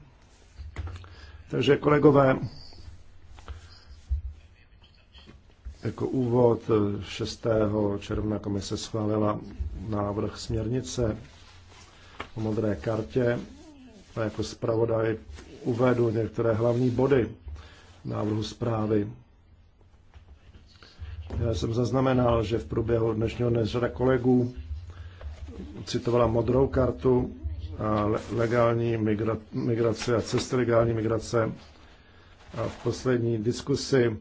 Takže kolegové, Jako úvod 6. Eh, června komise schválila návrh směrnice o modré kartě a jako zpravodaj uvedu některé hlavní body návrhu zprávy. Já jsem zaznamenal, že v průběhu dnešního dne řada kolegů citovala modrou kartu a legální migrace a cesty legální migrace. A v poslední diskusi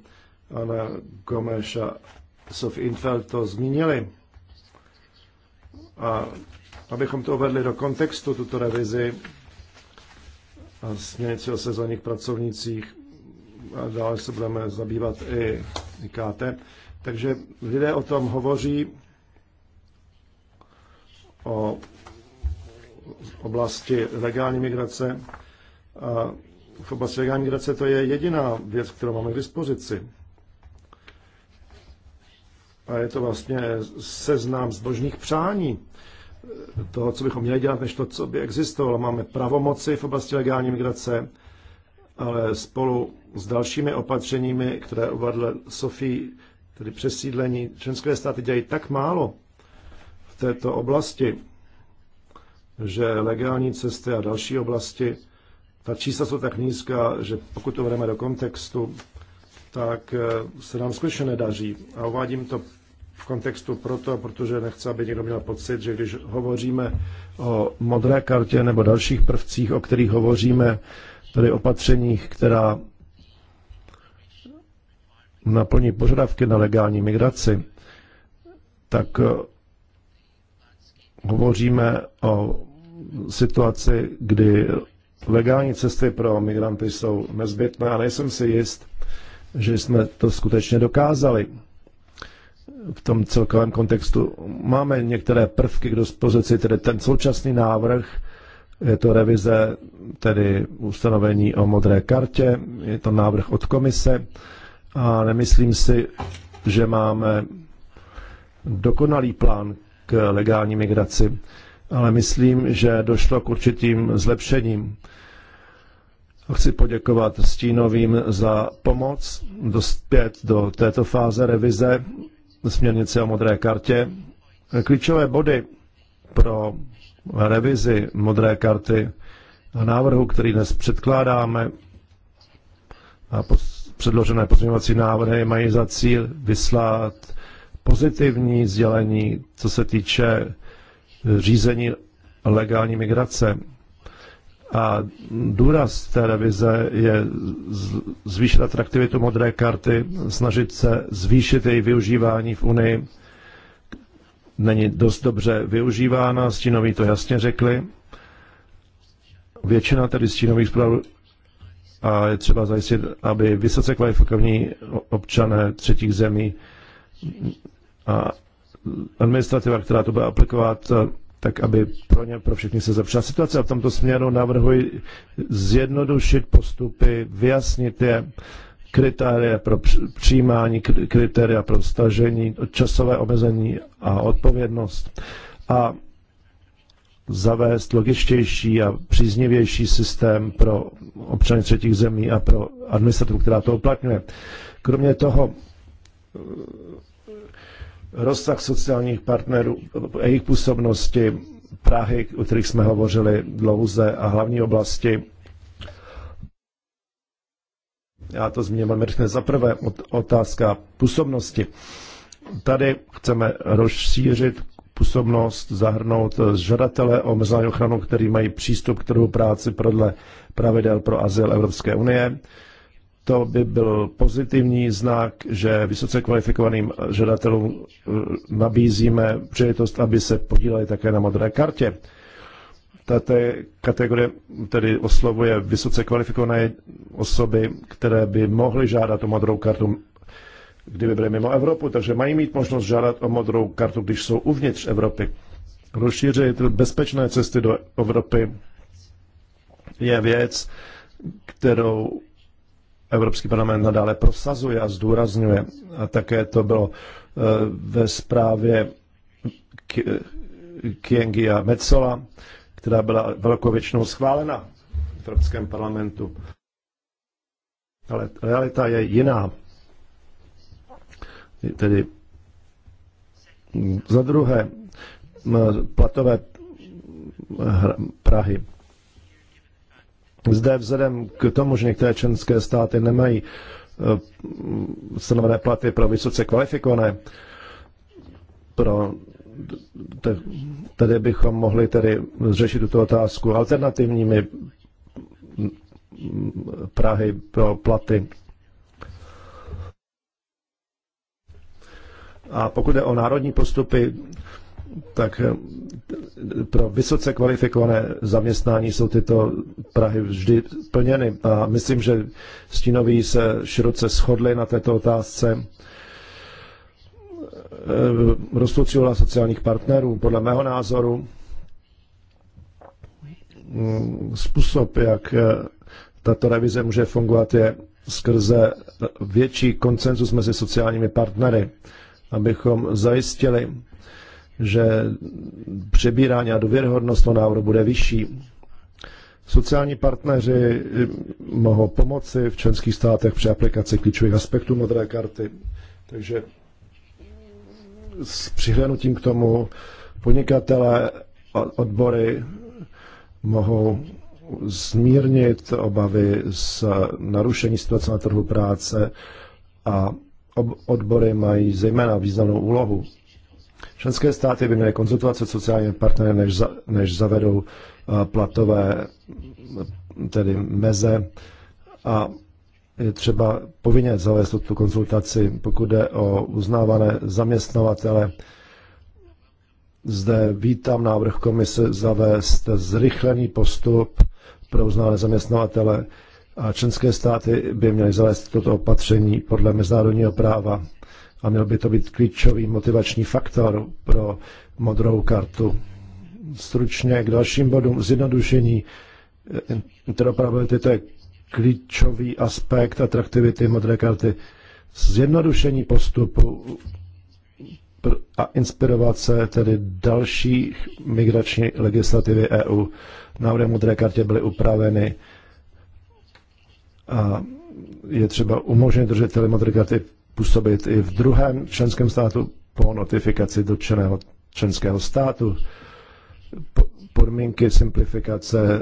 Ana Gomeša a Sof Infeld to zmínili. A abychom to uvedli do kontextu, tuto revizi a směnici o sezónních pracovnicích, a dále se budeme zabývat i IKT. Takže lidé o tom hovoří, o oblasti legální migrace. A v oblasti legální migrace to je jediná věc, kterou máme k dispozici. A je to vlastně seznam zbožných přání toho, co bychom měli dělat, než to, co by existovalo. Máme pravomoci v oblasti legální migrace, ale spolu s dalšími opatřeními, které uvedla Sofie, tedy přesídlení, členské státy dělají tak málo v této oblasti, že legální cesty a další oblasti, ta čísla jsou tak nízká, že pokud to vedeme do kontextu, tak eh, se nám skutečně nedaří. A uvádím to v kontextu proto, protože nechce aby někdo měl pocit, že když hovoříme o modré kartě nebo dalších prvcích, o kterých hovoříme, tedy opatřeních, která naplní požadavky na legální migraci, tak eh, hovoříme o situaci, kdy legální cesty pro migranty jsou nezbytné a nejsem si jist, že jsme to skutečně dokázali v tom celkovém kontextu. Máme některé prvky k dispozici, tedy ten současný návrh, je to revize, tedy ustanovení o modré kartě, je to návrh od komise a nemyslím si, že máme dokonalý plán k legální migraci, ale myslím, že došlo k určitým zlepšením. Chci poděkovat stínovým za pomoc dospět do této fáze revize směrnici o modré kartě. Klíčové body pro revizi modré karty a návrhu, který dnes předkládáme, a předložené pozměňovací návrhy mají za cíl vyslat pozitivní sdělení, co se týče řízení legální migrace a důraz televize je zvýšit atraktivitu modré karty, snažit se zvýšit její využívání v Unii. Není dost dobře využívána, stínoví to jasně řekli. Většina tedy stínových zpráv a je třeba zajistit, aby vysoce kvalifikovaní občané třetích zemí a administrativa, která to bude aplikovat, tak aby pro ně, pro všechny se zlepšila situace. A v tomto směru navrhuji zjednodušit postupy, vyjasnit je, kritéria pro přijímání, kritéria pro stažení, časové omezení a odpovědnost. A zavést logičtější a příznivější systém pro občany třetích zemí a pro administrativu, která to uplatňuje. Kromě toho rozsah sociálních partnerů, jejich působnosti, Prahy, o kterých jsme hovořili dlouze, a hlavní oblasti. Já to zmíním rychle. Za prvé otázka působnosti. Tady chceme rozšířit působnost, zahrnout žadatele o mezinárodní ochranu, který mají přístup k trhu práci podle pravidel pro azyl Evropské unie. To by byl pozitivní znak, že vysoce kvalifikovaným žadatelům eh, nabízíme příležitost, aby se podíleli také na modré kartě. Tato kategorie tedy oslovuje vysoce kvalifikované osoby, které by mohly žádat o modrou kartu, kdyby byly mimo Evropu, takže mají mít možnost žádat o modrou kartu, když jsou uvnitř Evropy. Rozšířit bezpečné cesty do Evropy je věc, kterou Evropský parlament nadále prosazuje a zdůrazňuje. A také to bylo eh, ve zprávě eh, Kiengi a Metzola, která byla velkou většinou schválena v Evropském parlamentu. Ale realita je jiná. Tedy za druhé platové hm, Prahy. Zde vzhledem k tomu, že některé členské státy nemají eh, stanovené platy pro vysoce kvalifikované, pro, tady bychom mohli tedy řešit tuto otázku alternativními Prahy pro platy. A pokud je o národní postupy, tak eh, pro vysoce kvalifikované zaměstnání jsou tyto Prahy vždy plněny. A myslím, že Stínoví se široce shodli na této otázce eh, rostoucí sociálních partnerů. Podle mého názoru mm, způsob, jak eh, tato revize může fungovat, je skrze větší koncenzus mezi sociálními partnery, abychom zajistili že přebírání a důvěryhodnost toho návrhu bude vyšší. Sociální partneři mohou pomoci v členských státech při aplikaci klíčových aspektů modré karty. Takže s přihlednutím k tomu podnikatele, odbory mohou zmírnit obavy z narušení situace na trhu práce a odbory mají zejména významnou úlohu Členské státy by měly konzultovat se sociálními partnery, než, za, než zavedou platové tedy meze a je třeba povinně zavést tu konzultaci, pokud jde o uznávané zaměstnavatele. Zde vítám návrh komise zavést zrychlený postup pro uznávané zaměstnavatele a členské státy by měly zavést toto opatření podle mezinárodního práva a měl by to být klíčový motivační faktor pro modrou kartu. Stručně k dalším bodům zjednodušení interoperability, eh, to je klíčový aspekt atraktivity modré karty. Zjednodušení postupu a inspirovat se tedy další migrační legislativy EU. Návrhy modré kartě byly upraveny a je třeba umožnit držiteli modré karty působit i v druhém členském státu po notifikaci dotčeného členského státu. Podmínky simplifikace,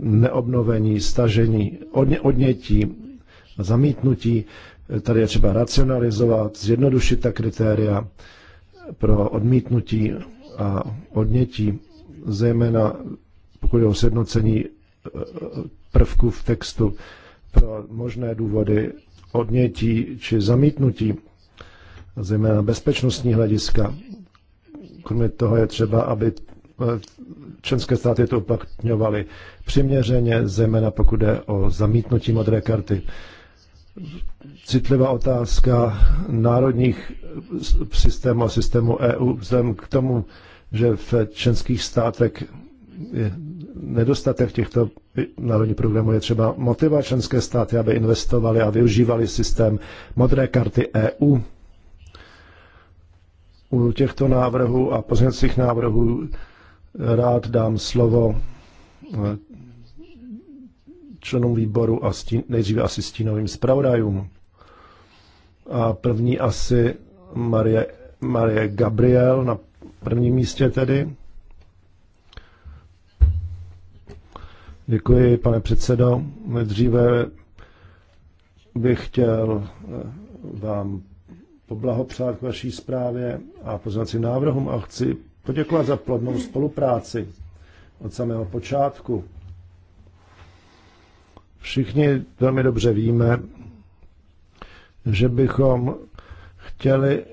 neobnovení, stažení, odnětí, zamítnutí. Tady je třeba racionalizovat, zjednodušit ta kritéria pro odmítnutí a odnětí, zejména pokud je o sjednocení e, e, e, prvků v textu pro možné důvody odnětí či zamítnutí, zejména bezpečnostní hlediska. Kromě toho je třeba, aby eh, členské státy to uplatňovaly přiměřeně, zejména pokud jde o zamítnutí modré karty. Citlivá otázka národních systémů a systému e EU, vzhledem k tomu, že v členských státech je nedostatek těchto národních programů je třeba motivovat členské státy, aby investovali a využívali systém modré karty EU. U těchto návrhů a pozměňovacích návrhů rád dám slovo eh, členům výboru a stín, nejdříve asi stínovým zpravodajům. A první asi Marie, Marie Gabriel na prvním místě tedy. Děkuji, pane předsedo. Dříve bych chtěl eh, vám poblahopřát k vaší zprávě a poznacím návrhům a chci poděkovat za plodnou spolupráci od samého počátku. Všichni velmi dobře víme, že bychom chtěli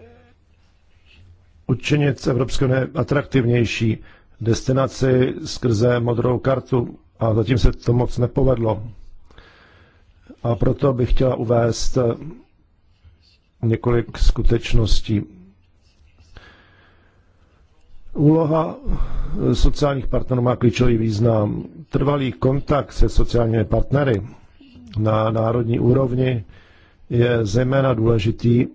učinit z Evropské unie atraktivnější destinaci skrze modrou kartu a zatím se to moc nepovedlo. A proto bych chtěla uvést několik skutečností. Úloha sociálních partnerů má klíčový význam. Trvalý kontakt se sociálními partnery na národní úrovni je zejména důležitý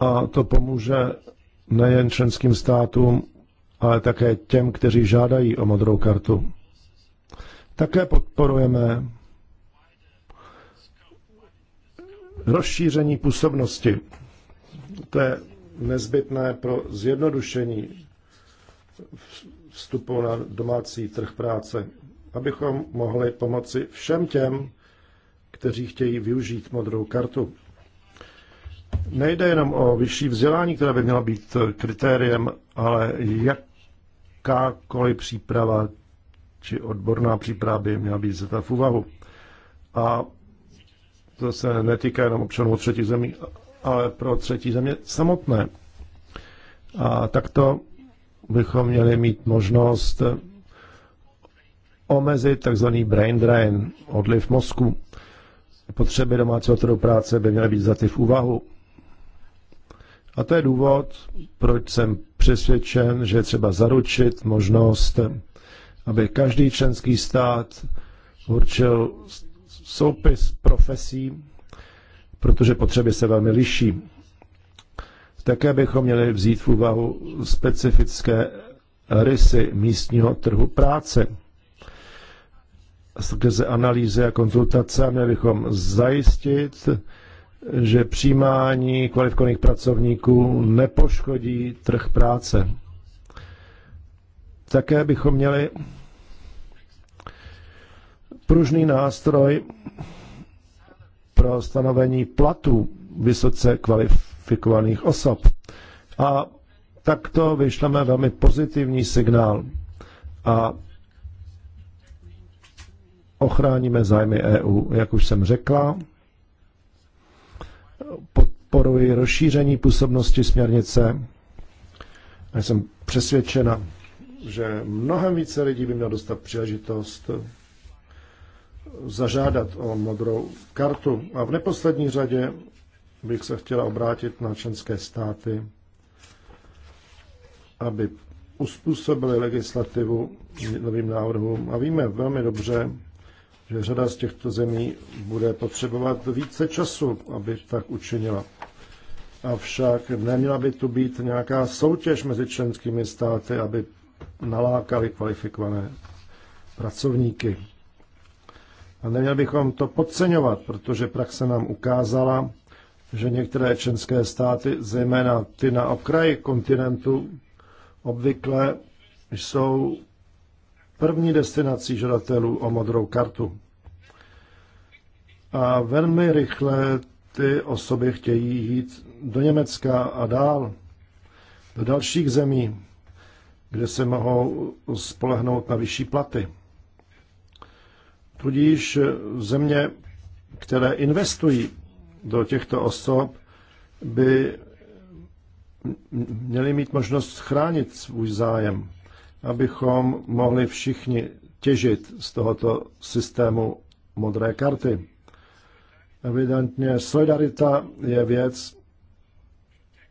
a to pomůže nejen členským státům, ale také těm, kteří žádají o modrou kartu. Také podporujeme rozšíření působnosti. To je nezbytné pro zjednodušení vstupu na domácí trh práce, abychom mohli pomoci všem těm, kteří chtějí využít modrou kartu. Nejde jenom o vyšší vzdělání, které by mělo být kritériem, ale jak jakákoliv příprava či odborná příprava by měla být zeta v úvahu. A to se netýká jenom občanů třetí zemí, ale pro třetí země samotné. A takto bychom měli mít možnost omezit tzv. brain drain, odliv mozku. Potřeby domácího trhu práce by měly být ty v úvahu. A to je důvod, proč jsem přesvědčen, že je třeba zaručit možnost, aby každý členský stát určil soupis profesí, protože potřeby se velmi liší. Také bychom měli vzít v úvahu specifické rysy místního trhu práce. Skrze analýzy a konzultace měli bychom zajistit, že přijímání kvalifikovaných pracovníků nepoškodí trh práce. Také bychom měli pružný nástroj pro stanovení platů vysoce kvalifikovaných osob. A takto vyšleme velmi pozitivní signál a ochráníme zájmy EU, jak už jsem řekla podporuji rozšíření působnosti směrnice a jsem přesvědčena, že mnohem více lidí by mělo dostat příležitost zažádat o modrou kartu. A v neposlední řadě bych se chtěla obrátit na členské státy, aby uspůsobili legislativu novým návrhům. A víme velmi dobře, že řada z těchto zemí bude potřebovat více času, aby tak učinila. Avšak neměla by tu být nějaká soutěž mezi členskými státy, aby nalákali kvalifikované pracovníky. A neměli bychom to podceňovat, protože praxe nám ukázala, že některé členské státy, zejména ty na okraji kontinentu, obvykle jsou první destinací žadatelů o modrou kartu. A velmi rychle ty osoby chtějí jít do Německa a dál, do dalších zemí, kde se mohou spolehnout na vyšší platy. Tudíž země, které investují do těchto osob, by měly mít možnost chránit svůj zájem abychom mohli všichni těžit z tohoto systému modré karty. Evidentně solidarita je věc,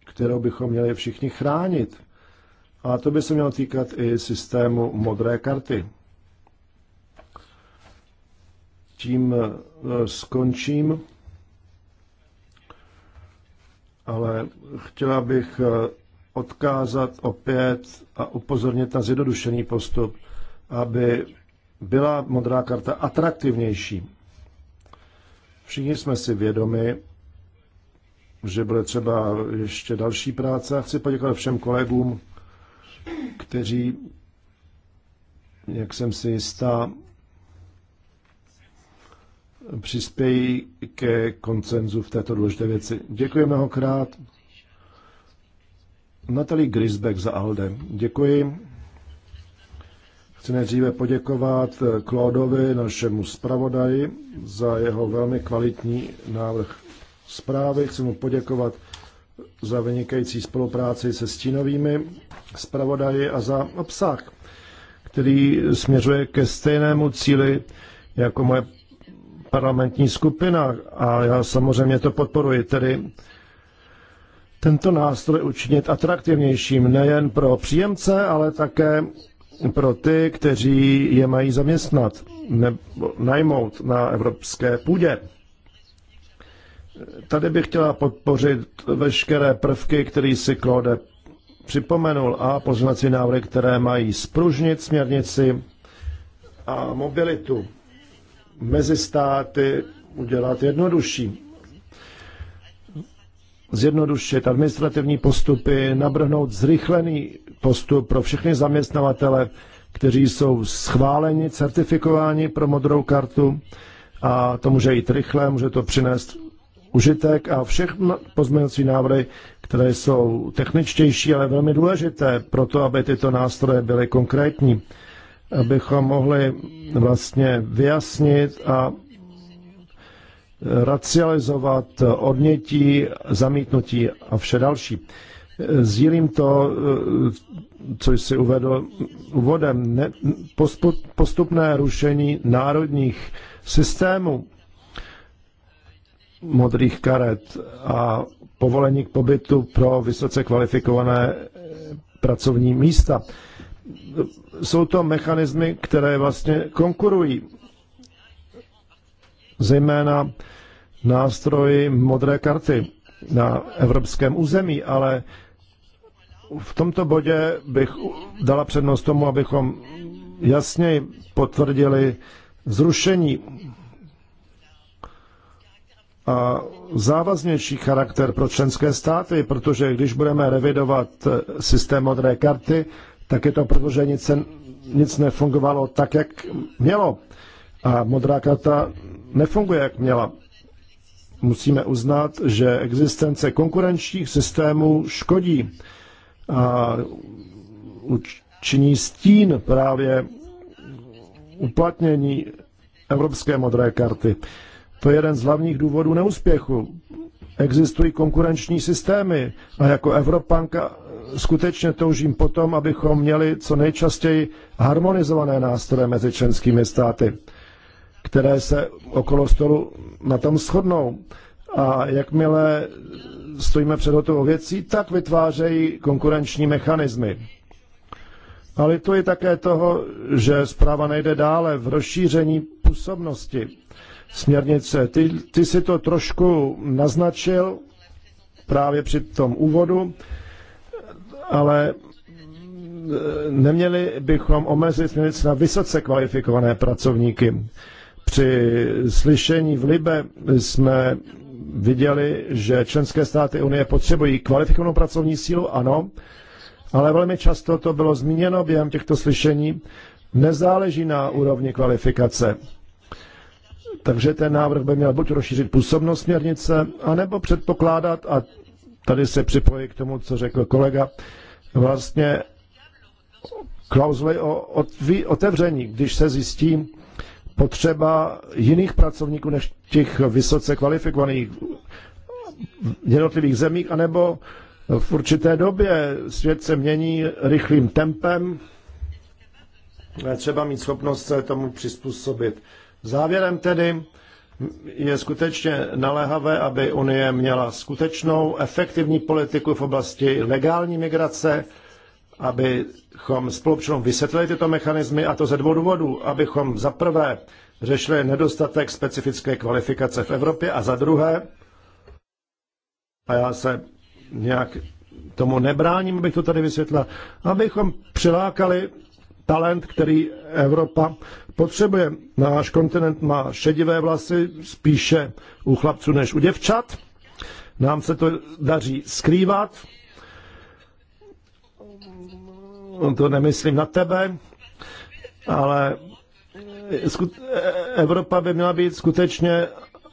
kterou bychom měli všichni chránit. A to by se mělo týkat i systému modré karty. Tím eh, skončím, ale chtěla bych eh, odkázat opět a upozornit na zjednodušený postup, aby byla modrá karta atraktivnější. Všichni jsme si vědomi, že bude třeba ještě další práce. chci poděkovat všem kolegům, kteří, jak jsem si jistá, přispějí ke koncenzu v této důležité věci. Děkuji mnohokrát. Natalie Grisbeck za ALDE. Děkuji. Chci nejdříve poděkovat Klódovi, eh, našemu zpravodaji, za jeho velmi kvalitní návrh zprávy. Chci mu poděkovat za vynikající spolupráci se stínovými zpravodaji a za obsah, který směřuje ke stejnému cíli jako moje parlamentní skupina. A já samozřejmě to podporuji, tedy tento nástroj učinit atraktivnějším nejen pro příjemce, ale také pro ty, kteří je mají zaměstnat nebo najmout na evropské půdě. Tady bych chtěla podpořit veškeré prvky, které si Klode připomenul a pozměňovací návrhy, které mají spružnit směrnici a mobilitu mezi státy udělat jednodušší zjednodušit administrativní postupy, nabrhnout zrychlený postup pro všechny zaměstnavatele, kteří jsou schváleni, certifikováni pro modrou kartu a to může jít rychle, může to přinést užitek a všechny pozměňovací návrhy, které jsou techničtější, ale velmi důležité pro to, aby tyto nástroje byly konkrétní, abychom mohli vlastně vyjasnit a racializovat odnětí, zamítnutí a vše další. Sdílím to, co jsi uvedl úvodem, ne, postupné rušení národních systémů modrých karet a povolení k pobytu pro vysoce kvalifikované pracovní místa. Jsou to mechanismy, které vlastně konkurují zejména nástroj modré karty na evropském území, ale v tomto bodě bych dala přednost tomu, abychom jasněji potvrdili zrušení a závaznější charakter pro členské státy, protože když budeme revidovat eh, systém modré karty, tak je to proto, že nic, nic nefungovalo tak, jak mělo. A modrá karta nefunguje, jak měla. Musíme uznat, že existence konkurenčních systémů škodí a činí stín právě uplatnění evropské modré karty. To je jeden z hlavních důvodů neúspěchu. Existují konkurenční systémy a jako Evropanka skutečně toužím potom, abychom měli co nejčastěji harmonizované nástroje mezi členskými státy které se okolo stolu na tom shodnou. A jakmile stojíme před hotovou věcí, tak vytvářejí konkurenční mechanismy. Ale to je také toho, že zpráva nejde dále v rozšíření působnosti směrnice. Ty, ty si to trošku naznačil právě při tom úvodu, ale neměli bychom omezit směrnici na vysoce kvalifikované pracovníky. Při slyšení v Libe jsme viděli, že členské státy Unie potřebují kvalifikovanou pracovní sílu, ano, ale velmi často to bylo zmíněno během těchto slyšení, nezáleží na úrovni kvalifikace. Takže ten návrh by měl buď rozšířit působnost směrnice, anebo předpokládat, a tady se připojí k tomu, co řekl kolega, vlastně klauzuly o otevření, když se zjistí, potřeba jiných pracovníků než těch vysoce kvalifikovaných v jednotlivých zemích, anebo v určité době svět se mění rychlým tempem, třeba mít schopnost se tomu přizpůsobit. Závěrem tedy je skutečně naléhavé, aby Unie měla skutečnou efektivní politiku v oblasti legální migrace, abychom spolupčům vysvětlili tyto mechanismy, a to ze dvou důvodů. Abychom za prvé řešili nedostatek specifické kvalifikace v Evropě a za druhé, a já se nějak tomu nebráním, abych to tady vysvětlil, abychom přilákali talent, který Evropa potřebuje. Náš kontinent má šedivé vlasy spíše u chlapců než u děvčat. Nám se to daří skrývat, to nemyslím na tebe, ale Evropa by měla být skutečně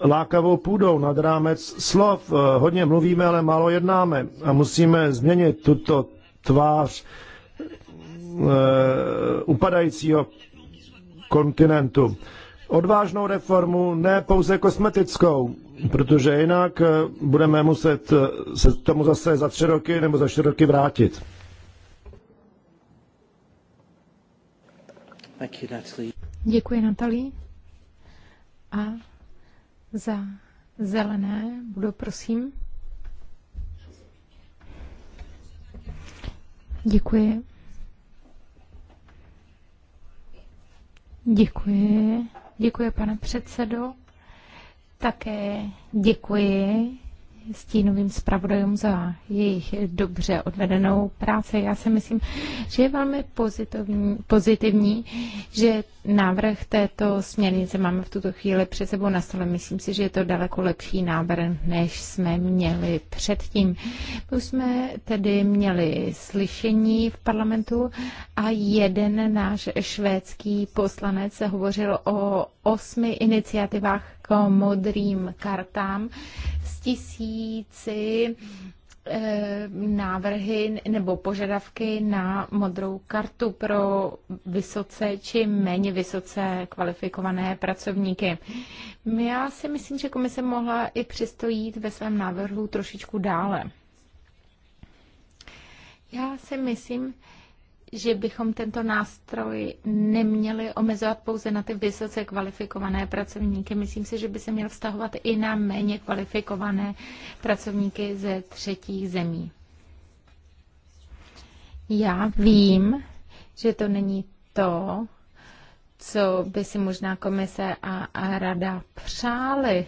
lákavou půdou nad rámec slov. Hodně mluvíme, ale málo jednáme a musíme změnit tuto tvář eh, upadajícího kontinentu. Odvážnou reformu, ne pouze kosmetickou, protože jinak eh, budeme muset eh, se tomu zase za tři roky nebo za čtyři roky vrátit. Thank you, Natalie. Děkuji, Natalie. A za zelené budu, prosím. Děkuji. Děkuji. Děkuji, pane předsedo. Také děkuji stínovým zpravodajům za jejich dobře odvedenou práci. Já si myslím, že je velmi pozitivní, pozitivní, že návrh této směrnice máme v tuto chvíli před sebou na stole. Myslím si, že je to daleko lepší návrh, než jsme měli předtím. My jsme tedy měli slyšení v parlamentu a jeden náš švédský poslanec hovořil o osmi iniciativách k modrým kartám, tisíci eh, návrhy nebo požadavky na modrou kartu pro vysoce či méně vysoce kvalifikované pracovníky. Já si myslím, že komise mohla i přistojít ve svém návrhu trošičku dále. Já si myslím, že bychom tento nástroj neměli omezovat pouze na ty vysoce kvalifikované pracovníky. Myslím si, že by se měl vztahovat i na méně kvalifikované pracovníky ze třetích zemí. Já vím, že to není to, co by si možná komise a, a rada přáli.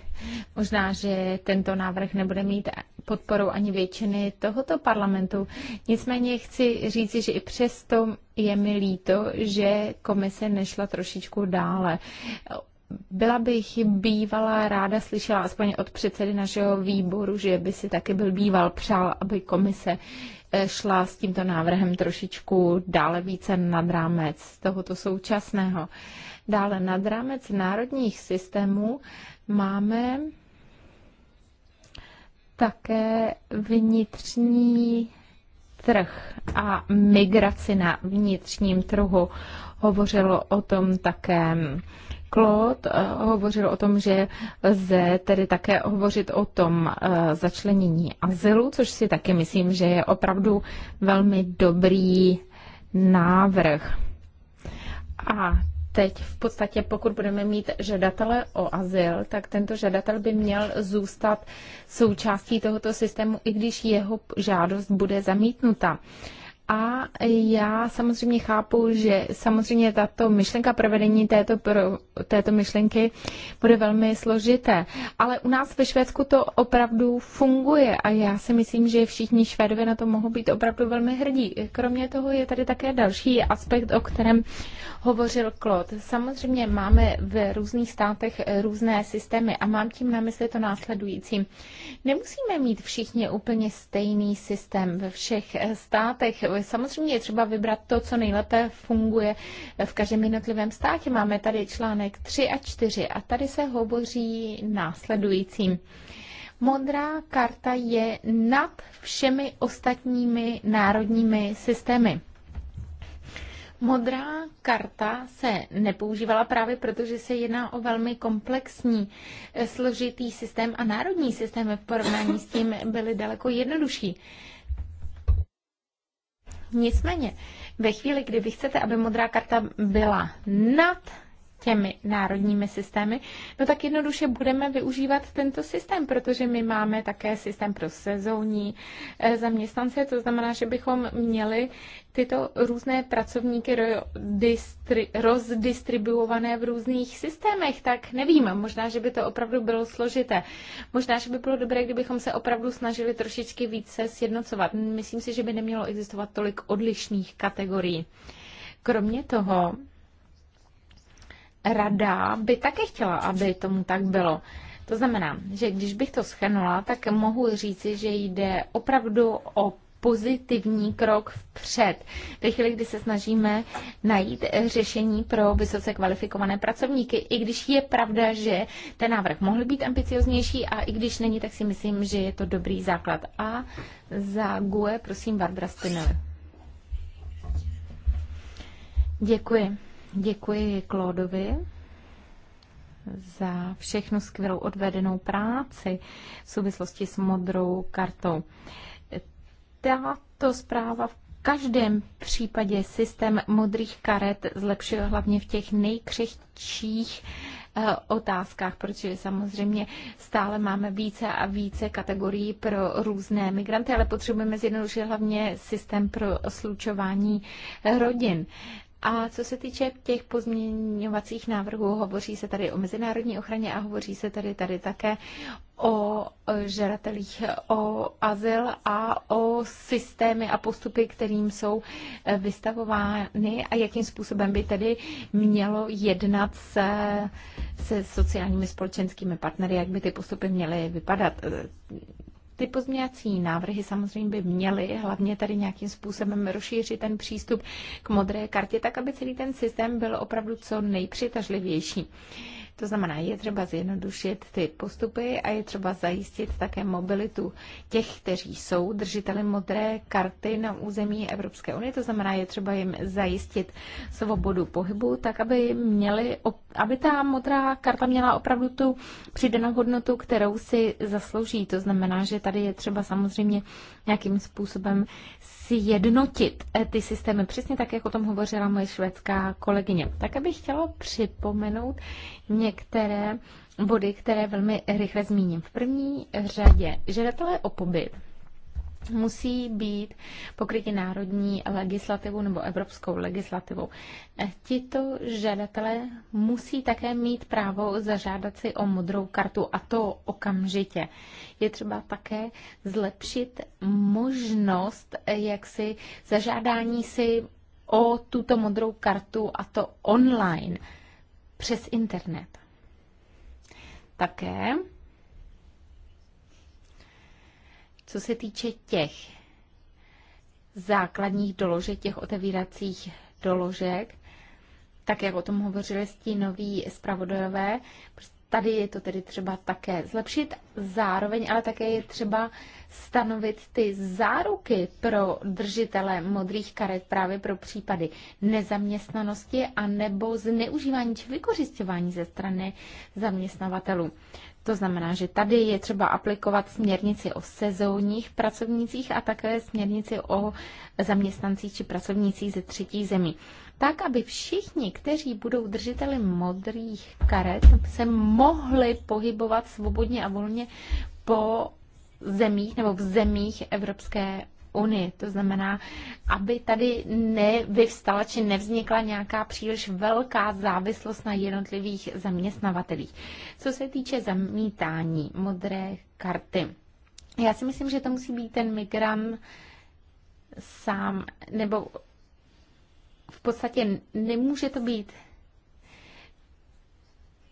Možná, že tento návrh nebude mít podporu ani většiny tohoto parlamentu. Nicméně chci říci, že i přesto je mi líto, že komise nešla trošičku dále. Byla bych bývala ráda slyšela aspoň od předsedy našeho výboru, že by si taky byl býval přál, aby komise šla s tímto návrhem trošičku dále více nad rámec tohoto současného. Dále nad rámec národních systémů máme také vnitřní trh a migraci na vnitřním trhu. Hovořilo o tom také Claude eh, hovořil o tom, že lze tedy také hovořit o tom eh, začlenění azylu, což si taky myslím, že je opravdu velmi dobrý návrh. A teď v podstatě, pokud budeme mít žadatele o azyl, tak tento žadatel by měl zůstat součástí tohoto systému, i když jeho žádost bude zamítnuta. Uh, a já samozřejmě chápu, že samozřejmě tato myšlenka provedení této, pro, této myšlenky bude velmi složité. Ale u nás ve Švédsku to opravdu funguje a já si myslím, že všichni Švédové na to mohou být opravdu velmi hrdí. Kromě toho je tady také další aspekt, o kterém hovořil Klot. Samozřejmě máme v různých státech různé systémy a mám tím na mysli to následující. Nemusíme mít všichni úplně stejný systém ve všech státech samozřejmě je třeba vybrat to, co nejlépe funguje v každém jednotlivém státě. Máme tady článek 3 a 4 a tady se hovoří následujícím. Modrá karta je nad všemi ostatními národními systémy. Modrá karta se nepoužívala právě proto, že se jedná o velmi komplexní, eh, složitý systém a národní systémy v porovnání s tím byly daleko jednodušší. Nicméně, ve chvíli, kdy vy chcete, aby modrá karta byla nad těmi národními systémy, no tak jednoduše budeme využívat tento systém, protože my máme také systém pro sezónní eh, zaměstnance, to znamená, že bychom měli tyto různé pracovníky rozdistribuované v různých systémech, tak nevím, možná, že by to opravdu bylo složité. Možná, že by bylo dobré, kdybychom se opravdu snažili trošičky více sjednocovat. Myslím si, že by nemělo existovat tolik odlišných kategorií. Kromě toho, rada by také chtěla, aby tomu tak bylo. To znamená, že když bych to schrnula, tak mohu říci, že jde opravdu o pozitivní krok vpřed. Ve chvíli, kdy se snažíme najít řešení pro vysoce kvalifikované pracovníky, i když je pravda, že ten návrh mohl být ambicioznější a i když není, tak si myslím, že je to dobrý základ. A za GUE, prosím, Barbara Spinelli. Děkuji. Děkuji Klódovi za všechnu skvělou odvedenou práci v souvislosti s modrou kartou. Tato zpráva v každém případě systém modrých karet zlepšuje hlavně v těch nejkřehčích eh, otázkách, protože samozřejmě stále máme více a více kategorií pro různé migranty, ale potřebujeme zjednodušit hlavně systém pro slučování rodin. A co se týče těch pozměňovacích návrhů, hovoří se tady o mezinárodní ochraně a hovoří se tady tady také o žadatelích o azyl a o systémy a postupy, kterým jsou eh, vystavovány a jakým způsobem by tedy mělo jednat se, se sociálními společenskými partnery, jak by ty postupy měly vypadat. Ty pozměňovací návrhy samozřejmě by měly hlavně tady nějakým způsobem rozšířit ten přístup k modré kartě, tak aby celý ten systém byl opravdu co nejpřitažlivější. To znamená, je třeba zjednodušit ty postupy a je třeba zajistit také mobilitu těch, kteří jsou držiteli modré karty na území Evropské unie. To znamená, je třeba jim zajistit svobodu pohybu, tak aby, měli, aby ta modrá karta měla opravdu tu přidanou hodnotu, kterou si zaslouží. To znamená, že tady je třeba samozřejmě nějakým způsobem sjednotit e, ty systémy, přesně tak, jak o tom hovořila moje švédská kolegyně. Tak bych chtěla připomenout některé body, které velmi rychle zmíním. V první řadě žadatelé o pobyt musí být pokryti národní legislativou nebo evropskou legislativou. Eh, tito žadatelé musí také mít právo zažádat si o modrou kartu a to okamžitě. Je třeba také zlepšit možnost eh, jak si zažádání si o tuto modrou kartu a to online přes internet. Také Co se týče těch základních doložek, těch otevíracích doložek, tak jak o tom hovořili noví zpravodajové, tady je to tedy třeba také zlepšit, zároveň ale také je třeba stanovit ty záruky pro držitele modrých karet právě pro případy nezaměstnanosti a nebo zneužívání či vykořišťování ze strany zaměstnavatelů. To znamená, že tady je třeba aplikovat směrnici o sezónních pracovnících a také směrnici o zaměstnancích či pracovnících ze třetí zemí. Tak, aby všichni, kteří budou držiteli modrých karet, se mohli pohybovat svobodně a volně po zemích nebo v zemích Evropské unii. To znamená, aby tady nevyvstala či nevznikla nějaká příliš velká závislost na jednotlivých zaměstnavatelích. Co se týče zamítání modré karty, já si myslím, že to musí být ten migrant sám, nebo v podstatě nemůže to být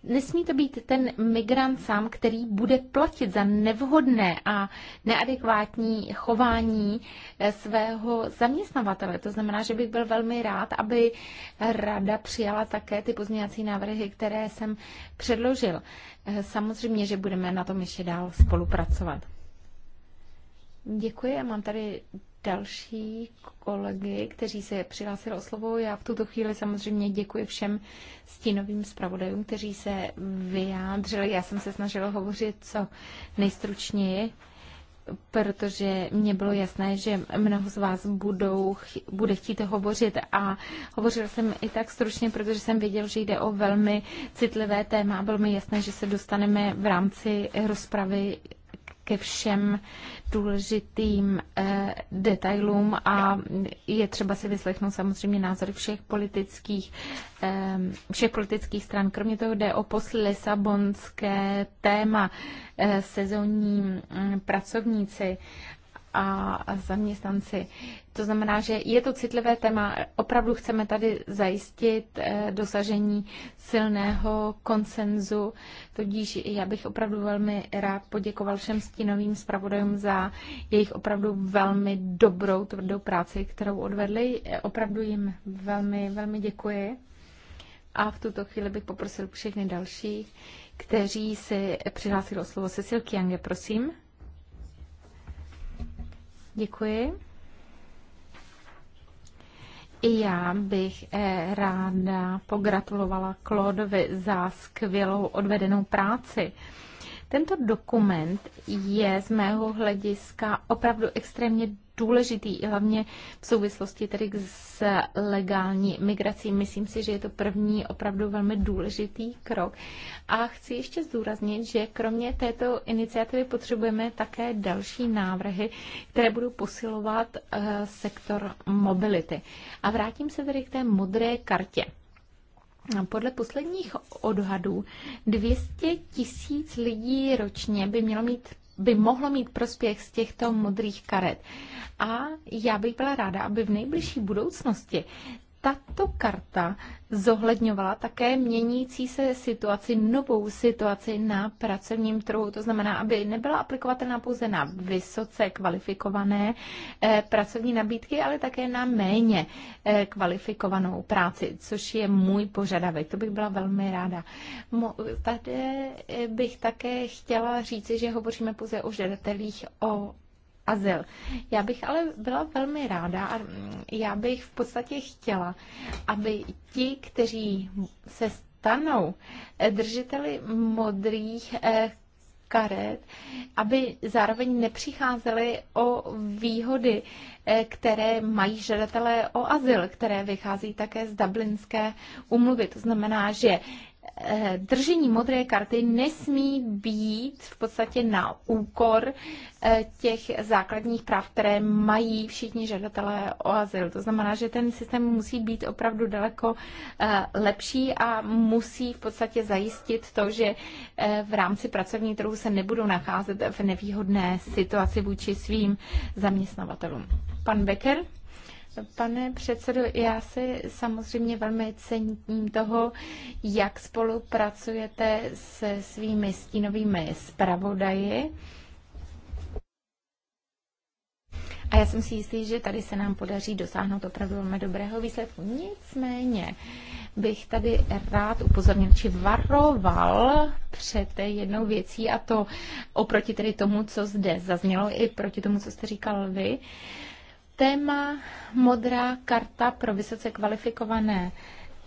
Nesmí to být ten migrant sám, který bude platit za nevhodné a neadekvátní chování eh, svého zaměstnavatele. To znamená, že bych byl velmi rád, aby rada přijala také ty pozměňovací návrhy, které jsem předložil. Eh, samozřejmě, že budeme na tom ještě dál spolupracovat. Děkuji, mám tady další kolegy, kteří se přihlásili o slovo. Já v tuto chvíli samozřejmě děkuji všem stínovým zpravodajům, kteří se vyjádřili. Já jsem se snažila hovořit co nejstručněji, protože mě bylo jasné, že mnoho z vás budou, bude chtít hovořit a hovořil jsem i tak stručně, protože jsem věděl, že jde o velmi citlivé téma a bylo mi jasné, že se dostaneme v rámci rozpravy ke všem důležitým eh, detailům a je třeba si vyslechnout samozřejmě názory všech politických, eh, všech politických stran. Kromě toho jde o lisabonské téma eh, sezónní mm, pracovníci a zaměstnanci. To znamená, že je to citlivé téma. Opravdu chceme tady zajistit eh, dosažení silného konsenzu. Tudíž já bych opravdu velmi rád poděkoval všem stínovým zpravodajům za jejich opravdu velmi dobrou, tvrdou práci, kterou odvedli. Opravdu jim velmi, velmi děkuji. A v tuto chvíli bych poprosil všechny další, kteří se přihlásili o slovo. Cecil Kiange, prosím. Děkuji. I já bych eh, ráda pogratulovala Klodovi za skvělou odvedenou práci. Tento dokument je z mého hlediska opravdu extrémně důležitý, hlavně v souvislosti tedy s legální migrací. Myslím si, že je to první opravdu velmi důležitý krok. A chci ještě zdůraznit, že kromě této iniciativy potřebujeme také další návrhy, které budou posilovat eh, sektor mobility. A vrátím se tedy k té modré kartě. Podle posledních odhadů 200 tisíc lidí ročně by mělo mít by mohlo mít prospěch z těchto modrých karet. A já bych byla ráda, aby v nejbližší budoucnosti tato karta zohledňovala také měnící se situaci, novou situaci na pracovním trhu. To znamená, aby nebyla aplikovatelná pouze na vysoce kvalifikované eh, pracovní nabídky, ale také na méně eh, kvalifikovanou práci, což je můj požadavek. To bych byla velmi ráda. Tady eh, bych také chtěla říci, že hovoříme pouze o žadatelích o azyl. Já bych ale byla velmi ráda a já bych v podstatě chtěla, aby ti, kteří se stanou držiteli modrých eh, karet, aby zároveň nepřicházeli o výhody, eh, které mají žadatelé o azyl, které vychází také z Dublinské umluvy. To znamená, že Eh, držení modré karty nesmí být v podstatě na úkor eh, těch základních práv, které mají všichni žadatelé o azyl. To znamená, že ten systém musí být opravdu daleko eh, lepší a musí v podstatě zajistit to, že v rámci pracovní trhu se nebudou nacházet v nevýhodné situaci vůči svým zaměstnavatelům. Pan Becker? Pane předsedo, já si samozřejmě velmi cením toho, jak spolupracujete se svými stínovými zpravodaji. A já jsem si jistý, že tady se nám podaří dosáhnout opravdu velmi dobrého výsledku. Nicméně bych tady rád upozornil, či varoval před jednou věcí a to oproti tedy tomu, co zde zaznělo i proti tomu, co jste říkal vy. Téma modrá karta pro vysoce kvalifikované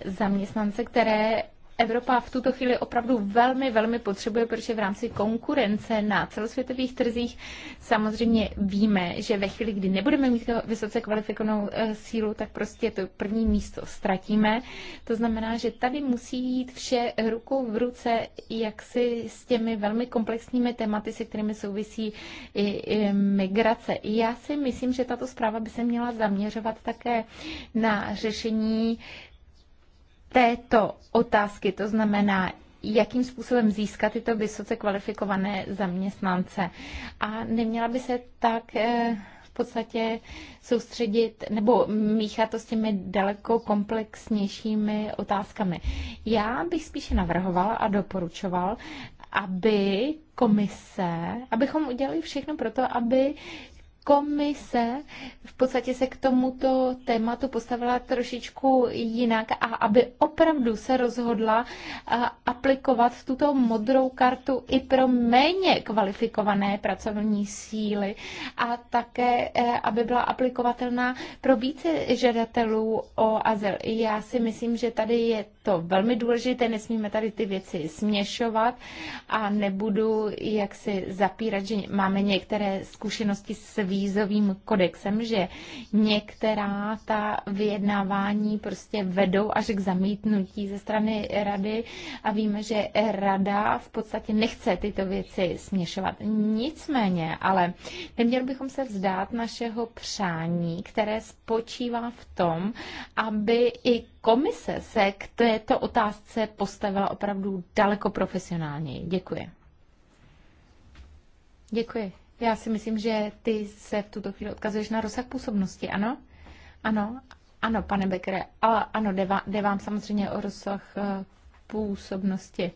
zaměstnance, které Evropa v tuto chvíli opravdu velmi, velmi potřebuje, protože v rámci konkurence na celosvětových trzích samozřejmě víme, že ve chvíli, kdy nebudeme mít vysoce kvalifikovanou eh, sílu, tak prostě to první místo ztratíme. To znamená, že tady musí jít vše ruku v ruce, jak si s těmi velmi komplexními tématy, se kterými souvisí i, i migrace. Já si myslím, že tato zpráva by se měla zaměřovat také na řešení této otázky, to znamená, jakým způsobem získat tyto vysoce kvalifikované zaměstnance. A neměla by se tak eh, v podstatě soustředit nebo míchat to s těmi daleko komplexnějšími otázkami. Já bych spíše navrhoval a doporučoval, aby komise, abychom udělali všechno pro to, aby komise v podstatě se k tomuto tématu postavila trošičku jinak a aby opravdu se rozhodla aplikovat tuto modrou kartu i pro méně kvalifikované pracovní síly a také, e, aby byla aplikovatelná pro více žadatelů o azyl. Já si myslím, že tady je to velmi důležité, nesmíme tady ty věci směšovat a nebudu jak si zapírat, že máme některé zkušenosti s vízovým kodexem, že některá ta vyjednávání prostě vedou až k zamítnutí ze strany rady a víme, že rada v podstatě nechce tyto věci směšovat. Nicméně, ale neměli bychom se vzdát našeho přání, které spočívá v tom, aby i komise se k této otázce postavila opravdu daleko profesionálněji. Děkuji. Děkuji. Já si myslím, že ty se v tuto chvíli odkazuješ na rozsah působnosti, ano? Ano, ano, pane Bekere, ale ano, jde vám, jde vám samozřejmě o rozsah eh, působnosti.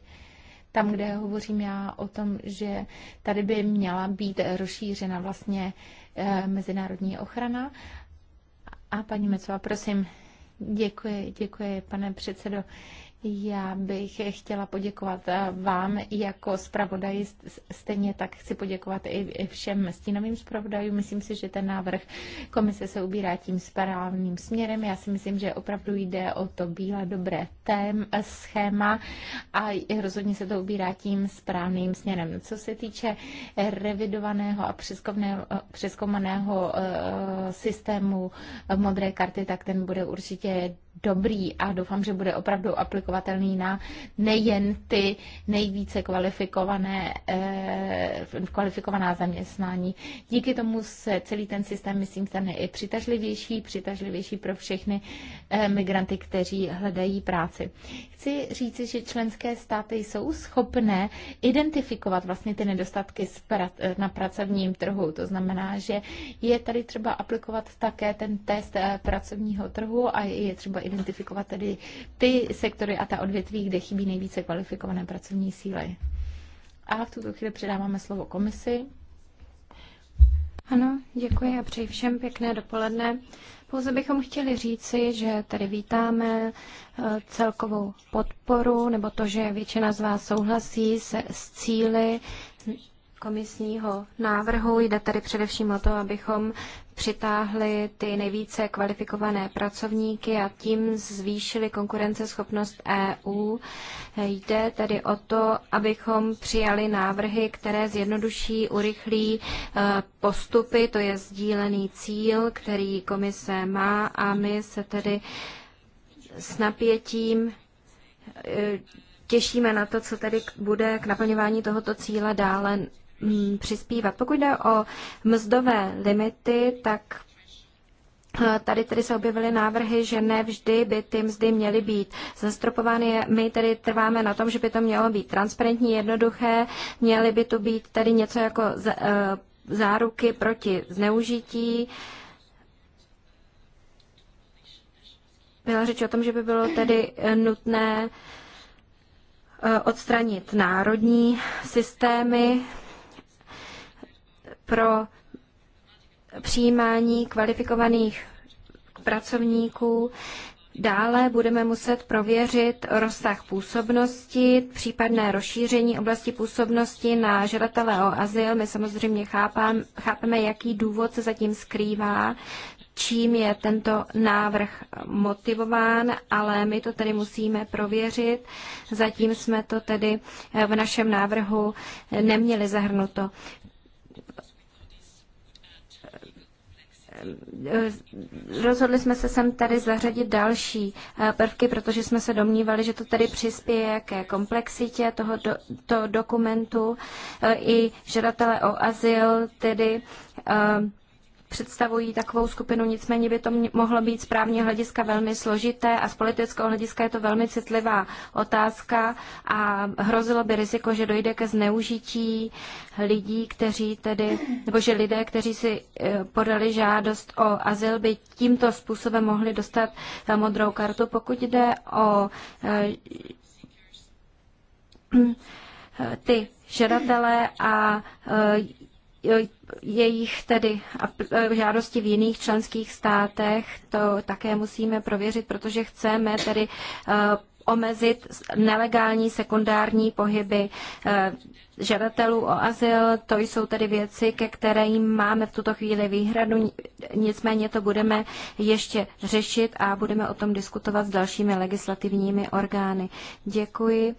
Tam, kde hovořím já o tom, že tady by měla být rozšířena vlastně eh, mezinárodní ochrana. A paní Mecová, prosím, Děkuji, děkuji, pane předsedo. Já bych chtěla poděkovat eh, vám jako zpravodaji, stejně tak chci poděkovat i všem stínovým zpravodajům. Myslím si, že ten návrh komise se ubírá tím správným směrem. Já si myslím, že opravdu jde o to bílé dobré tém, eh, schéma a rozhodně se to ubírá tím správným směrem. Co se týče revidovaného a eh, přeskoumaného systému modré karty, tak ten bude určitě dobrý a doufám, že bude opravdu aplikovatelný na nejen ty nejvíce kvalifikované, eh, kvalifikovaná zaměstnání. Díky tomu se celý ten systém, myslím, stane i přitažlivější, přitažlivější pro všechny eh, migranty, kteří hledají práci. Chci říci, že členské státy jsou schopné identifikovat vlastně ty nedostatky eh, na pracovním trhu. To znamená, že je tady třeba aplikovat také ten test pracovního trhu a je třeba identifikovat tedy ty sektory a ta odvětví, kde chybí nejvíce kvalifikované pracovní síly. A v tuto chvíli předáváme slovo komisi. Ano, děkuji a přeji všem pěkné dopoledne. Pouze bychom chtěli říci, že tady vítáme eh, celkovou podporu, nebo to, že většina z vás souhlasí se, s cíly komisního návrhu. Jde tady především o to, abychom přitáhli ty nejvíce kvalifikované pracovníky a tím zvýšili konkurenceschopnost EU. Jde tedy o to, abychom přijali návrhy, které zjednoduší, urychlí eh, postupy, to je sdílený cíl, který komise má a my se tedy s napětím eh, těšíme na to, co tedy bude k naplňování tohoto cíle dále Mm, přispívat. Pokud jde o mzdové limity, tak eh, Tady tedy se objevily návrhy, že ne vždy by ty mzdy měly být zastropovány. My tedy trváme na tom, že by to mělo být transparentní, jednoduché, měly by to být tady něco jako eh, záruky proti zneužití. Byla řeč o tom, že by bylo tedy eh, nutné odstranit národní systémy pro přijímání kvalifikovaných pracovníků. Dále budeme muset prověřit rozsah působnosti, případné rozšíření oblasti působnosti na žadatele o azyl. My samozřejmě chápám, chápeme, jaký důvod se zatím skrývá, čím je tento návrh motivován, ale my to tedy musíme prověřit. Zatím jsme to tedy v našem návrhu neměli zahrnuto. rozhodli jsme se sem tady zařadit další eh, prvky, protože jsme se domnívali, že to tady přispěje ke komplexitě toho do, to dokumentu eh, i žadatele o azyl, tedy eh, představují takovou skupinu, nicméně by to mohlo být z právního hlediska velmi složité a z politického hlediska je to velmi citlivá otázka a hrozilo by riziko, že dojde ke zneužití lidí, kteří tedy, nebo že lidé, kteří si eh, podali žádost o azyl, by tímto způsobem mohli dostat eh, modrou kartu. Pokud jde o eh, ty žadatele a jejich tedy eh, žádosti v jiných členských státech, to také musíme prověřit, protože chceme tedy eh, omezit nelegální sekundární pohyby eh, žadatelů o azyl. To jsou tedy věci, ke kterým máme v tuto chvíli výhradu. Nicméně to budeme ještě řešit a budeme o tom diskutovat s dalšími legislativními orgány. Děkuji.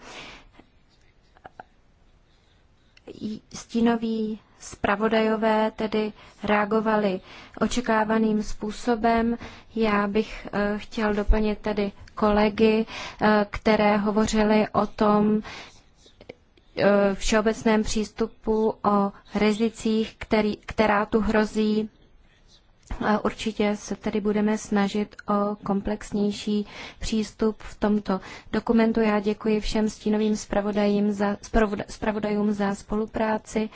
Stínový zpravodajové tedy reagovali očekávaným způsobem. Já bych eh, chtěl doplnit tedy kolegy, eh, které hovořili o tom, eh, všeobecném přístupu o rizicích, který, která tu hrozí Určitě se tedy budeme snažit o komplexnější přístup v tomto dokumentu. Já děkuji všem stínovým zpravodajům za, zpravodajům za spolupráci.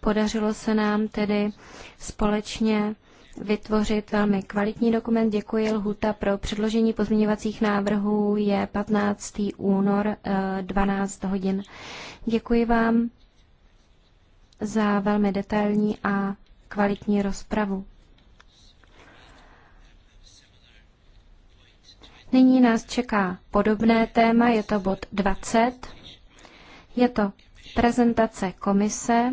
Podařilo se nám tedy společně vytvořit velmi kvalitní dokument. Děkuji. Lhuta pro předložení pozměňovacích návrhů je 15. únor 12 eh, hodin. Děkuji vám za velmi detailní a kvalitní rozpravu. Nyní nás čeká podobné téma, je to bod 20. Je to prezentace komise.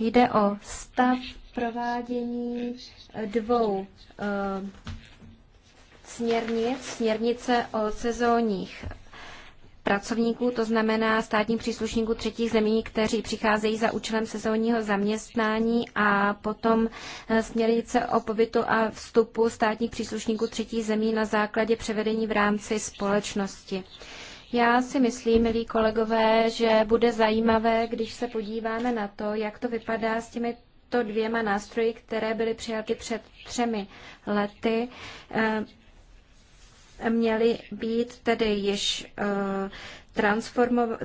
Jde o stav provádění dvou uh, směrnic, směrnice o sezónních pracovníků, to znamená státní příslušníků třetích zemí, kteří přicházejí za účelem sezónního zaměstnání a potom eh, směrnice o pobytu a vstupu státních příslušníků třetích zemí na základě převedení v rámci společnosti. Já si myslím, milí kolegové, že bude zajímavé, když se podíváme na to, jak to vypadá s těmi to dvěma nástroji, které byly přijaty před třemi lety. Eh, měly být tedy již eh,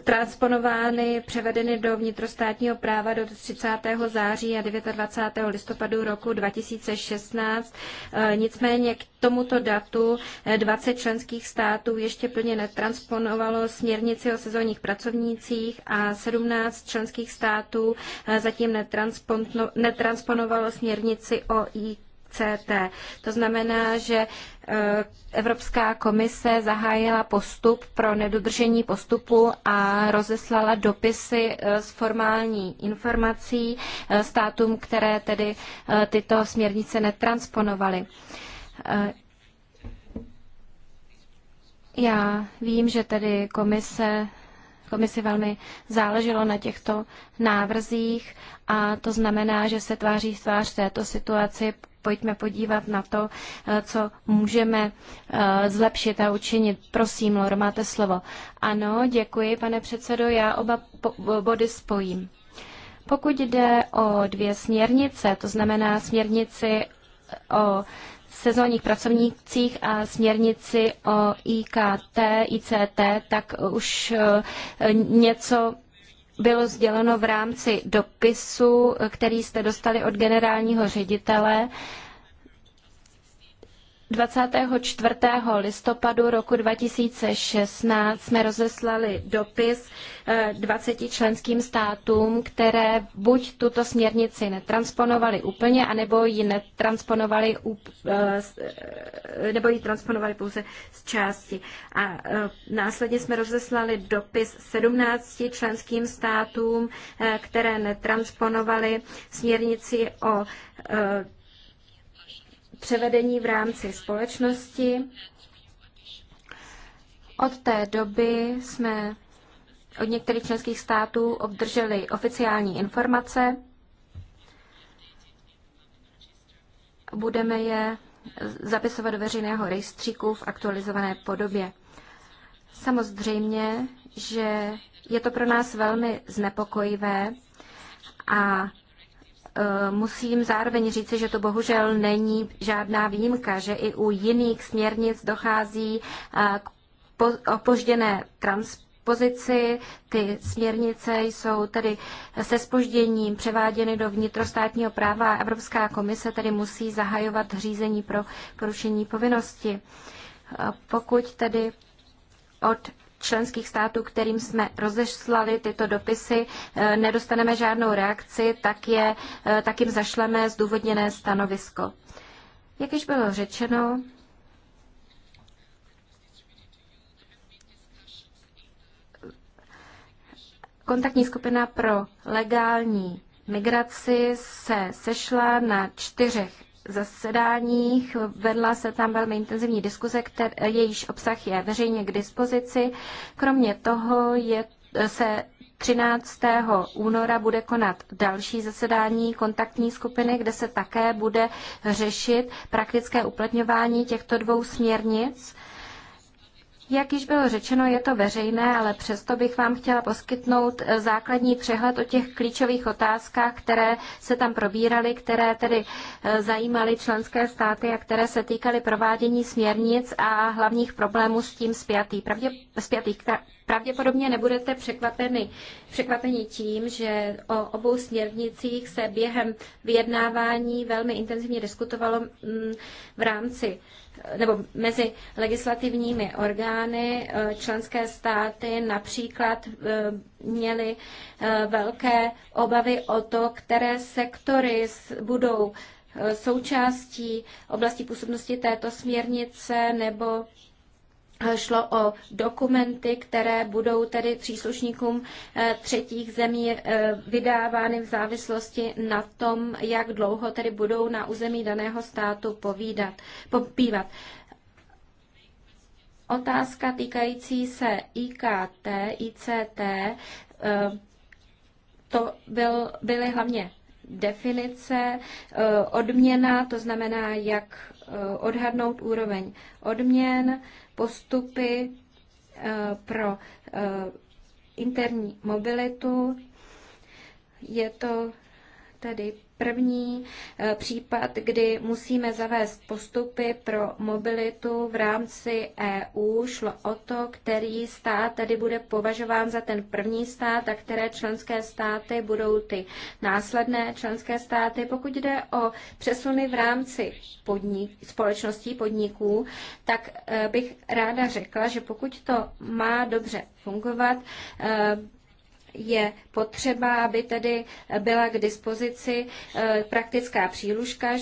transponovány, převedeny do vnitrostátního práva do 30. září a 29. listopadu roku 2016. Eh, nicméně k tomuto datu 20 eh, členských států ještě plně netransponovalo směrnici o sezónních pracovnících a 17 členských států zatím netransponovalo směrnici o IK CT. To znamená, že e, Evropská komise zahájila postup pro nedodržení postupu a rozeslala dopisy e, s formální informací e, státům, které tedy tyto směrnice netransponovaly. Já vím, že tedy komise komisi velmi záleželo na těchto návrzích a to znamená, že se tváří v tvář této situaci pojďme podívat na to, eh, co můžeme eh, zlepšit a učinit. Prosím, Lor, máte slovo. Ano, děkuji, pane předsedo, já oba body spojím. Pokud jde o dvě směrnice, to znamená směrnici o sezónních pracovnících a směrnici o IKT, ICT, tak už eh, něco bylo sděleno v rámci dopisu, který jste dostali od generálního ředitele. 24. listopadu roku 2016 jsme rozeslali dopis 20 eh, členským státům, které buď tuto směrnici netransponovali úplně, anebo ji netransponovali eh, nebo ji transponovali pouze z části. A eh, následně jsme rozeslali dopis 17 členským státům, které netransponovali směrnici o převedení v rámci společnosti. Od té doby jsme od některých členských států obdrželi oficiální informace. Budeme je zapisovat do veřejného rejstříku v aktualizované podobě. Samozřejmě, že je to pro nás velmi znepokojivé a Eh, musím zároveň říci, že to bohužel není žádná výjimka, že i u jiných směrnic dochází eh, k opožděné transpozici. Ty směrnice jsou tedy se spožděním převáděny do vnitrostátního práva a Evropská komise tedy musí zahajovat řízení pro porušení povinnosti. Eh, pokud tedy od členských států, kterým jsme rozeslali tyto dopisy, eh, nedostaneme žádnou reakci, tak, je, eh, tak jim zašleme zdůvodněné stanovisko. Jak již bylo řečeno, kontaktní skupina pro legální migraci se sešla na čtyřech zasedáních. Vedla se tam velmi intenzivní diskuze, které, jejíž obsah je veřejně k dispozici. Kromě toho je, se 13. února bude konat další zasedání kontaktní skupiny, kde se také bude řešit praktické uplatňování těchto dvou směrnic. Jak již bylo řečeno, je to veřejné, ale přesto bych vám chtěla poskytnout eh, základní přehled o těch klíčových otázkách, které se tam probíraly, které tedy eh, zajímaly členské státy a které se týkaly provádění směrnic a hlavních problémů s tím spjatý. Pravdě, Pravděpodobně nebudete překvapeni, překvapeni tím, že o obou směrnicích se během vyjednávání velmi intenzivně diskutovalo mm, v rámci nebo mezi legislativními orgány eh, členské státy například eh, měly eh, velké obavy o to, které sektory budou součástí oblasti působnosti této směrnice nebo Šlo o dokumenty, které budou tedy příslušníkům eh, třetích zemí eh, vydávány v závislosti na tom, jak dlouho tedy budou na území daného státu povídat, popívat. Otázka týkající se IKT, ICT, eh, to byl, byly hlavně definice, odměna, to znamená, jak odhadnout úroveň odměn, postupy eh, pro eh, interní mobilitu. Je to tedy první eh, případ, kdy musíme zavést postupy pro mobilitu v rámci EU. Šlo o to, který stát tady bude považován za ten první stát a které členské státy budou ty následné členské státy. Pokud jde o přesuny v rámci podnik, společností podniků, tak eh, bych ráda řekla, že pokud to má dobře fungovat, eh, je potřeba, aby tedy byla k dispozici eh, praktická příručka,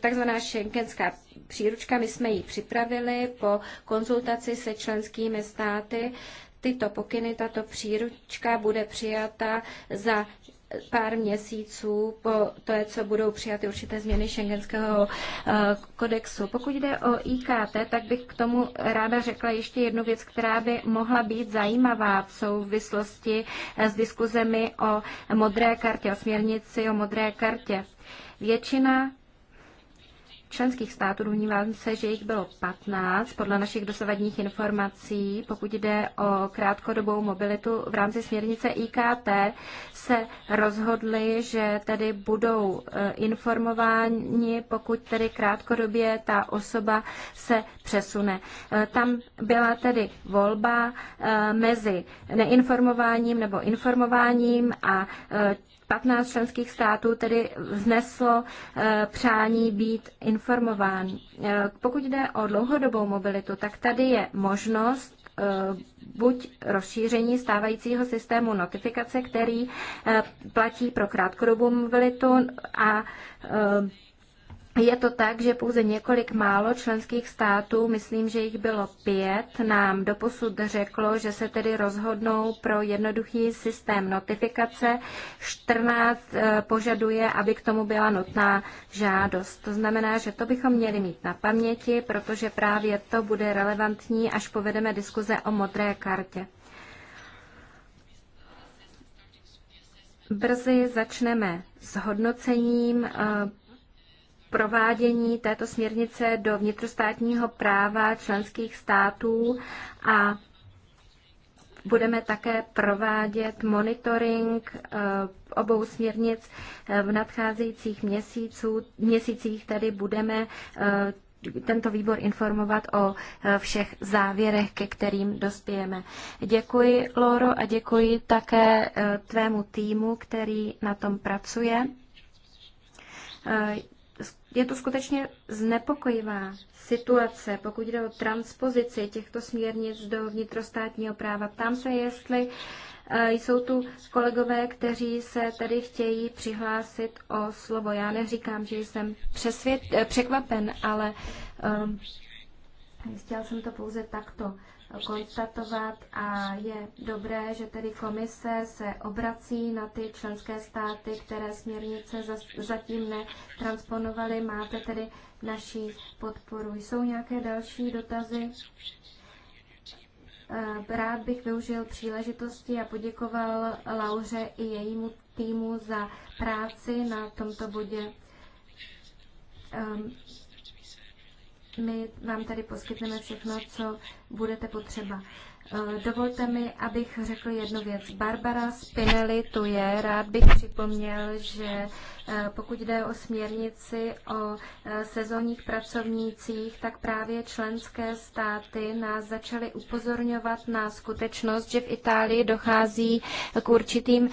takzvaná šenkenská příručka. My jsme ji připravili po konzultaci se členskými státy. Tyto pokyny, tato příručka bude přijata za pár měsíců po to, co budou přijaty určité změny šengenského eh, kodexu. Pokud jde o IKT, tak bych k tomu ráda řekla ještě jednu věc, která by mohla být zajímavá v souvislosti eh, s diskuzemi o modré kartě, o směrnici o modré kartě. Většina členských států, domnívám se, že jich bylo 15 podle našich dosavadních informací. Pokud jde o krátkodobou mobilitu v rámci směrnice IKT, se rozhodli, že tedy budou eh, informováni, pokud tedy krátkodobě ta osoba se přesune. Eh, tam byla tedy volba eh, mezi neinformováním nebo informováním a 15 členských států tedy vzneslo eh, přání být informován. Eh, pokud jde o dlouhodobou mobilitu, tak tady je možnost eh, buď rozšíření stávajícího systému notifikace, který platí pro krátkodobou mobilitu a je to tak, že pouze několik málo členských států, myslím, že jich bylo pět, nám doposud řeklo, že se tedy rozhodnou pro jednoduchý systém notifikace. 14 eh, požaduje, aby k tomu byla nutná žádost. To znamená, že to bychom měli mít na paměti, protože právě to bude relevantní, až povedeme diskuze o modré kartě. Brzy začneme s hodnocením eh, provádění této směrnice do vnitrostátního práva členských států a budeme také provádět monitoring eh, obou směrnic eh, v nadcházejících měsíců, měsících, tedy budeme eh, tento výbor informovat o všech závěrech, ke kterým dospějeme. Děkuji, Loro, a děkuji také tvému týmu, který na tom pracuje je to skutečně znepokojivá situace, pokud jde o transpozici těchto směrnic do vnitrostátního práva. Ptám se, jestli eh, jsou tu kolegové, kteří se tady chtějí přihlásit o slovo. Já neříkám, že jsem přesvěd, eh, překvapen, ale um, chtěl jsem to pouze takto konstatovat a je dobré, že tedy komise se obrací na ty členské státy, které směrnice zatím netransponovaly. Máte tedy naší podporu. Jsou nějaké další dotazy? Eh, rád bych využil příležitosti a poděkoval Lauře i jejímu týmu za práci na tomto bodě. Ehm, my vám tady poskytneme všechno, co budete potřeba. Eh, dovolte mi, abych řekl jednu věc. Barbara Spinelli tu je. Rád bych připomněl, že eh, pokud jde o směrnici o eh, sezónních pracovnících, tak právě členské státy nás začaly upozorňovat na skutečnost, že v Itálii dochází k určitým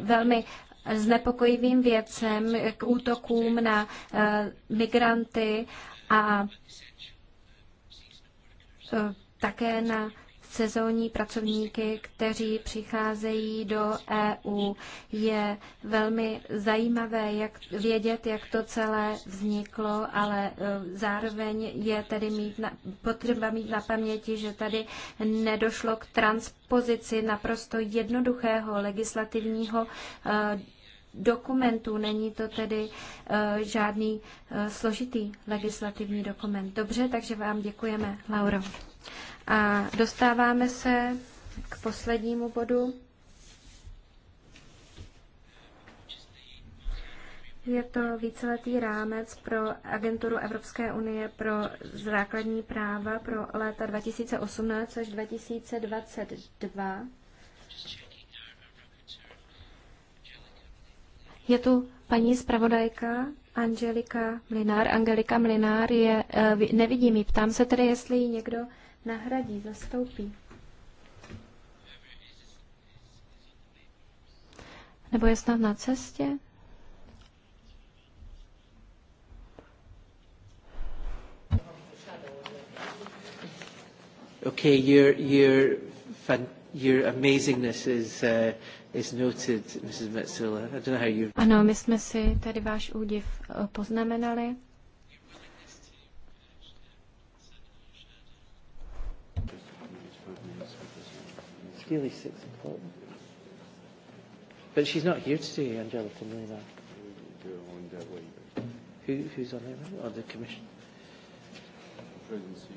velmi znepokojivým věcem, k útokům na migranty a e, také na sezónní pracovníky, kteří přicházejí do EU. Je velmi zajímavé jak vědět, jak to celé vzniklo, ale e, zároveň je tedy mít na, potřeba mít na paměti, že tady nedošlo k transpozici naprosto jednoduchého legislativního e, dokumentů. Není to tedy eh, žádný eh, složitý legislativní dokument. Dobře, takže vám děkujeme, Lauro. A dostáváme se k poslednímu bodu. Je to víceletý rámec pro agenturu Evropské unie pro základní práva pro léta 2018 až 2022. Je tu paní zpravodajka Angelika Mlinár. Angelika Mlinár je, eh, nevidím ji, ptám se tedy, jestli ji někdo nahradí, zastoupí. Nebo je snad na cestě? Okay, your your your amazingness is uh, ano, my jsme si tady váš údiv eh, poznamenali. But she's not here today, Angelica Molina. Who, who's on her? Or the commission? Presidency.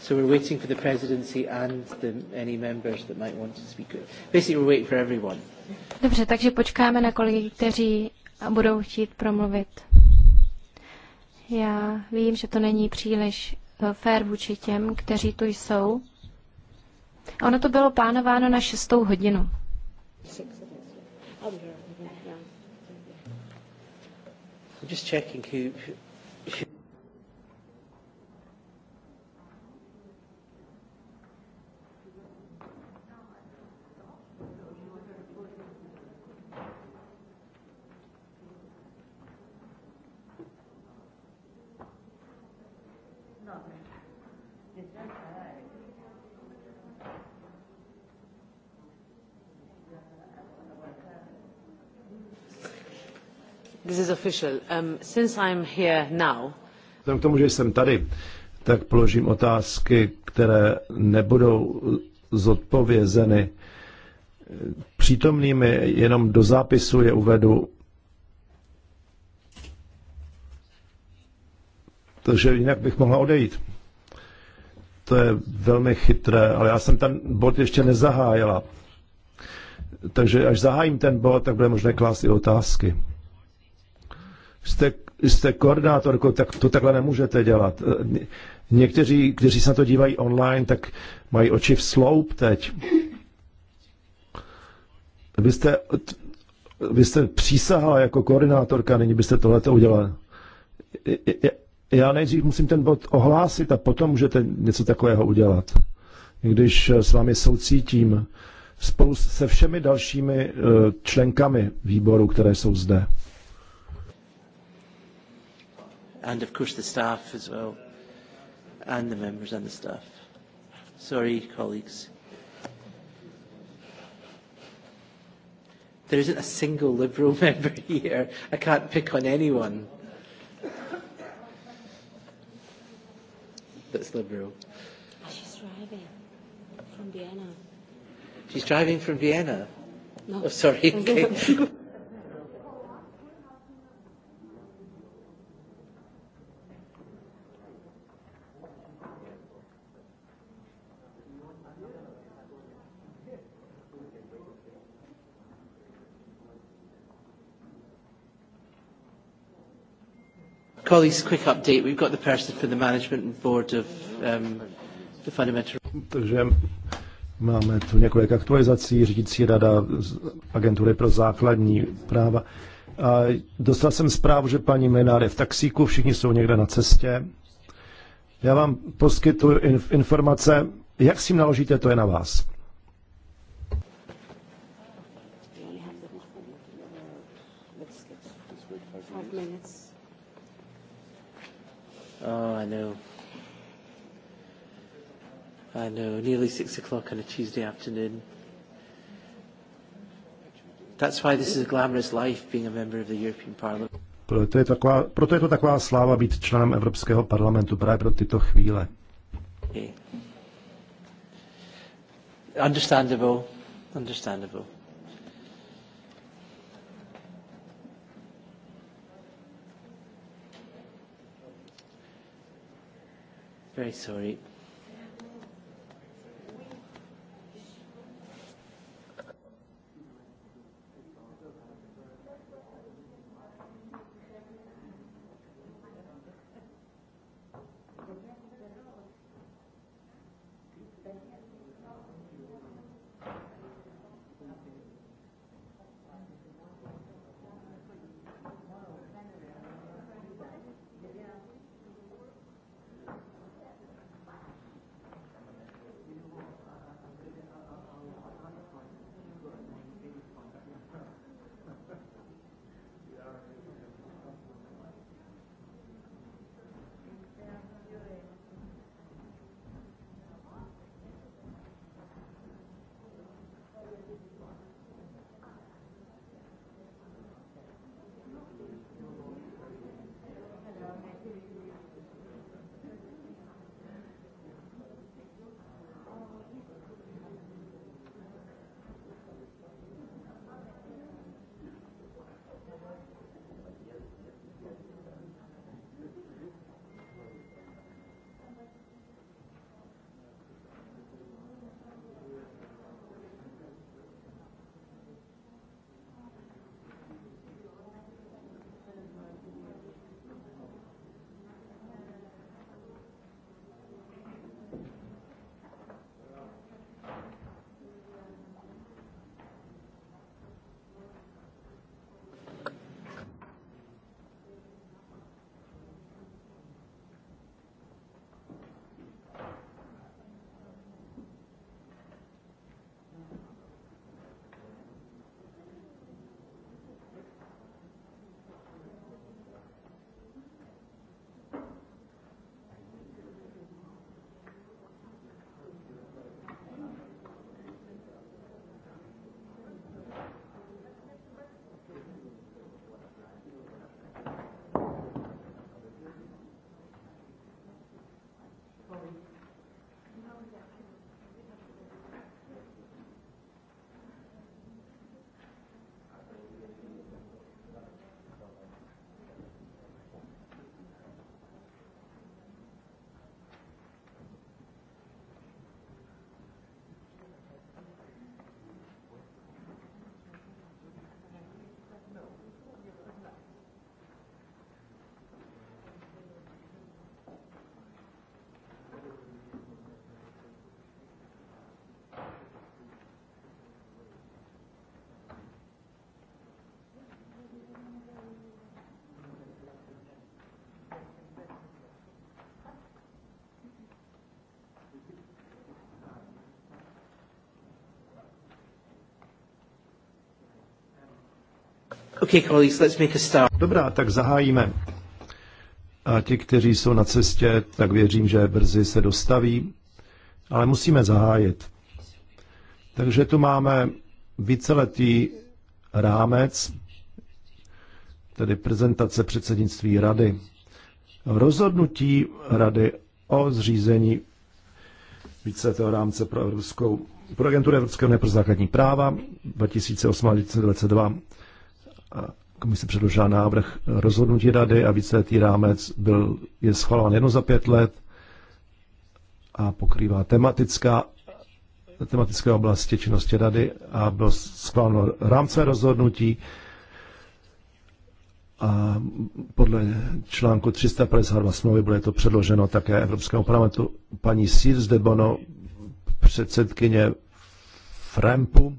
So we're waiting for the presidency and the, any members that might want to speak. Basically, we're waiting for everyone. Dobře, takže počkáme na kolegy, kteří budou chtít promluvit. Já vím, že to není příliš eh, fair vůči těm, kteří tu jsou. Ono to bylo plánováno na šestou hodinu. Just checking who, who this um, K tomu, že jsem tady, tak položím otázky, které nebudou zodpovězeny přítomnými, jenom do zápisu je uvedu. Takže jinak bych mohla odejít. To je velmi chytré, ale já jsem ten bod ještě nezahájila. Takže až zahájím ten bod, tak bude možné klást i otázky jste, jste koordinátorkou, tak to takhle nemůžete dělat. Eh, někteří, kteří se na to dívají online, tak mají oči v sloup teď. Vy jste, vy jste přísahala jako koordinátorka, nyní byste tohle to udělala. Já nejdřív musím ten bod ohlásit a potom můžete něco takového udělat. Když eh, s vámi soucítím, spolu se všemi dalšími eh, členkami výboru, které jsou zde and of course the staff as well, and the members and the staff. Sorry, colleagues. There isn't a single Liberal member here. I can't pick on anyone that's Liberal. She's driving from Vienna. She's driving from Vienna? No. Oh, sorry. Okay. Colleagues, quick update. We've got the person for the management board of um, the fundamental... Takže máme tu několik aktualizací, řídící rada z agentury pro základní práva. A dostal jsem zprávu, že paní Menár je v taxíku, všichni jsou někde na cestě. Já vám poskytuji informace, jak s tím naložíte, to je na vás. Oh, I know. I know, nearly six o'clock on a Tuesday afternoon. That's why this is a glamorous life, being a member of the European Parliament. Proto je, taková, proto je to taková sláva být členem Evropského parlamentu právě pro tyto chvíle. Okay. Understandable. Understandable. Very sorry. Okay, colleagues, let's make a start. Dobrá, tak zahájíme. A ti, kteří jsou na cestě, tak věřím, že brzy se dostaví, ale musíme zahájit. Takže tu máme víceletý rámec, tedy prezentace předsednictví rady. Rozhodnutí rady o zřízení víceletého rámce pro, Evropskou, pro agenturu Evropské unie pro základní práva 2008-2022 komise předložila návrh rozhodnutí rady a víceletý rámec byl, je schvalován jenom za pět let a pokrývá tematická, tematické oblasti činnosti rady a bylo schváleno rámce rozhodnutí a podle článku 352 smlouvy bude to předloženo také Evropskému parlamentu. Paní Sears de Bono, předsedkyně FREMPu,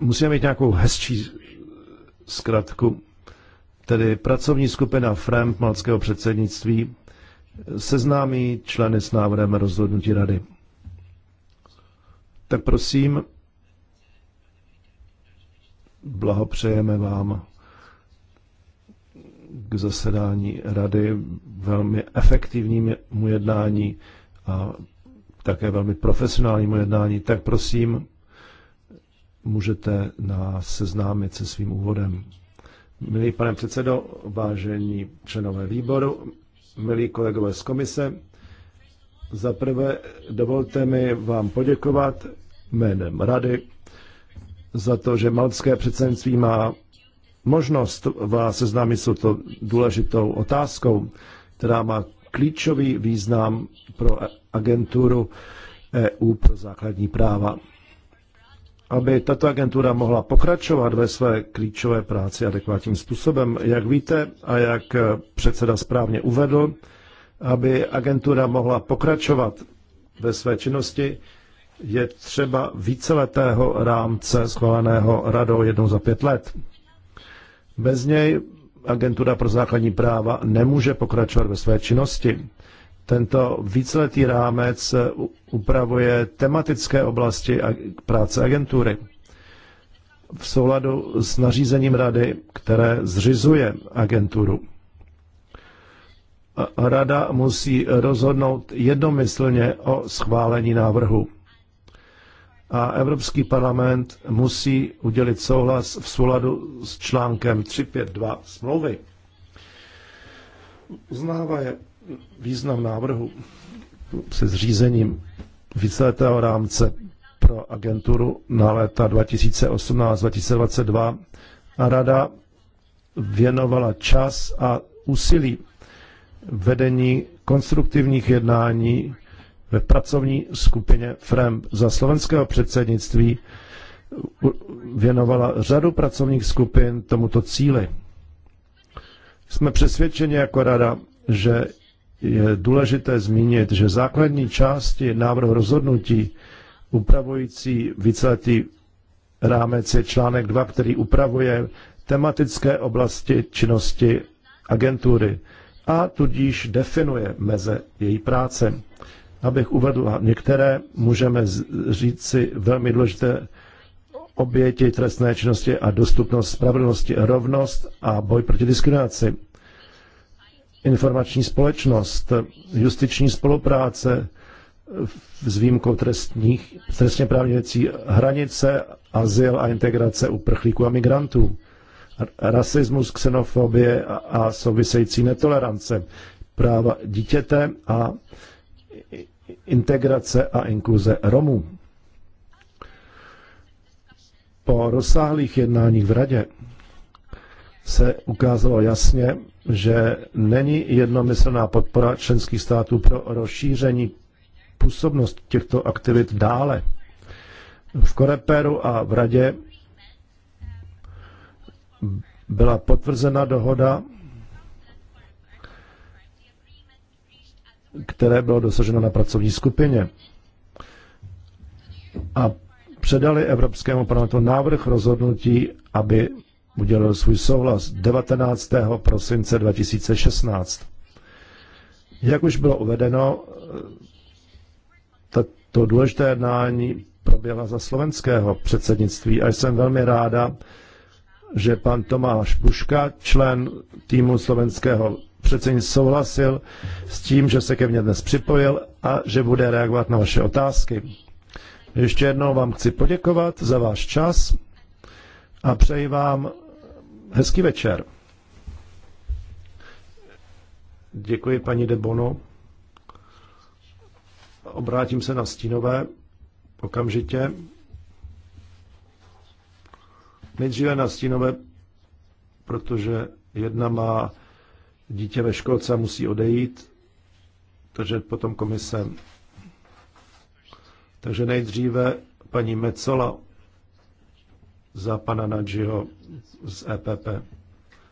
musíme mít nějakou hezčí zkratku, tedy pracovní skupina FREM malckého předsednictví seznámí členy s návrhem rozhodnutí rady. Tak prosím, blahopřejeme vám k zasedání rady, velmi efektivnímu jednání a také velmi profesionálnímu jednání. Tak prosím, můžete nás seznámit se svým úvodem. Milý pane předsedo, vážení členové výboru, milí kolegové z komise, za prvé dovolte mi vám poděkovat jménem Rady za to, že maltské předsednictví má možnost vás seznámit s touto důležitou otázkou, která má klíčový význam pro agenturu EU pro základní práva aby tato agentura mohla pokračovat ve své klíčové práci adekvátním způsobem. Jak víte a jak předseda správně uvedl, aby agentura mohla pokračovat ve své činnosti, je třeba víceletého rámce schváleného radou jednou za pět let. Bez něj agentura pro základní práva nemůže pokračovat ve své činnosti. Tento víceletý rámec upravuje tematické oblasti práce agentury v souladu s nařízením rady, které zřizuje agenturu. Rada musí rozhodnout jednomyslně o schválení návrhu. A Evropský parlament musí udělit souhlas v souladu s článkem 352 smlouvy. Uznává je význam návrhu se zřízením víceletého rámce pro agenturu na léta 2018-2022 a rada věnovala čas a úsilí vedení konstruktivních jednání ve pracovní skupině FREM. Za slovenského předsednictví věnovala řadu pracovních skupin tomuto cíli. Jsme přesvědčeni jako rada, že je důležité zmínit, že základní části návrhu rozhodnutí upravující víceletý rámec je článek 2, který upravuje tematické oblasti činnosti agentury a tudíž definuje meze její práce. Abych uvedl některé, můžeme říci velmi důležité oběti trestné činnosti a dostupnost spravedlnosti, rovnost a boj proti diskriminaci informační společnost, justiční spolupráce s výjimkou trestních, trestně právní věcí, hranice, azyl a integrace uprchlíků a migrantů, rasismus, xenofobie a související netolerance, práva dítěte a integrace a inkluze Romů. Po rozsáhlých jednáních v Radě se ukázalo jasně, že není jednomyslná podpora členských států pro rozšíření působnost těchto aktivit dále. V Koreperu a v Radě byla potvrzena dohoda, které bylo dosaženo na pracovní skupině. A předali Evropskému parlamentu návrh rozhodnutí, aby udělil svůj souhlas 19. prosince 2016. Jak už bylo uvedeno, to důležité jednání proběhla za slovenského předsednictví a jsem velmi ráda, že pan Tomáš Puška, člen týmu slovenského předsednictví, souhlasil s tím, že se ke mně dnes připojil a že bude reagovat na vaše otázky. Ještě jednou vám chci poděkovat za váš čas a přeji vám Hezký večer. Děkuji paní Debono. Obrátím se na stínové okamžitě. Nejdříve na stínové, protože jedna má dítě ve školce a musí odejít, takže potom komise. Takže nejdříve paní Mecola za pana Nadžiho z EPP,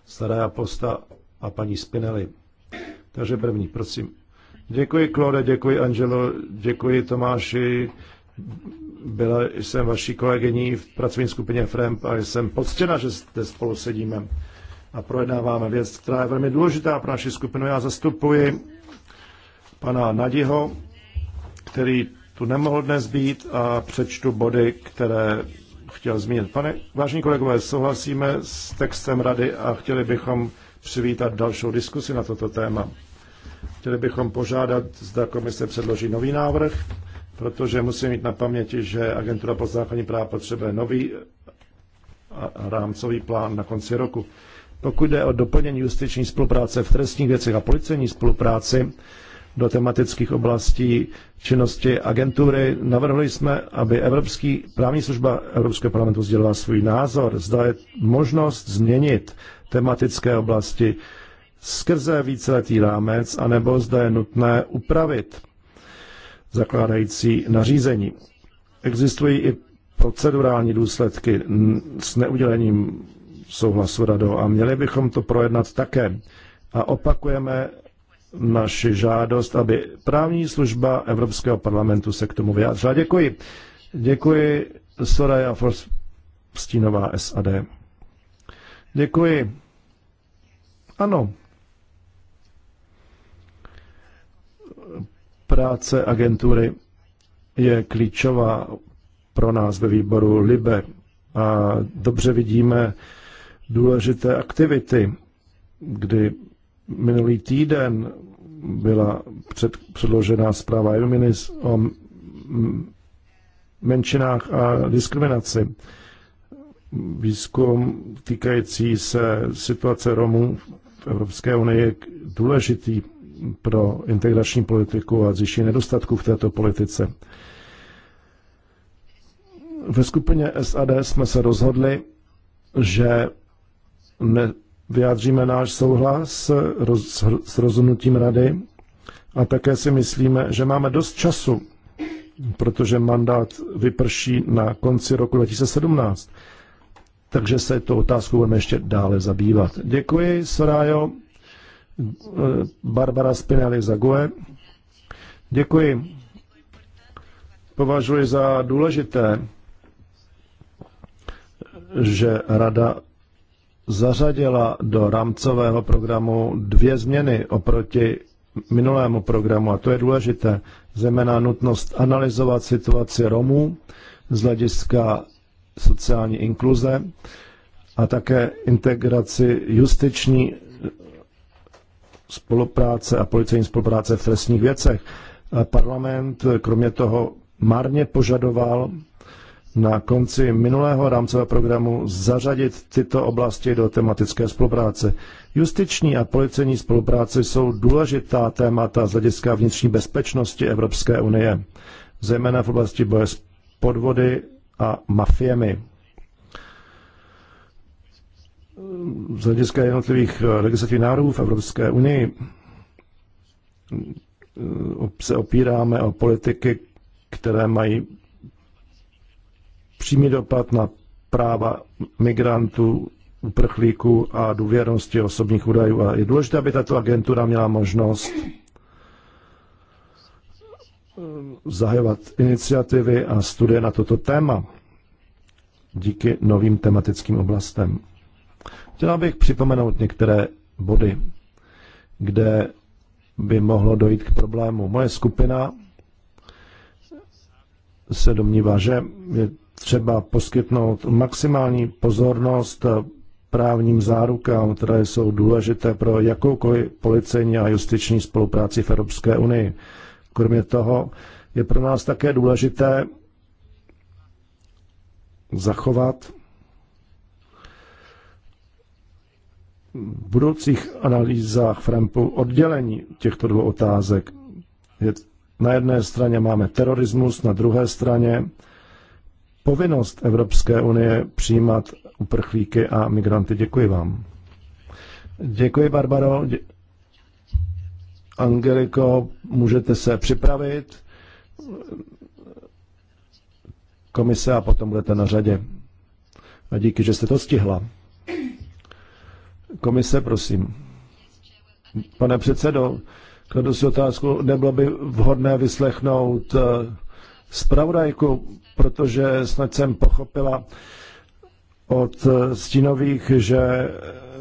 Stará Posta a paní Spinelli. Takže první, prosím. Děkuji, Klode, děkuji, Angelo, děkuji, Tomáši. Byla jsem vaší kolegyní v pracovní skupině FREMP a jsem poctěna, že zde spolu sedíme a projednáváme věc, která je velmi důležitá pro naši skupinu. Já zastupuji pana Nadiho, který tu nemohl dnes být a přečtu body, které chtěl zmínit. Pane, vážení kolegové, souhlasíme s textem rady a chtěli bychom přivítat další diskusi na toto téma. Chtěli bychom požádat, zda komise předloží nový návrh, protože musíme mít na paměti, že Agentura pro základní práva potřebuje nový eh, rámcový plán na konci roku. Pokud jde o doplnění justiční spolupráce v trestních věcech a policejní spolupráci, do tematických oblastí činnosti agentury. Navrhli jsme, aby Evropský, právní služba Evropského parlamentu sdělila svůj názor. Zda je možnost změnit tematické oblasti skrze víceletý rámec, anebo zda je nutné upravit zakládající nařízení. Existují i procedurální důsledky s neudělením souhlasu radou a měli bychom to projednat také. A opakujeme naši žádost, aby právní služba Evropského parlamentu se k tomu vyjádřila. Děkuji. Děkuji Soraya Forstínová SAD. Děkuji. Ano. Práce agentury je klíčová pro nás ve výboru LIBE a dobře vidíme důležité aktivity, kdy Minulý týden byla před, předložena zpráva Illuminis o menšinách a diskriminaci. Výzkum týkající se situace Romů v Evropské unii je důležitý pro integrační politiku a zjištění nedostatků v této politice. Ve skupině SAD jsme se rozhodli, že ne, vyjádříme náš souhlas roz, s rozhodnutím rady a také si myslíme, že máme dost času, protože mandát vyprší na konci roku 2017. Takže se to otázku budeme ještě dále zabývat. Děkuji, Sorájo. Barbara Spinelli za GUE. Děkuji. Považuji za důležité, že Rada zařadila do rámcového programu dvě změny oproti minulému programu, a to je důležité, zejména nutnost analyzovat situaci Romů z hlediska sociální inkluze a také integraci justiční spolupráce a policejní spolupráce v trestních věcech. Parlament kromě toho marně požadoval na konci minulého rámcového programu zařadit tyto oblasti do tematické spolupráce. Justiční a policejní spolupráce jsou důležitá témata z hlediska vnitřní bezpečnosti Evropské unie, zejména v oblasti boje s podvody a mafiemi. Z hlediska jednotlivých legislativních návrhů v Evropské unii mm, se opíráme o politiky, které mají přímý dopad na práva migrantů, uprchlíků a důvěrnosti osobních údajů. A je důležité, aby tato agentura měla možnost eh, zahajovat iniciativy a studie na toto téma díky novým tematickým oblastem. Chtěla bych připomenout některé body, kde by mohlo dojít k problému. Moje skupina se domnívá, že je třeba poskytnout maximální pozornost právním zárukám, které jsou důležité pro jakoukoliv policejní a justiční spolupráci v Evropské unii. Kromě toho je pro nás také důležité zachovat v budoucích analýzách Frampu oddělení těchto dvou otázek. Je, na jedné straně máme terorismus, na druhé straně povinnost Evropské unie přijímat uprchlíky a migranty. Děkuji vám. Děkuji, Barbaro. Dě- Angeliko, můžete se připravit. Komise a potom budete na řadě. A díky, že jste to stihla. Komise, prosím. Pane předsedo, kladu si otázku, nebylo by vhodné vyslechnout eh, zpravodajku protože snad jsem pochopila od stínových, že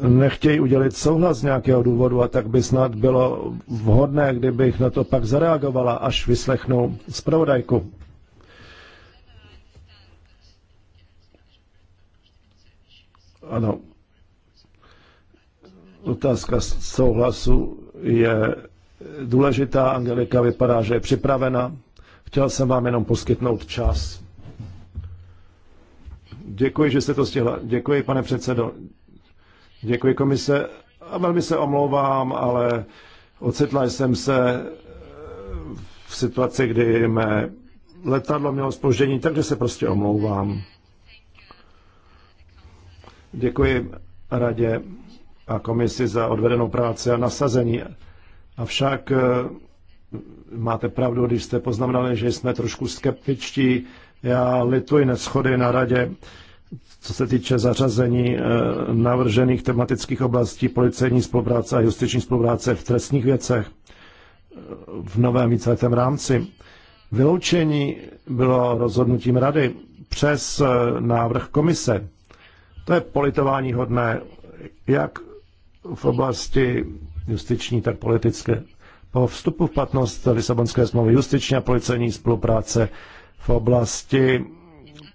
nechtějí udělit souhlas z nějakého důvodu a tak by snad bylo vhodné, kdybych na to pak zareagovala, až vyslechnou zpravodajku. Ano. Otázka souhlasu je důležitá. Angelika vypadá, že je připravena. Chtěl jsem vám jenom poskytnout čas. Děkuji, že jste to stihla. Děkuji, pane předsedo. Děkuji komise. A velmi se omlouvám, ale ocitla jsem se eh, v situaci, kdy mé letadlo mělo spoždění, takže se prostě omlouvám. Děkuji radě a komisi za odvedenou práci a nasazení. Avšak eh, máte pravdu, když jste poznamenali, že jsme trošku skeptičtí já lituji neschody na radě, co se týče zařazení eh, navržených tematických oblastí policejní spolupráce a justiční spolupráce v trestních věcech eh, v novém víceletém rámci. Vyloučení bylo rozhodnutím rady přes eh, návrh komise. To je politování hodné, jak v oblasti justiční, tak politické. Po vstupu v platnost Lisabonské smlouvy justiční a policejní spolupráce v oblasti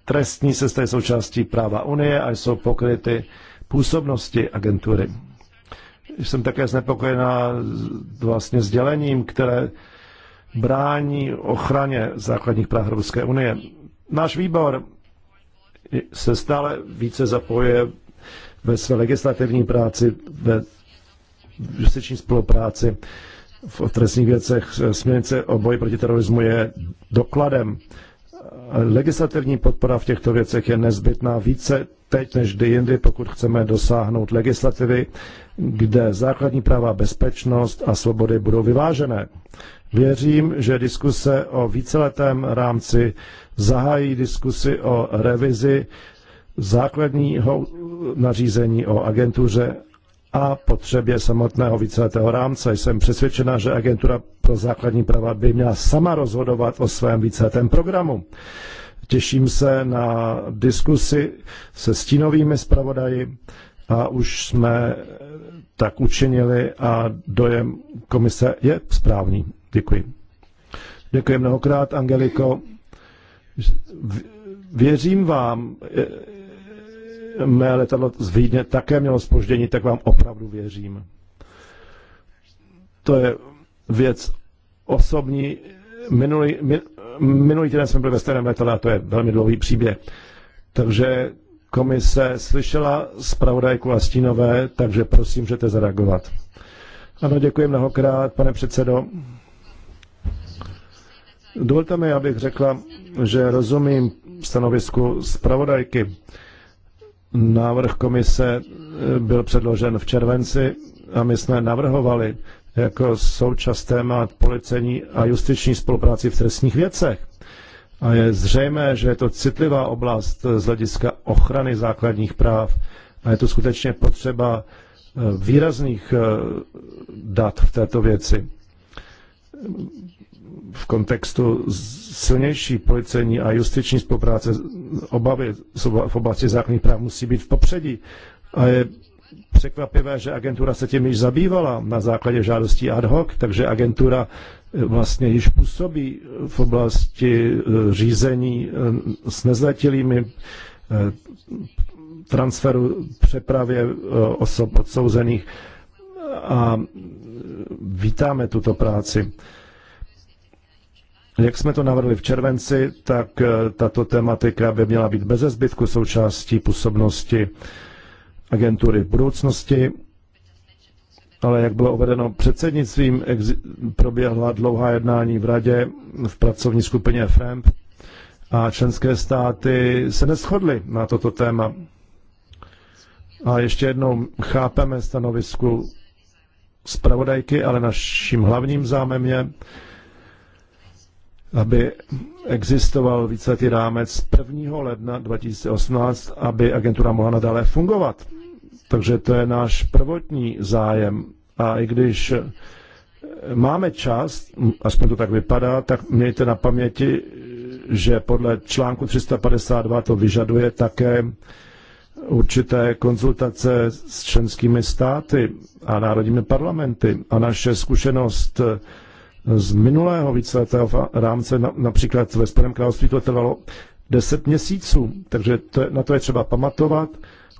trestní se stají součástí práva Unie a jsou pokryty působnosti agentury. Jsem také znepokojená vlastně sdělením, které brání ochraně základních práv Evropské unie. Náš výbor se stále více zapojuje ve své legislativní práci, ve justiční spolupráci v trestních věcech. Směrnice o boji proti terorismu je dokladem legislativní podpora v těchto věcech je nezbytná více teď než kdy jindy, pokud chceme dosáhnout legislativy, kde základní práva, bezpečnost a svobody budou vyvážené. Věřím, že diskuse o víceletém rámci zahájí diskusi o revizi základního nařízení o agentuře a potřebě samotného víceletého rámce. Jsem přesvědčena, že agentura pro základní práva by měla sama rozhodovat o svém víceletém programu. Těším se na diskusi se stínovými zpravodaji a už jsme tak učinili a dojem komise je správný. Děkuji. Děkuji mnohokrát, Angeliko. Věřím vám, mé letadlo z Vídně také mělo spoždění, tak vám opravdu věřím. To je věc osobní. Minulý, min, minulý týden jsme byli ve stejném letadle a to je velmi dlouhý příběh. Takže komise slyšela zpravodajku a stínové, takže prosím, můžete zareagovat. Ano, děkuji mnohokrát, pane předsedo. Dovolte mi, abych řekla, že rozumím stanovisku zpravodajky Návrh komise eh, byl předložen v červenci a my jsme navrhovali jako součást témat policejní a justiční spolupráci v trestních věcech. A je zřejmé, že je to citlivá oblast z hlediska ochrany základních práv a je tu skutečně potřeba eh, výrazných eh, dat v této věci v kontextu silnější policejní a justiční spolupráce obavy v oblasti základních práv musí být v popředí. A je překvapivé, že agentura se tím již zabývala na základě žádostí ad hoc, takže agentura eh, vlastně již působí v oblasti eh, řízení eh, s nezletilými, transferu, přepravě osob odsouzených a vítáme tuto práci. Jak jsme to navrhli v červenci, tak eh, tato tematika by měla být bez zbytku součástí působnosti agentury v budoucnosti. Ale jak bylo uvedeno předsednictvím, proběhla dlouhá jednání v radě v pracovní skupině FEMP a členské státy se neschodly na toto téma. A ještě jednou chápeme stanovisku zpravodajky, ale naším hlavním zámem je, aby existoval víceletý rámec 1. ledna 2018, aby agentura mohla nadále fungovat. Takže to je náš prvotní zájem. A i když máme čas, aspoň to tak vypadá, tak mějte na paměti, že podle článku 352 to vyžaduje také určité konzultace s členskými státy a národními parlamenty. A naše zkušenost z minulého víceletého rámce, například ve Spojeném království to trvalo 10 měsíců, takže to, na to je třeba pamatovat.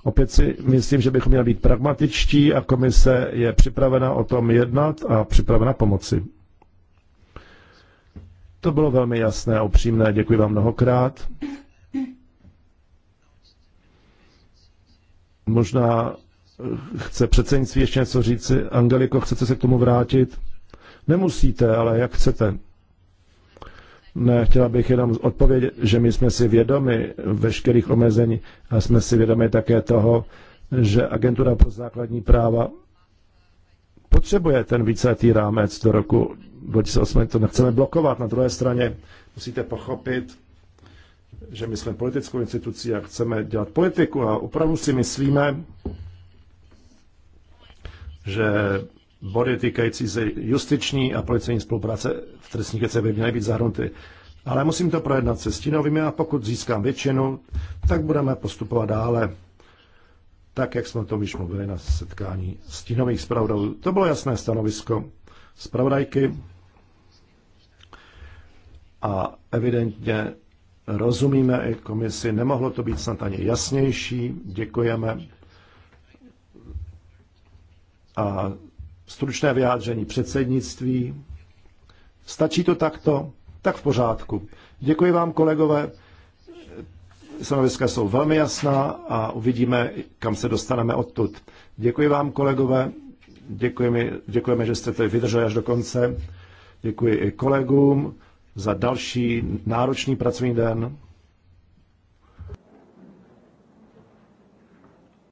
Opět si myslím, že bychom měli být pragmatičtí a komise je připravena o tom jednat a připravena pomoci. To bylo velmi jasné a upřímné. Děkuji vám mnohokrát. Možná eh, chce předsednictví ještě něco říci. Angeliko, chcete se k tomu vrátit? Nemusíte, ale jak chcete. Ne, chtěla bych jenom odpovědět, že my jsme si vědomi veškerých omezení a jsme si vědomi také toho, že Agentura pro základní práva potřebuje ten víceletý rámec do roku 2008. To nechceme blokovat. Na druhé straně musíte pochopit, že my jsme politickou institucí a chceme dělat politiku a opravdu si myslíme, že body týkající se justiční a policejní spolupráce v trestních věcech by měly být zahrnuty. Ale musím to projednat se stínovými a pokud získám většinu, tak budeme postupovat dále. Tak, jak jsme o tom již mluvili na setkání stínových zpravodajů. To bylo jasné stanovisko zpravodajky a evidentně rozumíme i komisi. Nemohlo to být snad ani jasnější. Děkujeme. A stručné vyjádření předsednictví. Stačí to takto? Tak v pořádku. Děkuji vám, kolegové. Stanoviska jsou velmi jasná a uvidíme, kam se dostaneme odtud. Děkuji vám, kolegové. Děkujeme, děkujeme že jste to vydrželi až do konce. Děkuji i kolegům za další náročný pracovní den.